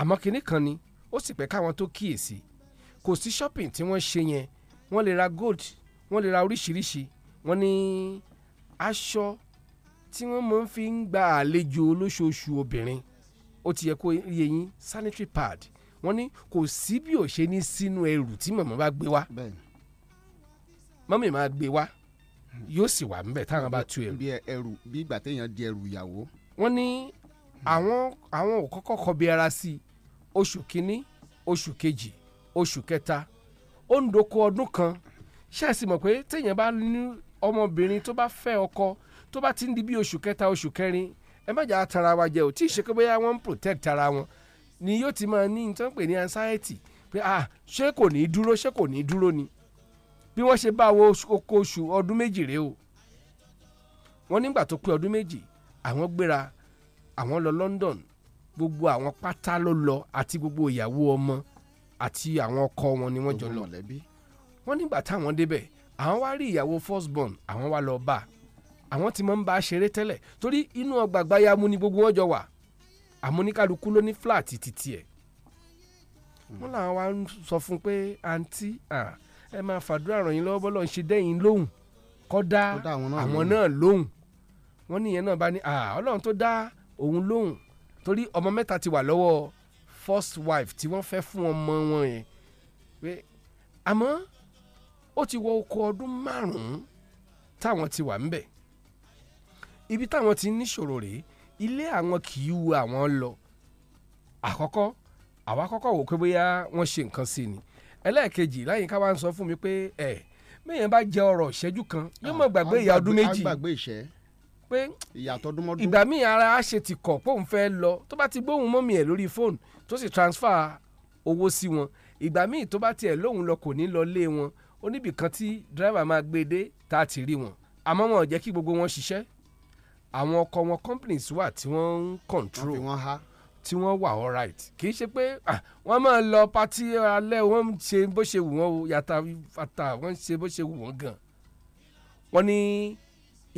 àmọ́ kinní kan ni ó sì pẹ́ káwọn tó kíyèsí kò sí shopping tí wọ́n ṣe yẹn wọ́n lè ra gold wọ́n lè ra oríṣiríṣi wọ́n ní aṣọ tí wọ́n máa ń fi ń gba àlejò olóṣooṣù obìnrin ó ti yẹ kó yẹ yín sanitary pad wọ́n ní kò sí bí ò ṣe ní sínú ẹrù tí màmá bá gbé wá mọ́mí máa gbé wá yóò sì wà ńbẹ̀ táwọn bá tu ẹrù. bí ẹrù bí ìgbà téèyàn di ẹrù ìyàwó. wọ́n ní àwọn àwọn ò kọ́kọ́ kọbi ara sí oṣù kínní oṣù kejì oṣù kẹta ó ń doko ọdún kan ṣe é mọ̀ pé téèyàn bá ní ọmọbìnrin tó bá fẹ́ ọkọ tó bá ti ń di bí oṣù kẹta oṣù kẹrin ẹ má jà tara wa jẹ ò tí ì ṣe pé bóyá ń protect ara wọn ni yóò ti máa ní nǹkan pè ní anxiety pé ah ṣé kò ní dúró ṣé kò ní dúró ni bí wọ́n ṣe bá wo oko oṣù ọdún méjì rèé o wọ́n nígbà tó pé ọdún méjì àwọn gbéra àwọn lọ London gbogbo àwọn pátá ló lọ àti gbogbo ìyàwó ọmọ àti àwọn ọkọ wọn ni wọ́n jọ lọ wọ́n nígbà táwọn débẹ̀ àwọn wá rí ìyàwó first born àwọn wá lọ bá àwọn tí mo ń bá ṣeré tẹ́lẹ̀ torí inú ọgbà àgbáyà mú ni gbogbo wọn jọ wà àmúníkàlùkù ló ní fúláàtì títì ẹ̀ hmm. wọ́n làwọn wa ń sọ fún un pé àǹtí ẹ máa fàdúrà ràn yín lọ́wọ́ bọ́lọ̀ ń ṣe dẹ́yìn lóhùn kọ́ àwọn náà lóhùn wọ́n níyẹn náà bá ní ọlọ́run tó dá òun lóhùn torí ọmọ mẹ́ta ti wà lọ́wọ́ first wife tí wọ́n fẹ́ fún ọmọ wọn yẹn pé àmọ́ ó ti wọ oko ọdún márùn-ún táwọn ti wà ń bẹ̀ ibi táwọn ti níṣòro rèé ilé àwọn kì í wu àwọn lọ àkọ́kọ́ àwa kọ́kọ́ wò pé bóyá wọ́n ṣe nǹkan sí ni ẹlẹ́ẹ̀kejì láyìn ká wá ń sọ fún mi pé ẹ mẹ́yìn bá jẹ ọ̀rọ̀ ìṣẹ́jú kan yóò mọ̀ ah, gbàgbé ìyá ọdún méjì pé ìgbà míì ara á ṣe ti kọ̀ pé òun fẹ́ lọ tó bá ti gbóhùn mọ́mì ẹ̀ lórí fóònù tó sì transfer owó sí wọn ìgbà míì tó bá tiẹ̀ lóhùn lọ kò ní lọ lé wọn oníbìkan tí dírẹ́fà máa gbé dé tá a ti rí wọn àmọ́ wọn ò jẹ́ kí gbogbo wọn ṣiṣẹ́ àwọn ọkọ̀ wọn companies wà tí wọ́n ń control tí wọ́n wà alright kì í ṣe pé wọ́n máa lọ pati alẹ́ wọ́n ń ṣe bó ṣe wù wọ́n o yàtà fata wọ́n ń ṣe bó ṣe wù wọ́n gan. wọ́n ní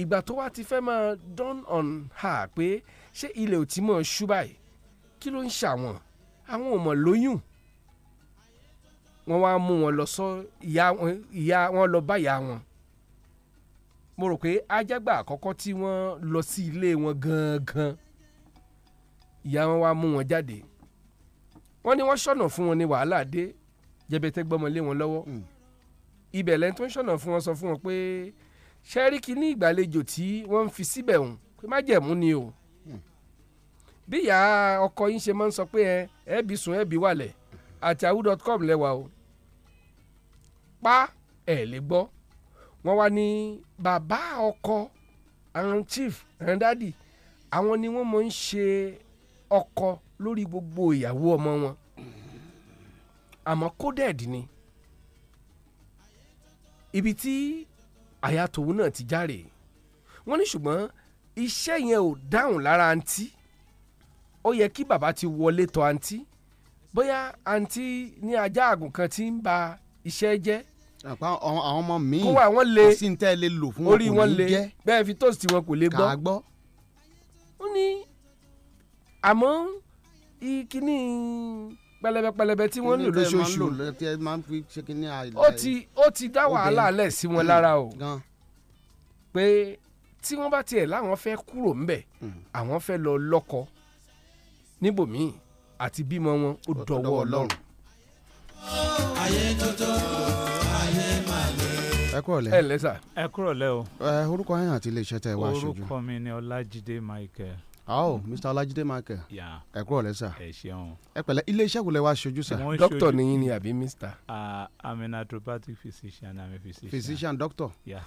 ìgbà tó wá ti fẹ́ máa don on her pé ṣé ilẹ̀ ò tí mọ̀ ṣú báyìí kí ló ń ṣàwọn àwọn ò mọ̀ lóyún wọ́n wá mú wọn lọ sọ ìyá wọn lọ bá ìyá wọn mo rò pé ajágbà àkọ́kọ́ tí wọ́n lọ sí ilé wọn gangan ìyá wọn wá mú wọn jáde wọ́n ní wọ́n ṣọ̀nà fún wọn ní wàhálà dé jẹbẹtẹ gbọ́mọlé wọn lọ́wọ́ hmm. ibẹ̀ lẹ́ni tó ń ṣọ̀nà fún wọn sọ fún wọn pé ṣẹ́ríkì ní ìgbàlejò tí wọ́n ń fi síbẹ̀ hùn pé májẹ̀mú ni o hmm. bí ìyá ọkọ yín ṣe máa ń sọ pé ẹ ẹbí sùn ẹbí wàlẹ̀ àti ahu dot com lẹ́wà o pa ẹ̀ lè gbọ́ wọ́n wá ní bàbá ọkọ àwọn chief àwọn dádì àwọn ni wọ́n mọ̀ ń ṣe ọkọ lórí gbogbo ìyàwó ọmọ wọn àmọ́ coded ni ibi tí àyà tòun náà ti járe wọ́n ní ṣùgbọ́n iṣẹ́ yẹn ò dáhùn lára àǹtí ó yẹ kí bàbá ti wọlé tọ̀ àǹtí bóyá àǹtí ní ajá àgùn kan ti ń ba iṣẹ́ jẹ́ àwọn ọmọ míì kó wà wọ́n le sí tẹ́ lè lò fún orí wọn le bẹ́ẹ̀ fi toast wọn kò lè gbọ́ kà á gbọ́. ó ní àmọ́ ìkíní pẹlẹbẹ pẹlẹbẹ tí wọ́n ń lò lóṣooṣù ó ti ó ti dá wàhálà lẹ̀ sí wọn lára o pé tí wọ́n bá tiẹ̀ láwọn fẹ́ kúrò ńbẹ̀ hmm. àwọn fẹ́ lọ lọ́kọ níbòmíì àti bímọ wọn ó dọwọ́ Ọlọ́run. ayé tó tó ẹ kúrọ̀lẹ́. ẹ lẹ́sà. ẹ kúrọ̀lẹ́ o. ẹ orúkọ yẹn àti iléeṣẹ́ tẹ wá aṣojú. orúkọ mi ni ọlájídé michael. Awo Mr. Ọlájídé Michael. Ẹ kúrò lẹ́ sà. Ẹ ṣeun. Ẹ pẹ̀lẹ́ ilé-iṣẹ́ wo lẹ wá ṣojú sà. Dókítà ni yín ni àbí Mr. I'm an acrobatic physician. I'm a physician. Physician doctor. Yeah.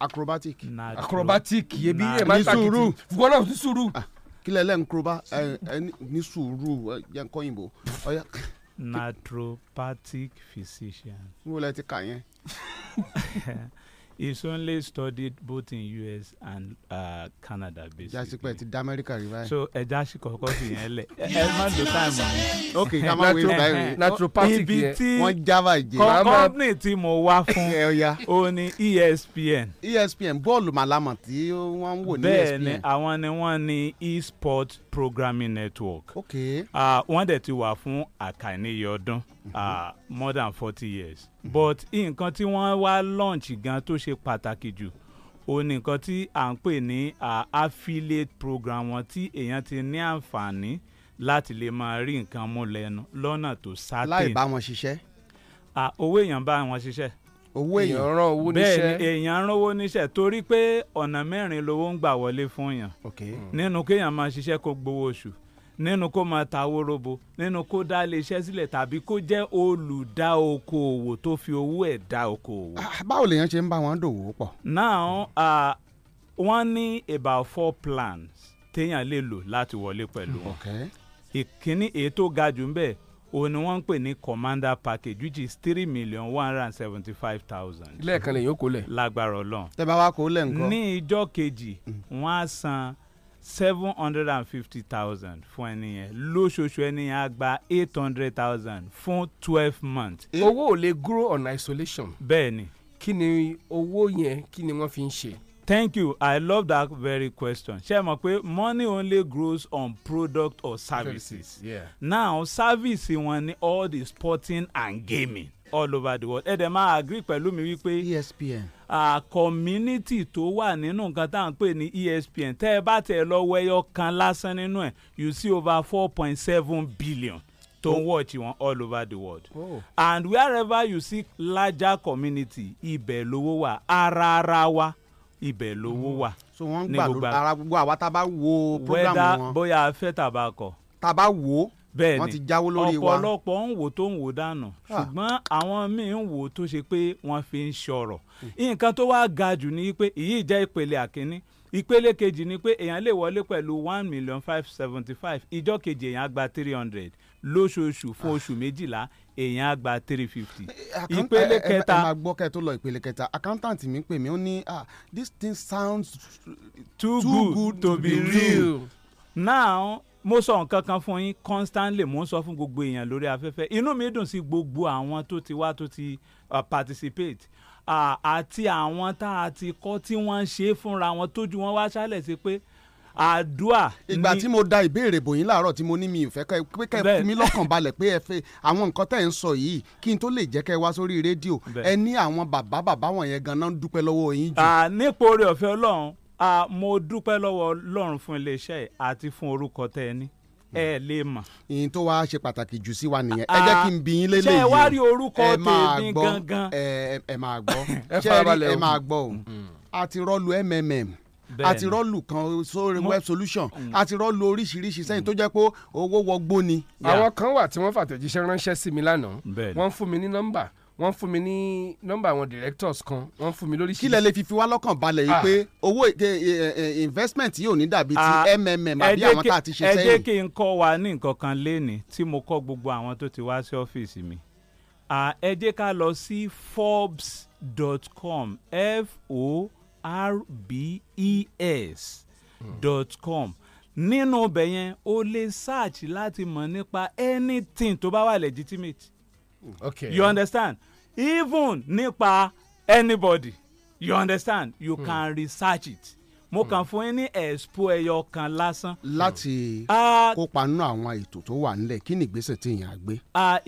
Acrobatic. Acrobatic yebi ẹ máa ń ta kìtì. Fúgbọ́n náà ní sùúrù. Ah, Kílẹ̀ lẹ́nu kúrò ní sùúrù yẹn kọ́ yìnbó naturopathic physician. n wò ti kà yẹn. He's only studied both in US and uh, Canada basically. Jásí pẹ̀ ti dá Amẹ́ríkà rí báyìí. So ẹja ṣe kọ̀ọ̀kọ́ fi yẹn lẹ̀. Ẹ má lo táìmù. Ok ká má wé ìgbà yìí. Naturopathic yẹn wọ́n jábà Company tí mo wá fún o ní ESPN. ESPN bọ́ọ̀lù màlámà tí wọ́n ń wò ní ESPN. Bẹ́ẹ̀ni e àwọn ni wọ́n ní eSport Programming Network. Ok. Ah, wọ́n dẹ̀ ti wà fún àkàìníyọdún. Mm-hmm. Ah, more than forty years mm -hmm. but nǹkan tí wọ́n wá launch gan tó ṣe pàtàkì jù òun nìkan tí à ń pè ní affiliate program wọn tí èèyàn ti ní àǹfààní láti lè máa rí nǹkan mú lẹ́nu lọ́nà tó certain. láì bá wọn ṣiṣẹ́. owó èèyàn bá wọn ṣiṣẹ́. owó èèyàn rán owó níṣẹ́. bẹ́ẹ̀ ni èèyàn rán owó níṣẹ́ torí pé ọ̀nà mẹ́rin lowó ń gbà wọlé fún yàn. nínú kéèyàn máa ṣiṣẹ́ kó gbowó oṣù. Okay. Mm nínú kó máa ta wóróbo nínú kó dá iléeṣẹ́ sílẹ̀ tàbí kó jẹ́ olùdáokòòwò tó fi owó ẹ̀ dá okòòwò. Ah, báwo lèèyàn ṣe ń bá wọn dòwò pọ̀. now uh, wọ́n ní about four plans téèyàn lè lò láti wọlé pẹ̀lú wọn. ìkíní èyí tó ga jù ń bẹ̀ òun ni wọ́n ń pè ní commander package which is three million one hundred and seventy five thousand. lẹ́ẹ̀kan lè yóò kó lẹ̀. lágbára ọlọ́run. tẹ́ bá wá kó lẹ̀ nǹkan. ní ìjọ́ kejì mm. wọ́n á san seven hundred and fifty thousand fún ẹni yẹn lóṣooṣù ẹni yẹn á gba eight hundred thousand fún twelve months. owó ò lè grow on isolation. bẹ́ẹ̀ni. kí ni owó yẹn kí ni wọ́n fi ń ṣe. thank you i love that very question ṣé mọ̀ pé money only grows on product or services yeah. now service wọn ni all the sporting and gaming all over the world ẹ dẹ̀ máa agree pẹ̀lú mi wípé. espn community tó wà nínú nǹkan tá à ń pè ní ESPN tẹ́ ẹ bá tẹ̀ lọ́wọ́ ẹyọ kan lásán nínú ẹ̀ you see over four point seven billion tó ń wọ̀ọ̀tì wọn all over the world. Oh. and wherever you see larger community ibẹ̀ lówó wà ara ara wa ibẹ̀ lówó mm. wà. so wọ́n ara gbogbo àwa tá a bá wo program wọn. wẹ́dà bóyá a fẹ́ tàbá kọ. tàbá wo bẹ́ẹ̀ ni wọ́n ti jáwó lórí wa ọ̀pọ̀lọpọ̀ ń wò tó ń wò dànù ṣùgbọ́n àwọn míì ń wò tó ṣe pé wọ́n fi ń ṣọ̀rọ̀ hmm. nǹkan tó wá ga jù ni pé èyí jẹ́ ìpele àkíní ìpele kejì ni pé èèyàn lè wọlé pẹ̀lú one million five seventy five ìjọ kejì èèyàn gba three hundred lóṣooṣù fún oṣù méjìlá èèyàn á gba three fifty. ìpele kẹta ẹ máa gbọ́ kẹ́ tó lọ ìpele kẹta accountant mi pè mí ó ní ah this thing sounds too, too good, good to to be real. now mo sọ nǹkan kan fún yín constantly mo ń sọ fún gbogbo èèyàn lórí afẹ́fẹ́ inú mi dùn sí gbogbo àwọn tó ti wá tó ti uh, participate àti àwọn tá a ti kọ́ tí wọ́n ń ṣe fúnra wọn tójú wọn wá ṣálẹ̀ sí pé àdúà ni. ìgbà tí mo da ìbéèrè bòyín láàárọ̀ tí mo ní mi ìfẹ́ pé kẹ́ ẹ fi mí lọ́kàn balẹ̀ pé ẹ fẹ́ àwọn nǹkan tẹ̀ ń sọ yìí kí n tó lè jẹ́ kẹ́ ẹ wá sórí rédíò ẹ ní àwọn bàbá bàbá wọ̀nyẹn ganan dúpẹ́ lọ́wọ́ yín jù. nípò oore ọ̀fẹ́ ọlọ́run mo dúpẹ́ lọ́wọ́ ọlọ́run fún iléeṣẹ́ yìí àti fún orúkọ tẹ́ ẹ ní ẹ hmm. lè mọ̀. ìyìn tó wàá ṣe pàtàkì jù sí wa nìyẹn ẹ jẹ́ kí n bí yín lélẹ́yìí. ṣé wá rí orúkọ tèmi gangan. ẹ máa gbọ́ ṣé ẹ máa gbọ́ o hmm. a ti rọ́ọ̀lù mmm a ti rọ́ọ̀lù kan sórí web solution a ti rọ́ọ̀lù oríṣiríṣi sẹ́yìn tó jẹ́ pé owó wọgbó ni. àwọn kan wà tí wọ́n fàtẹ̀jíṣẹ́ ránṣẹ́ sí mi lánàá wọ́n fún mi ní nọ́mbà wọ́n fún mi ní nọ́mbà àwọn directors kan wọ́n fún mi lórí. kílẹ̀ lè fi fi wá lọ́kàn balẹ̀ yìí ah. pé owó eh, eh, eh, investment yóò ní dàbí ti mmm àbí àwọn tá a ti ṣe sẹ́yìn. ẹ jẹ́ kí n kọ́ wa ní nǹkan kan lénìí tí mo kọ́ gbogbo àwọn tó ti wá sí ọ́fíìsì mi ẹ jẹ́ ká lọ sí forbes.com f o r b e s dot com nínú ibẹ̀ yẹn o lè search láti mọ̀ nípa anything tó bá wà legitimate okay. you understand even nípa anybody you understand you hmm. can research it mo kàn hmm. fún yín ní expo ẹyọ kan lásán. láti kópa nínú àwọn ètò tó wà nílẹ̀ kí ni ìgbésẹ̀ tí èèyàn á gbé.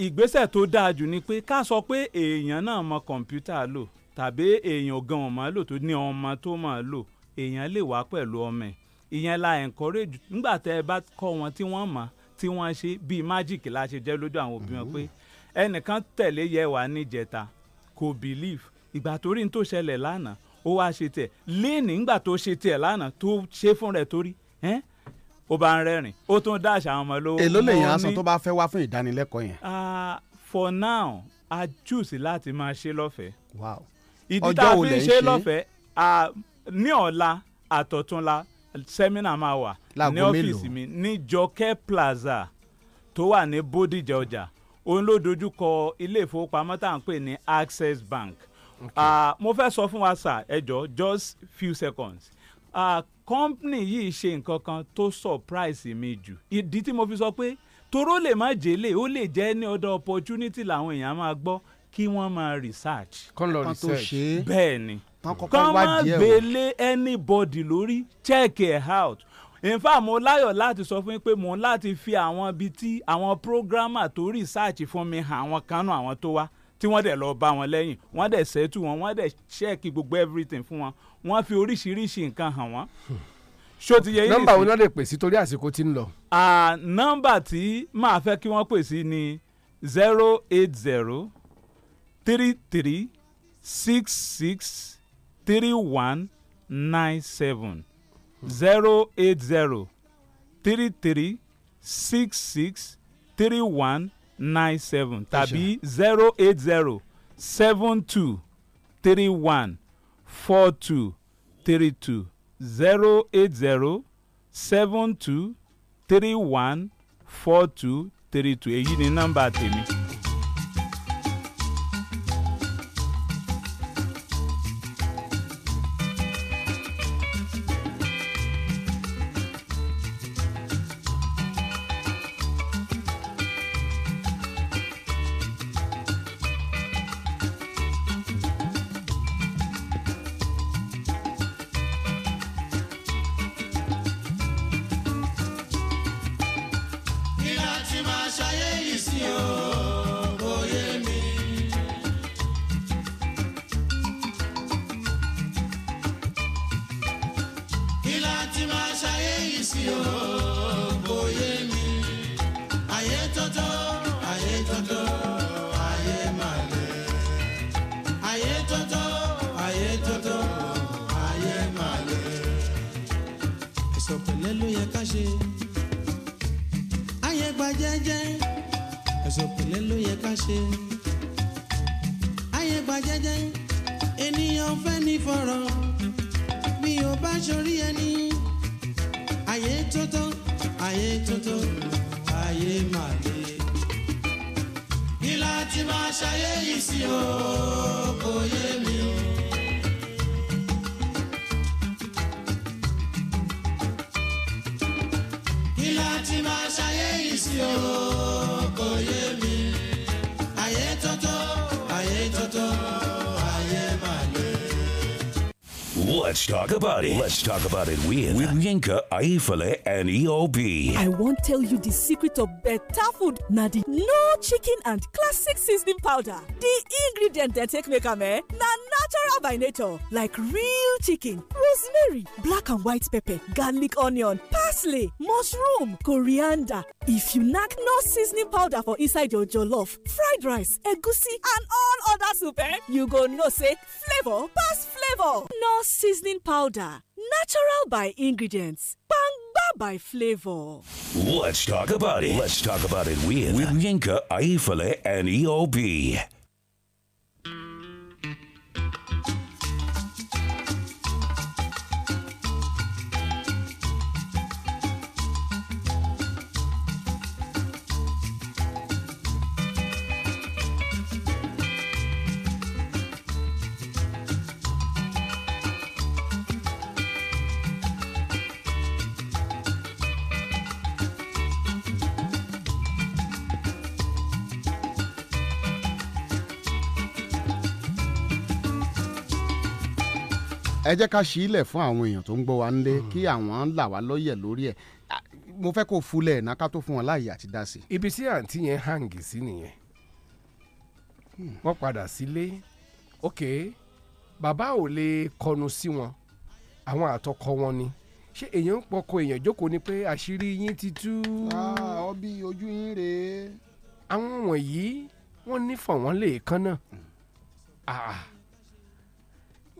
ìgbésẹ̀ tó dáa jù ni pé ká sọ pé èèyàn náà mọ kọ̀ǹpútà lò tàbí èèyàn gan ọ̀mọ́ lò tó ní ọmọ tó mọ̀ lò èèyàn lè wá pẹ̀lú ọmọ ẹ̀ ìyẹn la encourage nígbà tẹ́ ẹ bá kọ́ wọn tí wọ́n mọ̀ tí wọ́n ṣe bíi magic la ṣe jẹ́ lójú àwọn òbí wọn pé ẹnìkan tẹ̀lé yẹ wá níjẹta kò believe ìgbà tó rí ní tó ṣẹlẹ̀ lánàá ó wá ṣe tiẹ̀ léènì ńgbà tó ṣe tiẹ̀ lánàá tó ṣe fún rẹ̀ torí ó bá ń rẹ́rìn ó tún dáṣà àwọn ọmọ lówó. èló lè yàn án tó bá fẹ́ wá fún ìdánilẹ́kọ̀ọ́ yẹn. Ah, for now a choose láti máa ṣe lọ́fẹ̀ẹ́. wow ìdí tá a fi ń ṣe lọ́fẹ̀ẹ́ ní ọ̀la àtọ̀túnla sẹ́mínà máa wà ní ọ́fíìsì mi ní jọkẹ́ plaza tó wà ní bódìjà ọjà òun ló dojú kọ ilé ìfowópamọ́ tá à ń pè ní Access Bank okay. uh, mo fẹ́ sọ fún wa sà ẹ just few seconds uh, company yìí ṣe nǹkan kan tó surprise mi jù ìdí tí mo fi sọ pé toró lè má jèlé ó lè jẹ́ ní ọ̀dọ̀ opportunity làwọn èèyàn máa gbọ́ kí wọ́n máa research. kán lọ research bẹ́ẹ̀ ni kán má gbélé anybody lórí check it out in fact mo láyọ̀ láti sọ fún yín pé mò ń láti fi àwọn ibi tí àwọn programmer tó research fún mi hàn àwọn kan náà àwọn tó wá tí wọ́n dẹ̀ lọ bá wọn lẹ́yìn wọ́n dẹ̀ ṣẹ́tù wọn wọ́n dẹ̀ ṣẹ́ẹ̀kì gbogbo everything fún wọn wọ́n fi oríṣiríṣi nǹkan hàn wọ́n. ṣó ti yẹ yín nìsín. nọ́mbà wo náà lè pè sí torí àsìkò tí ń lọ. nọ́mbà tí màá fẹ́ kí wọ́n pè sí ni zero eight zero three three six six three one nine seven zero eight zero three three six six three one nine seven tàbí zero eight zero seven two three one four two three two zero eight zero seven two three one four two three two èyí ni nọ́mbà tèmi. àṣòpìlẹ̀ ló yẹ ká ṣe. ayé gba ènìyàn fẹ́ ní fọ̀rọ̀ mi ò bá ṣorí ẹni. ayé tótó ayé tótó ayé máa le. kí la ti máa ṣayé yìí sí o kò yé mi o. Let's talk about it. Let's talk about it with, with Yinka, Aifale, and EOB. I won't tell you the secret of better food. Nadi, no chicken and classic seasoning powder. The ingredient they take make am eh? na natural by nature, like real chicken, rosemary, black and white pepper, garlic, onion, parsley, mushroom, coriander. If you knack no seasoning powder for inside your jollof, fried rice, egusi, and all other soup, eh? you go no say flavor pass flavor. No seasoning seasoning powder. Natural by ingredients. Bangba by flavor. Let's talk about it. Let's talk about it with, with Yinka, Aifale, and EOB. ẹ jẹ́ ká ṣí ilẹ̀ fún àwọn èèyàn tó ń gbọ́ wa nílé kí hmm. àwọn là wá lọ́yẹ̀ lórí ẹ̀ mo fẹ́ kó fúlẹ̀ ẹ̀ náà ká tó fún wọn láàyè àti dá sí. ibi tí àǹtí yẹn hàǹgì sí nìyẹn hmm. wọ́n padà sílé ok bàbá ò lè kọnu sí wọn àwọn àtọkọ wọn ni ṣé èèyàn ń pọkọ èèyàn jókòó ni pé àṣírí yín ti tú. Ah, ọbí ojú yín rèé. àwọn wọ̀nyí wọ́n nífọ̀ wọ́n lè kán náà hmm. ah,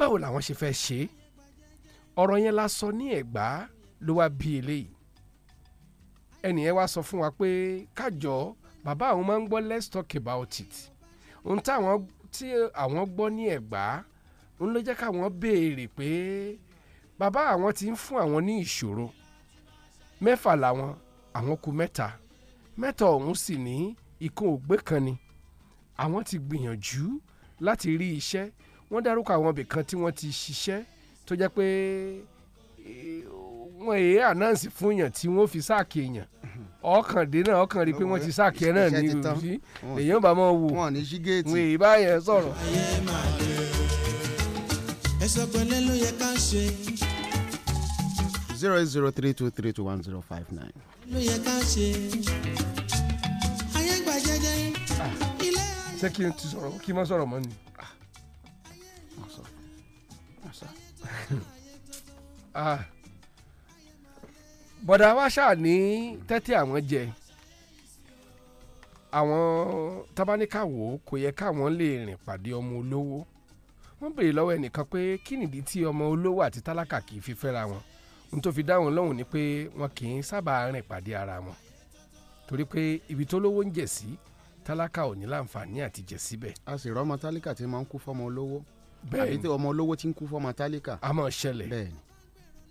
báwo làwọn ṣe fẹ́ ṣe é ọ̀rọ̀ yẹn la sọ ní ẹ̀gbá ló wá bí eléyìí ẹnì wá sọ fún wa pé kájọ bàbá àwọn máa ń gbọ́ let's talk about it ohun táwọn tí àwọn gbọ́ ní ẹ̀gbá ń ló jẹ́ káwọn béèrè pé bàbá àwọn ti ń fún àwọn ní ìṣòro mẹ́fà làwọn àwọn kù mẹ́ta mẹ́ta ọ̀hún sì ní ikán ògbé kan ni àwọn ti gbìyànjú láti rí iṣẹ́ wọ́n dárúkọ àwọn ibì kan tí wọ́n ti ṣiṣẹ́ tó jẹ́ pé eh, wọ́n èé ànáǹsì fún yàn tí wọ́n fi sáàkì èèyàn ọkàndínlẹ̀ ọkàn rí i pé wọ́n ti sáàkì ẹ̀ náà ní ìròyìn èèyàn bá máa wò wọ́n èé bá yẹn sọ̀rọ̀. zero zero three two three two one zero five nine. Ah. ṣé kí n ti sọ̀rọ̀ kí n má sọ̀rọ̀ mọ́ ni. Ah. Ah. bọ̀dà wa ṣáà ní tẹ́tí àwọn jẹ àwọn tábáníkàwò kò yẹ káwọn lè rìn pàdé ọmọ olówó wọ́n béèrè lọ́wọ́ ẹnìkan pé kí nìdí tí ọmọ olówó àti tálákà kì í fi fẹ́ra wọn n tó fi dáhùn lọ́hùn ni pé wọn kì í sábà rìn pàdé ara wọn torí pé ibi tó lówó ń jẹ̀ sí tálákà ò ní láǹfààní àti jẹ̀ síbẹ̀. a sì rọ́mọ tálákà tí máa ń kú fọ́mọ olówó àbí tí ọmọ olówó ti ń kú fọmọ tálíkà. a máa ṣẹlẹ̀ bẹ́ẹ̀ni.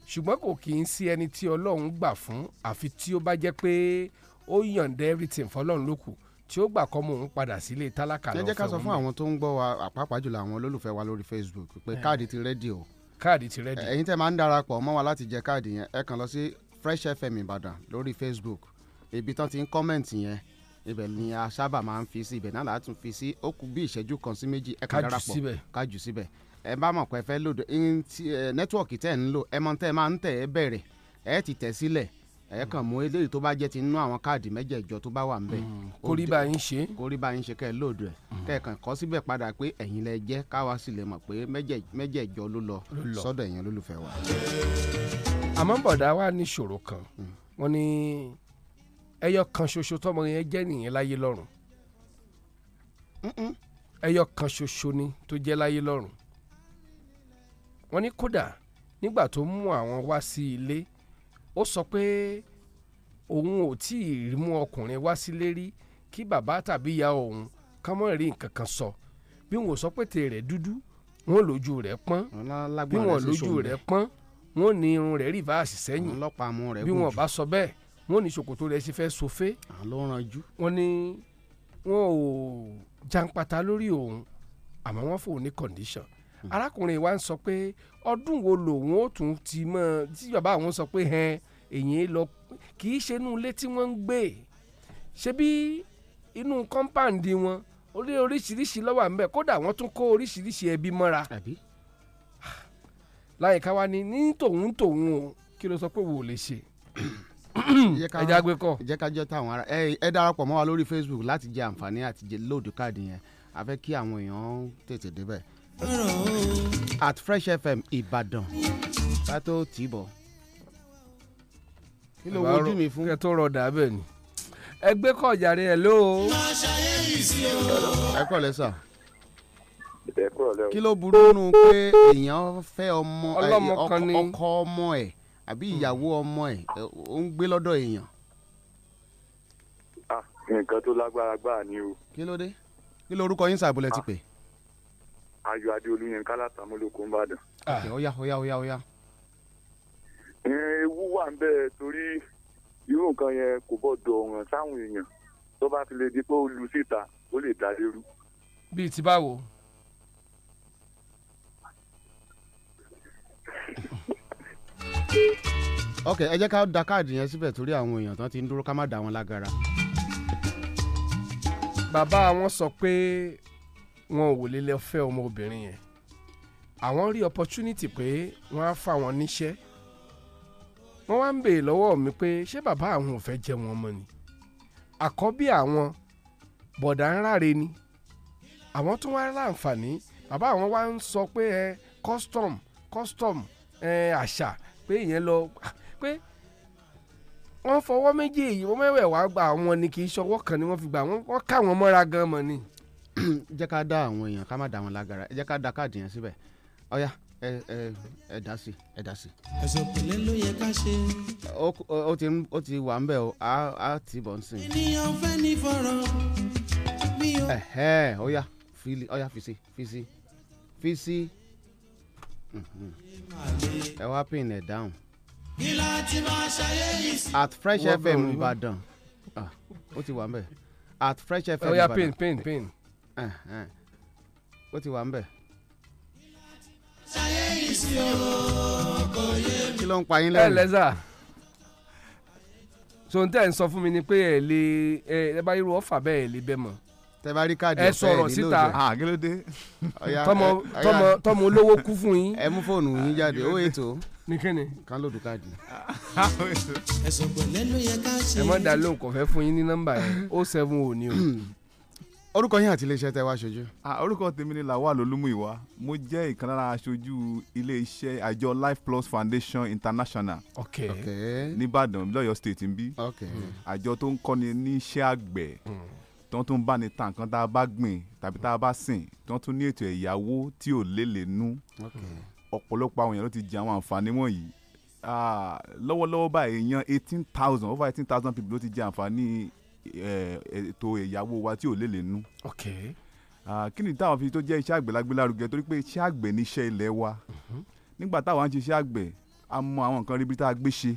ṣùgbọ́n kò kì í sí ẹni tí ọlọ́run gbà fún àfi tí ó bá jẹ́ pé ó yànda everything fọlọ́run lókù tí ó gbà kọ́ mọ òun padà sílé tálákà lọ́fẹ̀ẹ́ òun. jẹ́jẹ́ ká sọ fún àwọn tó ń gbọ́ wa àpapọ̀ jùlọ àwọn olólùfẹ́ wa lórí Facebook pé káàdì ti rẹ́dì o. káàdì ti rẹ́dì. ẹ̀yin tẹ́ máa ń darapọ̀ mọ́ wa láti jẹ káàdì yẹn ẹ kàn lọ sí Fresh FM Ìbàdàn lórí Facebook ibi tán ti ń kọ́mẹ̀ntì yẹn ibẹ̀ ni a sábà máa ń fi sí ibẹ̀ náà láti tún fi sí ó kù bí ìṣẹ́jú kan sí méjì ẹ̀ka darapọ̀ ká jù síbẹ̀ ẹ bá mọ̀ pé ẹ fẹ́ lò nẹ́tíwọ̀kì tẹ̀ ń lò ẹ mọ̀ tẹ́ máa ń tẹ̀ ẹ bẹ̀rẹ̀ ẹ ti tẹ̀ sílẹ̀ ẹ hmm. kàn mú eléyìí tó bá jẹ́ ti nínú àwọn káàdì mẹ́jẹ̀ẹ̀jọ tó bá wà ń bẹ̀. Hmm. kórí bá yín ṣe. kórí bá yín ṣe kẹ́ ẹ lóòdù ẹ̀ hmm. kẹ́ ẹ kàn kọ́ síbẹ̀ padà pé ẹ̀yin lẹ jẹ́ káwa sì lè mọ̀ pé mẹ́jẹ̀ẹ̀jọ ló lọ sọ́dọ̀ ẹ̀yin olólùfẹ́ wa. àmọ́ bọ̀dá wa ní ìṣòro kan wọ́n ní ẹyọ kan ṣoṣo tọmọ yẹn jẹ́ nìyẹn láyé lọ́run ẹyọ kan ṣoṣo ni tó jẹ́ láyé lọ́run wọ́n ní kódà nígbà tó mú àwọn wá sí ilé ó sọ pé òun ò tí ì mú ọkùnrin wá sílé rí kí bàbá tàbí ìyá òun ká mọ̀ rí nǹkan sọ bí wọn ò sọ pé tèrè dúdú wọn lójú rẹ̀ pọ́n bí wọn lójú rẹ̀ pọ́n wọn ní irun rẹ̀ rìváàsì sẹ́yìn bí wọn bá sọ bẹ́ẹ̀ wọ́n ní ṣòkòtò rẹ̀ ṣe fẹ́ sofe. àlọ́ ranjú. wọ́n ní wọn ò jàǹpàtà lórí òun àmọ́ wọ́n fò ní condition. Hmm. arákùnrin wa ń sọ pé ọdún wo lòun ó tún ti mọ tí bàbá àwọn sọ pé hẹn èyí lọ kì í ṣe inú ilé tí wọ́n ń gbé ṣebí inú compound wọn orí oríṣiríṣi lọ́wọ́ àmì bẹ́ẹ̀ kódà wọ́n tún kó oríṣiríṣi ẹbí mọ́ra ah, láyìíká wa ni ní tòun tòun o kí ló sọ pé wò ó lè ṣe ẹja gbé kọ. jẹ́ ká jẹ́ táwọn ará ẹ darapọ̀ mọ́ wa lórí Facebook láti jẹ àǹfààní àti jẹ lóòdù káàdì yẹn a fẹ́ kí àwọn èèyàn tètè débẹ̀. at Fresh FM Ìbàdàn ká tó tì í bọ̀. kí ló wojú mi fún. kẹ tó rọ dàbẹ ni ẹgbẹ́ kọ̀ jàre ẹ̀ ló. ẹ kọ́ lẹ kí ló burú nù pé èèyàn fẹ́ ọmọ ọkọ ọmọ ẹ̀ àbí hmm. ìyàwó ọmọ ẹ̀ ó ń gbé lọ́dọ̀ èèyàn. Ah, nǹkan tó lágbára gbáà ni o. kí ló dé kí ló orúkọ yín sàbúlẹ̀ ti pè. Ah, ayọ̀ adéolú yẹn kálá tàmúlòkó ńbàdàn. ọ̀yá ah, ọ̀yá ọ̀yá ọ̀yá. ewu wà ń bẹ́ẹ̀ torí irú nǹkan yẹn kò bọ́dọ̀ ọ̀ràn sáwọn èèyàn tó bá ti lè di pé ó lu síta ó lè dá lérú. bíi ti báwo. ok ẹ jẹ́ ká da káàdì yẹn síbẹ̀ torí àwọn èèyàn tán ti ń dúró ká má dà wọn lágara. bàbá wọn sọ pé wọn ò lè lọ fẹ́ ọmọbìnrin yẹn àwọn rí opportunity pé wọ́n á fà wọ́n níṣẹ́ wọ́n wá ń béèrè lọ́wọ́ mi pé ṣé bàbá àwọn ò fẹ́ jẹ wọn mọ́ ni àkọ́bí àwọn bọ̀dà ń ráre ni àwọn tún wá láǹfààní bàbá àwọn wá ń sọ pé ẹ custom custom ẹ àṣà pé ìyẹn lọ pé wọ́n fọwọ́ méjì èyí wọ́n mẹ́wẹ̀ gba àwọn ni kì í ṣọwọ́ kan ni wọ́n fi gbà wọ́n ká wọn mọ́ra gan mọ́ ni. jẹ́ ká dá àwọn èèyàn ká má dá wọn lágara jẹ́ ká dá káàdì yẹn síbẹ̀ ọ̀yá ẹ ẹ ẹ dá sí ẹ dá sí. ẹ̀sùn pẹ̀lẹ́ ló yẹ ká ṣe. ó ti ó ti wà ń bẹ̀ o á á ti bọ̀ ń sìn. ènìyàn fẹ́ ní fọ̀rọ̀ mi o. ẹ̀hẹ́ ọ̀yá fi ọ̀yá fi sí fi sí fi sí ẹ wá pin ẹ̀ dáhùn. at fresh fm ìbàdàn ah, ó ti wà ń bẹ̀ at fresh fm ìbàdàn. ó pin pin pin. Eh, eh. ó ti wà ń bẹ̀. ṣayé yìí sí ọkọ̀ yé mi. kí ló ń pa yín lẹ́yìn. ẹ eh, lẹ́sà so n tẹ́ ń sọ fún mi ni pé ẹ lè ẹ bá irú ọ̀fà bẹ́ẹ̀ lè bẹ́ mọ́ tẹ bá rí káàdì ọ̀fẹ́ ẹ sọ̀rọ̀ síta tọmọ olówó kú fún yín. ẹ mú fóònù yín jáde ó ètò nìkéne. ká ló dùn káàdì. ẹ̀sùn pẹ̀lẹ́ ẹ mọ̀ dá lóhùn kọ̀fẹ́ fún yín ní nọ́mbà yẹn ó seven ò ní o. orúkọ yín àti iléeṣẹ́ tẹ wá aṣojú. orúkọ tèmi ni Lawal Olúmúyìwá mo jẹ́ ìkan lára aṣojú iléeṣẹ́ àjọ Life Plus Foundation International okay. nìbàdàn lọ́yọ̀ state ń bí àjọ tó ń kọ́ni ní iṣẹ́ àgbẹ̀. Hmm tí wọ́n tún ń bá ni ta nǹkan tá a bá gbìn tàbí tá a bá sìn tí wọ́n tún ní ètò ẹ̀yáwó tí ò lélẹ̀ nú ọ̀pọ̀lọpọ̀ àwọn èèyàn ló ti jẹ àwọn àǹfààní wọ̀nyí lọ́wọ́lọ́wọ́ báyìí èèyàn eighteen thousand over eighteen thousand people ló ti jẹ àǹfààní ètò ẹ̀yáwó wa tí ò lélẹ̀ nú. kí ni táwọn fi tó jẹ́ iṣẹ́ àgbẹ̀ lágbé lárugẹ torí pé iṣẹ́ àgbẹ̀ ní iṣẹ́ ilẹ̀ wa mhm. nígbà táwọn á ń ṣiṣẹ́ àgbẹ̀ a mọ àwọn nǹkan ríbi tá a gbé ṣe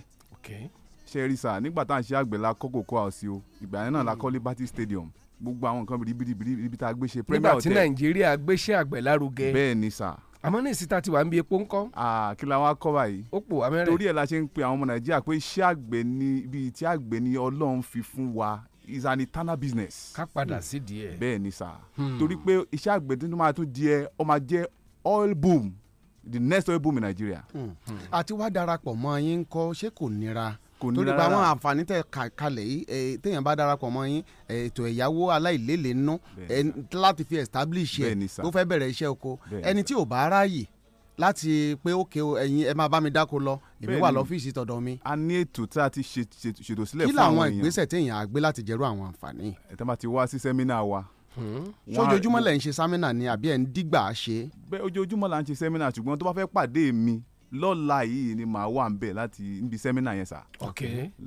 ṣe rí sà nígbà tá à ń ṣe àgbẹ̀ la kọ́ kòkó àwòsí o ìgbà yẹn náà la mm. kọ́ Liberty Stadium gbogbo àwọn nǹkan biribiribiri tá a gbé ṣe premier hotel. nígbà tí nàìjíríà gbé ṣe àgbẹ̀ lárugẹ. bẹ́ẹ̀ ni sà. àmọ́ ní ìsìta ti wà ń bí epo ń kọ́. kí la wá kọ́ báyìí. ó pò amẹ́rẹ́. torí ẹ̀ la ṣe ń pe àwọn ọmọ nàìjíríà pé iṣẹ́ àgbẹ̀ ni bíi tí àgbẹ̀ ni ọlọ́run fi fún wa is an eternal business. ká padà sí díẹ̀. bẹ́ẹ̀ ni sà. Hmm. torí pé iṣẹ́ àgbẹ̀ tó máa tún díẹ̀ ó máa jẹ́ oil boom the next oil boom in Nigeria. àti hmm, hmm. wá darapọ̀ mọ́ yín kọ́ ṣé kò nira kò ní rárá. torí pé àwọn àǹfààní tẹ kalẹ̀ yìí téèyàn bá darapọ̀ mọ́ yín ètò ẹ̀yáwó aláìlélẹ̀ nú láti fi establish ẹ̀ tó fẹ́ bẹ̀rẹ̀ iṣẹ́ oko ẹni tí ò bá ráàyè láti pé òkè ẹ̀yin ẹ máa bá mi dáko lọ èmi wà lọ́fíìsì tọ̀dọ̀ mi. a ní ètò tá a ti ṣètò sílẹ̀ fún àwọn èèyàn. kí làwọn ìgbésẹ̀ tó bá ti wá sẹ́mínà wa hmm. ṣojoojúmọ́ lẹ̀ ń ṣe sámínà ni àbí ẹ̀ ń dìgbà ṣe. bẹ́ẹ̀ ojoojúmọ́ la ń ṣe sẹ́mínà ṣùgbọ́n tó bá fẹ́ pàdé mi lọ́la yìí ni màá wà ń bẹ̀ láti níbi sẹ́mínà yẹn sà. ok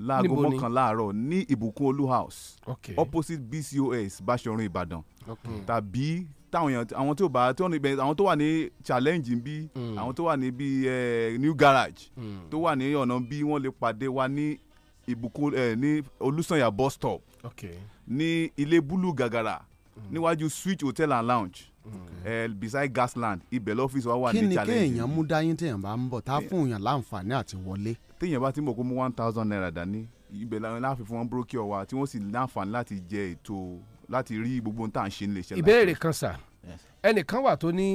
láago mọ́kànlá àárọ̀ ní ìbùkún olú house. ok opposite bcos basọ̀run ìbàdàn. ok tàbí táwọn èèyàn àwọn tó bá tó ní àwọn tó wà ní challenge bí hmm. àwọn tó wà ní bí new garage hmm. tó wà ní ọ̀nà bí wọ́n lè pàdé wa ní ìbùkún ní olùsànyà bus stop. ok ní ilé búlù gàgàrà hmm. níwájú switch hotel and lounge beside gasland ibẹ̀ lọ́fíìsì wa wà ní challenge. kí ni kéèyàn mú dání téèyàn bá ń bọ̀ tá a fún yàn láǹfààní àti wọlé. téèyàn bá ti mọ̀ kó mú one thousand naira dání ibẹ̀ làwọn láàfin fún wọn búrókì ọ̀wà tí wọ́n sì láǹfààní láti jẹ ètò láti rí gbogbo ohun tá à ń ṣe nílé iṣẹ́ láti. ìbéèrè kan sà ẹnìkan wà tó ní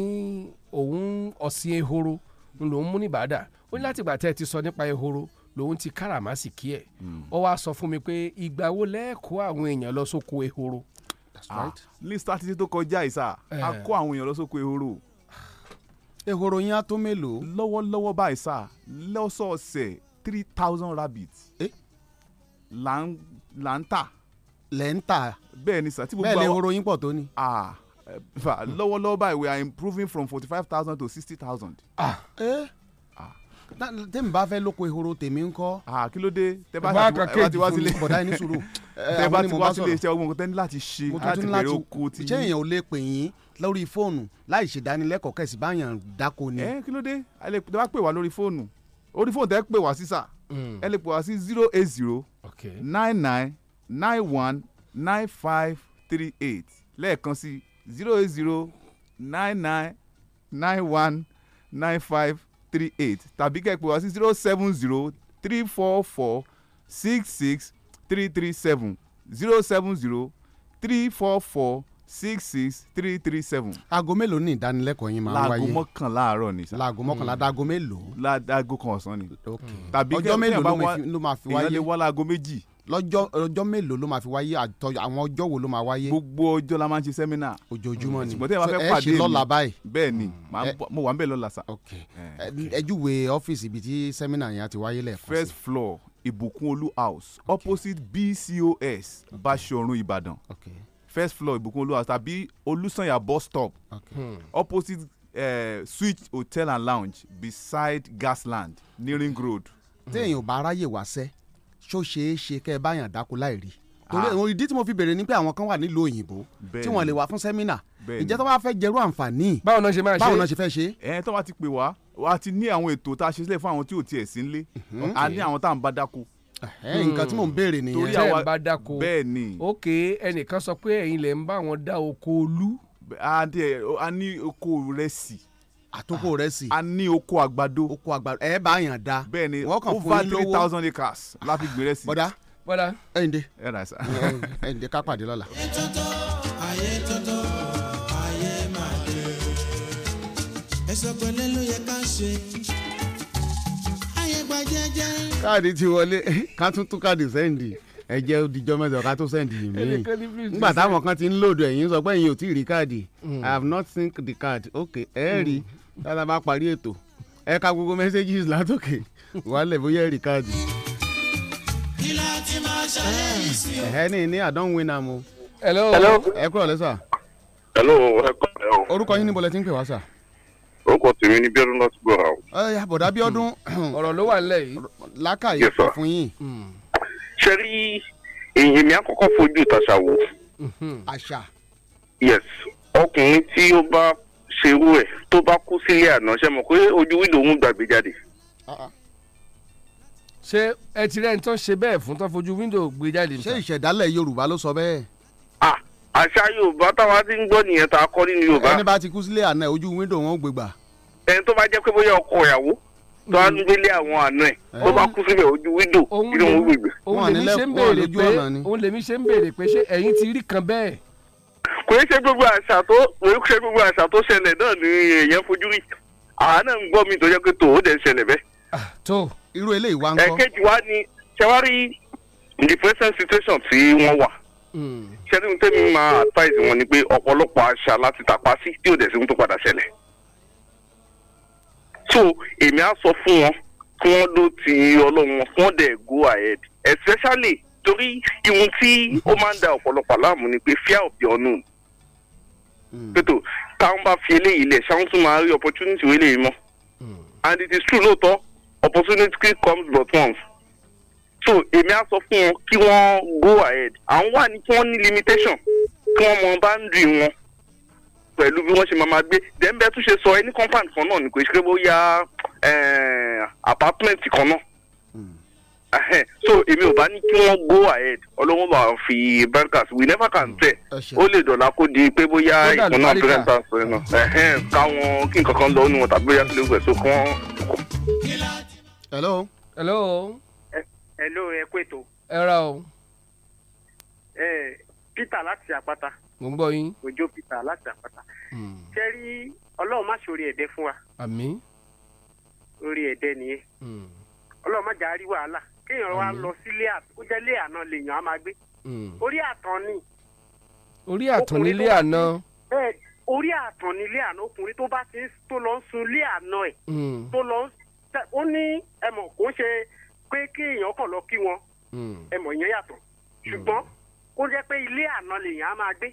òun ọ̀sìn ehoro lòun mú ní bàdà ó ní láti gbà tẹ́ ẹ ti sọ nípa ehoro lòun ti káràmásìkí ẹ̀ hmm. ó wá sọ fún mi pé ìgbà wo lẹ́ẹ̀kọ́ àwọn èèyàn lọ sóko ehoro that's ah. right. ní sátidé tó kọjá ìsà a eh. kó àwọn èèyàn lọ sóko ehoro. ehoro yín á tó mélòó. lọ́wọ́lọ́wọ́ báyìí sà lọ́sọ̀ọ̀sẹ̀ three thousand rabbits. Eh? là ń là ń tà. lẹ́ ń tà. bẹ́ẹ̀ ni sà tí gbogbo àwọn bẹ́ẹ̀ ni ehoro yín pọ̀ tó ni. Ah, lọ́wọ́lọ́wọ́ báyìí we are improving from forty five thousand to sixty thousand. ah eh tẹ́mi bá fẹ́ lóko ehoro tèmi ń kọ́. kí ló dé tẹ bá ti wá sílé bọ̀dá ẹni sùúrù tẹ bá ti wá sílé iṣẹ́ ọgbọ́n tẹ́ni láti ṣe láti bèrè oko ti yín. iṣẹ́ èèyàn ò lè pè yín lórí fóònù láì ṣèdánilẹ́kọ̀ọ́ kẹ̀sì báyàn dáko ni. ẹ kí ló dé ẹ bá pè wá lórí fóònù orí fóònù tẹ pè wá sísà hmm. ẹ lè pè wá sí zero eight zero nine nine nine one nine five three eight lẹ́ẹ̀kan sí zero eight zero nine nine nine one nine five three eight tàbí kẹ́pẹ́ wá sí zero seven zero three four four six six three three seven zero seven zero three four four six six three three seven. aago mélòó ni ìdánilẹ́kọ̀ọ́ yín máa ń wáyé laago mọ́kànlá àárọ̀ ni. laago mọ́kànlá dago mélòó. laago kan ọ̀sán ni. ok ọjọ́ mélòó ló máa fi wáyé. tàbí wá laago méjì lọ́jọ́ ọjọ́ mélòó ló máa fi wáyé àwọn ọjọ́ wo ló máa wáyé. gbogbo ọjọ́ la máa ń ṣe sẹ́mínà. ojoojúmọ́ ni ṣùgbọ́n tí ẹ fẹ́ pàdé mi bẹ́ẹ̀ ni mm. mo wà ń bẹ̀ lọ́la sa. Eh, ẹjúwe ọ́fíìsì ibi tí sẹ́mínà yẹn ti wáyé lẹ́ẹ̀kan sí. first floor ìbùkúnolú house opposite bcos bashorun ìbàdàn first floor ìbùkúnolú house tàbí olùsànyà bus stop hmm. opposite eh, switch hotel and lounge beside gasland nearing road. téèyàn ò bá ráyè wá sẹ́ ṣó ṣeé ṣe kẹ́ ẹ báyàn dáko láì rí torí àwọn ah. ìdí tí mo fi bèrè ni pé àwọn kan wà nílùú òyìnbó tí wọn lè wá fún sẹ́mínà ìjẹ́ tó bá fẹ́ jẹrú àǹfààní. báwo náà ṣe máa ṣe báwo náà ṣe fẹ́ ṣe. ẹ tó bá ti pè wá a ti ní àwọn ètò tá a ṣe sílẹ̀ fún àwọn tí ò tiẹ̀ sí ń lé mhm. a ní àwọn tá à ń bá dáko. nǹkan tí mò ń hmm. béèrè nìyẹn. torí àwọn bá dáko bẹ́ẹ̀ ni. ok ẹnìkan sọ pé ẹ̀yin lẹ̀ ń bá wọn dá oko olú. a ní oko rẹ̀ sí àtòkò rẹ sí. a ní oko àgbàdo. oko àgbàdo ẹ bá yàn da. bẹ́ẹ̀ni over three thousand acres la gbèrè sí. bọ́dà bọ́dà ẹ̀ǹdè ẹ̀ǹdè ká pàdé lọ́la. ayé tuntun ayé máa dé ẹsọ pẹ̀lẹ́ ló yẹ ká ṣe ayé gba jẹ́jẹ́. káàdì ti wọlé ká tún tún káàdì sẹ́ǹdì ẹ jẹ́ òdìjọ́ mẹ́jọ ká tó sẹ́ǹdì yìí mí nígbà táwọn kan ti ń lòdù ẹ̀yìn sọ pé ẹ̀yin ò tí ì rí káàdì mm. I have not seen the card Okay, ẹ Mm dáadáa máa parí ètò ẹ ka gbogbo messages látòkè wálẹ̀ bóyá ẹ̀rì káàdì. ìlà tí máa ṣàlàyé sí o. ẹ̀hẹ́ ní ní àdánwò iná mu. hello ẹ kúrò lẹ́sà. hello ẹ kọ́ ẹ o. orúkọ yín níbo lẹ ti ń pè wá sà. orúkọ tèmi ni Bíọ́dún láti gbọ́ra o. ẹ yà bọ̀dá Bíọ́dún. ọ̀rọ̀ ló wà nílẹ̀ yìí. lákàyè fún yín. Hmm. ṣe rí èyí mi àkọ́kọ́ fojú ìtàṣà wò. Hmm. àṣà. yes ọkùnrin tí ó bá ṣerú ẹ̀ tó bá kú sílé àná ṣe mọ̀ pé ojú wíńdò ń gbàgbé jáde. Ah, ah. ṣé ẹ ti rẹ́ni tó ṣe bẹ́ẹ̀ fún tó fojú wíńdò gbé jáde. ṣé ìṣẹ̀dálẹ̀ yorùbá ló sọ bẹ́ẹ̀. Ah, àṣà yorùbá táwa ti ń gbọ́ nìyẹn tá a kọ́ nínú yorùbá. ẹni bá ti kú sílé àná ojú wíńdò wọn ò gbé gbà. ẹni tó bá jẹ́ pé bóyá ọkọ ìyàwó tó a ń mm. délé àwọn àna ẹ tó bá kú síbẹ̀ ojú wíńdò inú wọn gbègbè. òun lèmi òun lèmi ṣe ń béèrè pé ṣé ẹ̀yin ti rí kan bẹ́ẹ̀ kò í ṣe gbogbo àṣà tó kò í ṣe gbogbo àṣà tó ṣẹlẹ̀ náà ni èèyàn fojú rí àwa náà ń gbọ́ mi tó yẹ pé tó ó dẹ̀ ṣẹlẹ̀ bẹ́ẹ̀. Ah, tó irú eléyìí wá ń kọ́. ẹ̀kejì wa ni ṣẹwárí the present situation tí wọ́n wà. Hmm. ṣẹ́ni tẹ́mi máa advise wọn ni pé ọ̀pọ̀lọpọ̀ àṣà láti tàpá sí tí ò dẹ̀ sí ohun tó padà ṣẹlẹ̀. so èmi á sọ fún wọn kí wọ́n ló ti ọlọ́run wọn dẹ̀ go ahead especially torí ìhun tí ó máa ń da ọ̀pọ̀lọpọ̀ láàmú ni pé fear of the unknown Mm. pẹ̀tọ̀ táwọn bá fi eléyìí lẹ̀ ṣáwọn tún máa rí opportunity wọlé yìí mọ́ mm. and it is true lóòótọ́ opportunity comes but once so èmi á sọ fún wọn kí wọ́n go ahead àwọn wà ní kí wọ́n ní limitation kí wọ́n mọ boundary wọn pẹ̀lú bí wọ́n ṣe máa máa gbé dẹ́nbẹ́ tún ṣe sọ ẹni compound kan náà ní kò ṣe pé bóyá eh, apartment kan náà. so èmi ò bá ní kí wọ́n go ahead ọlọ́wọ́n máa fi bankers we never can tell mm, ó lè dọ̀là kó di pé bóyá ìkànnà parent transfer náà káwọn kí nǹkan kan lọ nù wọn tàbí bóyá kí ló gbẹ̀ so kán. hello. hello. hello ẹ kú ètò. ẹ ra o. ẹ peter láti àpáta. mo ń gbọ́ yín. òjò peter láti àpáta. Hmm. ṣe rí ọlọ́run má ṣòro ẹ̀dẹ́ fún wa. àmín. orí ẹ̀dẹ́ nìyẹn. Hmm. ọlọ́run má jà á rí wàhálà kéèyàn wá lọ sílé àtọ ó jẹ́ ilé àná lèèyàn á máa gbé hmm. orí àtàn ni. orí àtàn nílé àná. bẹ́ẹ̀ orí àtàn nílé àná ọkùnrin tó bá ti tó lọ ń sun ilé àná ẹ̀ hmm. tó lọ ń ó ní ẹmọ kò ń ṣe pé kéèyàn kàn lọ kí wọn hmm. ẹmọ yẹn yàtọ̀ ṣùgbọ́n kó jẹ́ pé ilé àná lèèyàn á máa gbé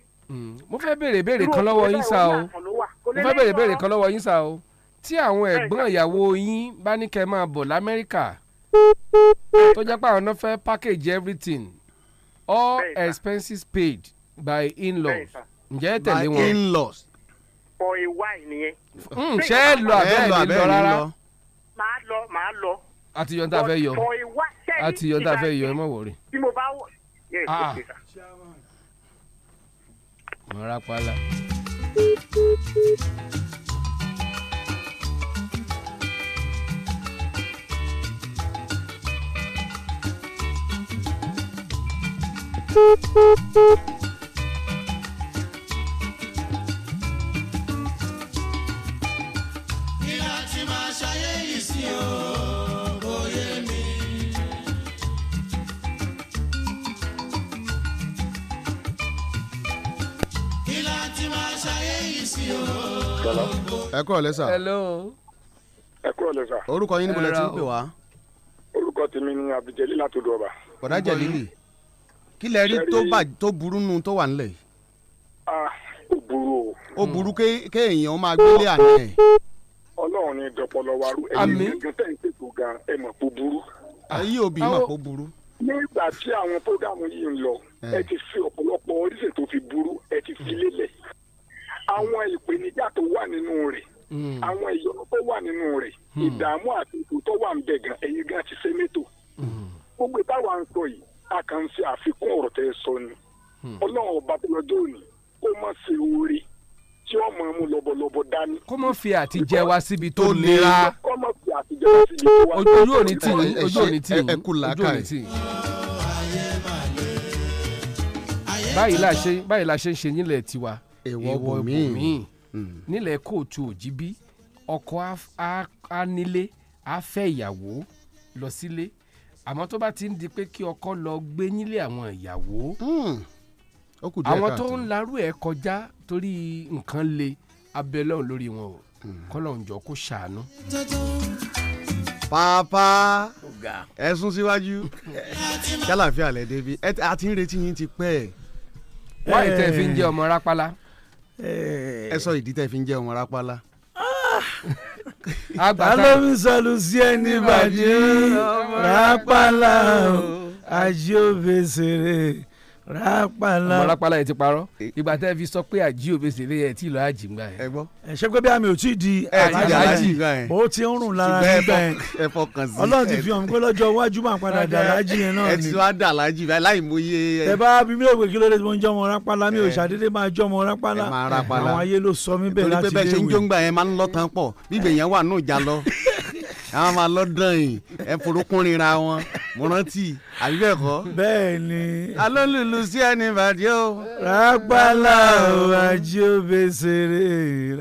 mo fẹ́ béèrè béèrè kan lọ́wọ́ yín sá o mo fẹ́ béèrè béèrè kan lọ́wọ́ yín sá o tí àwọn ẹ̀gbọ́n ìyàwó yín bá ní kẹ́ máa bọ̀ lamẹ́ríkà tó jẹ́ pé àwọn náà fẹ́ package everything all Beza. expenses paid by in-laws ǹjẹ́ tẹ̀lé wọn. by in-laws. for a while nìyẹn. Hmm, ṣé ẹ lọ abẹ́ẹ̀ ní lọ rárá. màá lọ màá lọ. àti yọ̀ǹda fẹ́ yọ àti yọ̀ǹda fẹ́ yọ ẹ mọ̀ wọ̀rẹ́. bí mo bá wọ̀ yẹ ẹ ṣe sà. mọ̀ra pala. ẹ kúrò lẹ́sà. ẹ kúrò lẹ́sà. orúkọ yín níbo lẹ ti ń pè wá. orúkọ tèmi ni Abdul Jalil ọba. bọ̀dá Jalili kí lẹ rí tó bà tó burú nu tó wà nílẹ̀ yìí. Ah, ó burú o. ó burú kéèyàn máa gbélé àná ẹ̀. ọlọ́run ni dọ̀pọ̀lọ̀ wa rú ẹ̀yin gẹ́gẹ́ tẹ̀ ń ṣètò gan ẹ̀ mọ̀ kó burú. ayé òbí mọ̀ kó burú. nígbà tí àwọn prógámù yìí ń lọ eh. ẹ ti fi ọ̀pọ̀lọpọ̀ oríṣìí tó fi burú ẹ ti fi lélẹ̀ àwọn ìpèníjà tó wà nínú rẹ̀ hmm. àwọn ìyọnu tó wà nínú rẹ̀ hmm. ìdààmú àti ètò tó wà ń bẹ̀ gan ẹ̀yin gan ti ṣe mẹ́tò hmm. gbogbo ìtawà ń sọ yìí a kàn ń ṣe àfikún ọ̀rọ̀ tẹ́ sọ ni hmm. ọlọ́run ọba tó lọ́jọ́ òní kó má ṣe oore tí wọ́n mọ̀ mú lọ́bọ̀lọ́bọ̀ dání. kó mọ̀ fi àtijẹ́ wa síbi tó nira. kó mọ̀ fi àtijẹ́ wa síbi tó wá. ojú òní tì yín ojú òní tì yín ojú òní tì yín. báyìí la ṣe báyìí la ṣe ń ṣe nílẹ̀ tiwa èèwọ̀ bòmíì hmm. nílẹ̀ kóòtù òjì bí ọkọ á nílé ìyàwó lọ sílé àmọ́ tó bá ti ń di pé kí ọkọ lọ gbé nílé àwọn ìyàwó hmm, àwọn tó ń larú ẹ̀ kọjá torí nǹkan le abẹ́lẹ́hùn lórí wọn o hmm. kọ́lọ́hún jọ kó ṣàánú. pàápà ẹ̀sùn síwájú kálàfíà lẹ̀ débi a ti ń retí yín ti pẹ́ ẹ̀. wọ́n ì tẹ́ fi ń jẹ́ ọmọ rápálá. ẹ sọ ìdí tẹ́ fi ń jẹ́ ọmọ rápálá. Ah! alómi sọlùsí ẹni bàjẹ́ rápálá o àjíòbèsèrè rápálá ọmọ rápálá yẹn ti parọ́ ìgbà tẹ́ fi sọ pé àjí òbèsè lé yẹn tí lọ àjì gbà yẹn. ẹ gbọ́ ẹ ṣe pé bí àmì ò tí ì di àjì ó ti ń rùn lára nígbà yẹn ọlọ́run ti fi hàn pé lọ́jọ́ iwájú máa padà dà lájì yẹn náà ni. ẹ ti wá dà lájì báyìí láì mú iye. ẹ bá bí mi ò pé kí ló dé tí mo ń jọmọ rápálá mi ò ṣàdédé máa jọmọ rápálá àwọn ayé ló sọ mí bẹ́ẹ̀ láti léwu àwọn máa lọ dán yìí ẹ forúkún ríra wọn mo rántí àbí bẹ́ẹ̀ kọ́. bẹ́ẹ̀ ni. alólùlù sí ẹni bàdí o. rápálá o àjí o bẹsẹrẹ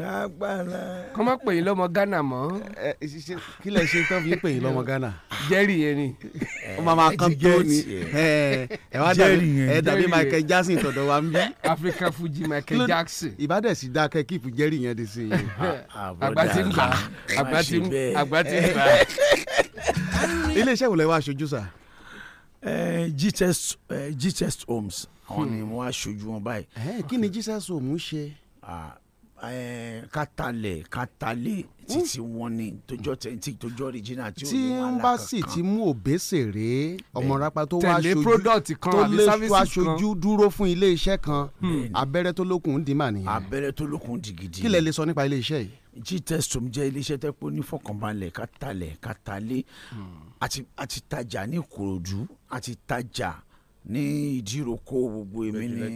rápálá. kọ́ má pè yín lọ́mọ Ghana mọ́. ẹ kí lẹ ṣe tán fi pè yín lọ́mọ Ghana. jẹ́rì yẹn ni. ó máa máa kán tó ni ẹ wá dàbí ẹ dàbí Michael Jackson tọ̀dọ̀ wa ń bí. African Fuji Michael Jackson. ìbádẹ́ sì dákẹ́ kíìpù jẹ́rì yẹn di sí i. Ah, ah, àgbà ti ń gbà ah, àgbà ti ń gbà. iléeṣẹ́ wo aṣojú sà jesus eh, jesus eh, homes àwọn ni wọn aṣojú wọn báyìí. Eh, kí ni jesus homes ṣe. kátàlẹ̀ kátàlẹ̀ títí wọn ni tójọ́ tẹ̀ntì tójọ́ original tí ó ní wàhálà kankan. tí n bá sì ti mú òbésèré ọmọ rapa tó wá aṣojú tẹ̀lé product kan àbí service kan tó lé aṣojú dúró fún ilé iṣẹ́ kan hmm. abẹ́rẹ́ tó lókun dì mà nìyẹn. abẹ́rẹ́ tó lókun dì gidi. kí lẹ lè sọ nípa ilé iṣẹ́ yìí. gtestom jẹ́ ilé iṣẹ́ tẹ́pọ̀ ní fọkànbalẹ̀ kátàlẹ̀ kátàlẹ̀. Hmm àti àti tajà ní Ìkòròdú àti tajà ní Ìdíròkò gbogbo èmi ní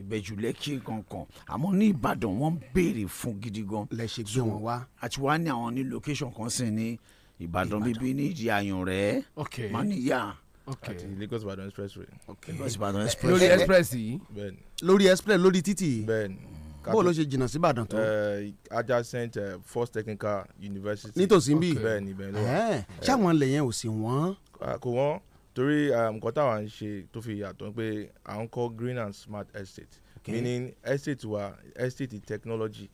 Ìbẹ̀jú Lẹ́kì kankan àmọ́ ní Ìbàdàn wọ́n ń béèrè fún gidi gan. lẹ́sẹ̀ gbé wọn wá. ní àwọn ní location kan sí ní Ìbàdàn bíbí ní ìdí Àyànrẹ́ màníyà àti Lagos Ìbàdàn expressway. Lagos Ìbàdàn expressway. lórí express yìí lórí express lórí títì bó ló ṣe jìnnà sí Ìbàdàn tó. Eh, adjacent eh, First Technical University. nítòsí bí bẹ́ẹ̀ ni bẹ́ẹ̀ ló wà. ṣáwọn ilẹ̀ yẹn ò sí wọ́n. kò wọ́n torí um, nǹkan táwa ń ṣe tó fi yàtọ̀ pé à ń kọ́ green and smart estate okay. meaning estate wa estate technology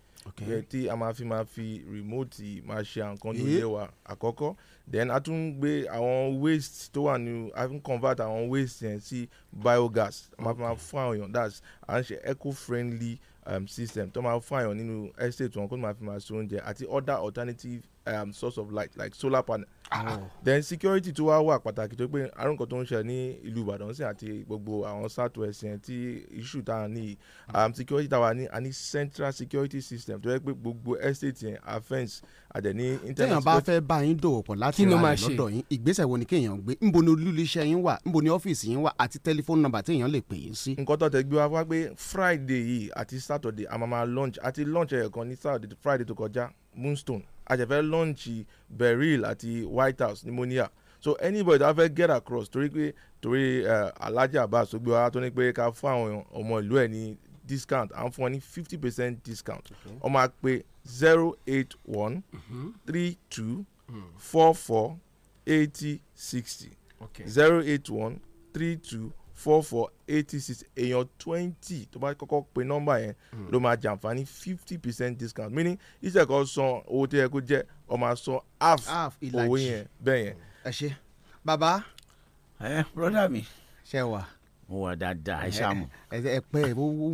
yẹ tí a máa fi máa fi remote máa ṣe nǹkan ní ilé wa àkọ́kọ́ then a tún gbé àwọn waste tó wà ní a tún convert àwọn waste yẹn sí biogas a máa fi máa fún àwọn èèyàn that's à ń ṣe eco-friendly um, system tó máa fún àyàn nínú estate wọn kó tó máa fi máa ṣe oúnjẹ àti other alternative um, source of light like solar panel. Ah. ah then security tó wá wà pàtàkì tó pé àrùn kan tó ń ṣe ní ìlú ìbàdàn sí àti gbogbo àwọn south west tí issue tá a ah. um, security tá a wà ní a ní central security system tó yẹ pé gbogbo estate yẹn a fence àdẹ ní internet. téèyàn bá fẹ́ bá yín dòwò pọ̀ láti ra ẹ̀ lọ́dọ̀ yín ìgbésẹ̀ wo ni kéèyàn gbé níbo ni olúléeṣẹ́ yín wà níbo ni ọ́fíìsì yín wà àti tẹlifóònù nọ́mbà téèyàn lè pè yín sí. nǹkan tó tẹ gbé wá wá pé friday yìí àti saturday a máa ma launch àti launch ní saturday friday tó kọjá moonstone àjẹfẹ́ lọ́ǹchì beryl àti white house pneumonia so anybody that fẹ́ get across torí pé torí alájà bá àsọgbé wa tó ní pé ká fún àwọn ọmọ ìlú ẹ̀ ní discount à ń fún wọn ní fifty percent discount ó máa pè zero eight one mm-hmm. three two four four eighty sixty zero eight one three two four four eighty six èèyàn twenty tó bá kọ́kọ́ pe nọ́mbà yẹn hmm. ló máa jàǹfààní fifty percent discount meaning iṣẹ́ kan san owó tó yẹ kó jẹ́ ó máa san half owó yẹn bẹ́ẹ̀ yẹn. Hmm. ẹ ṣe bàbá. ẹ broda mi. ṣe wà. mo wà dáadáa ẹ ṣàmù. ẹ pẹ́ ẹ bó wù.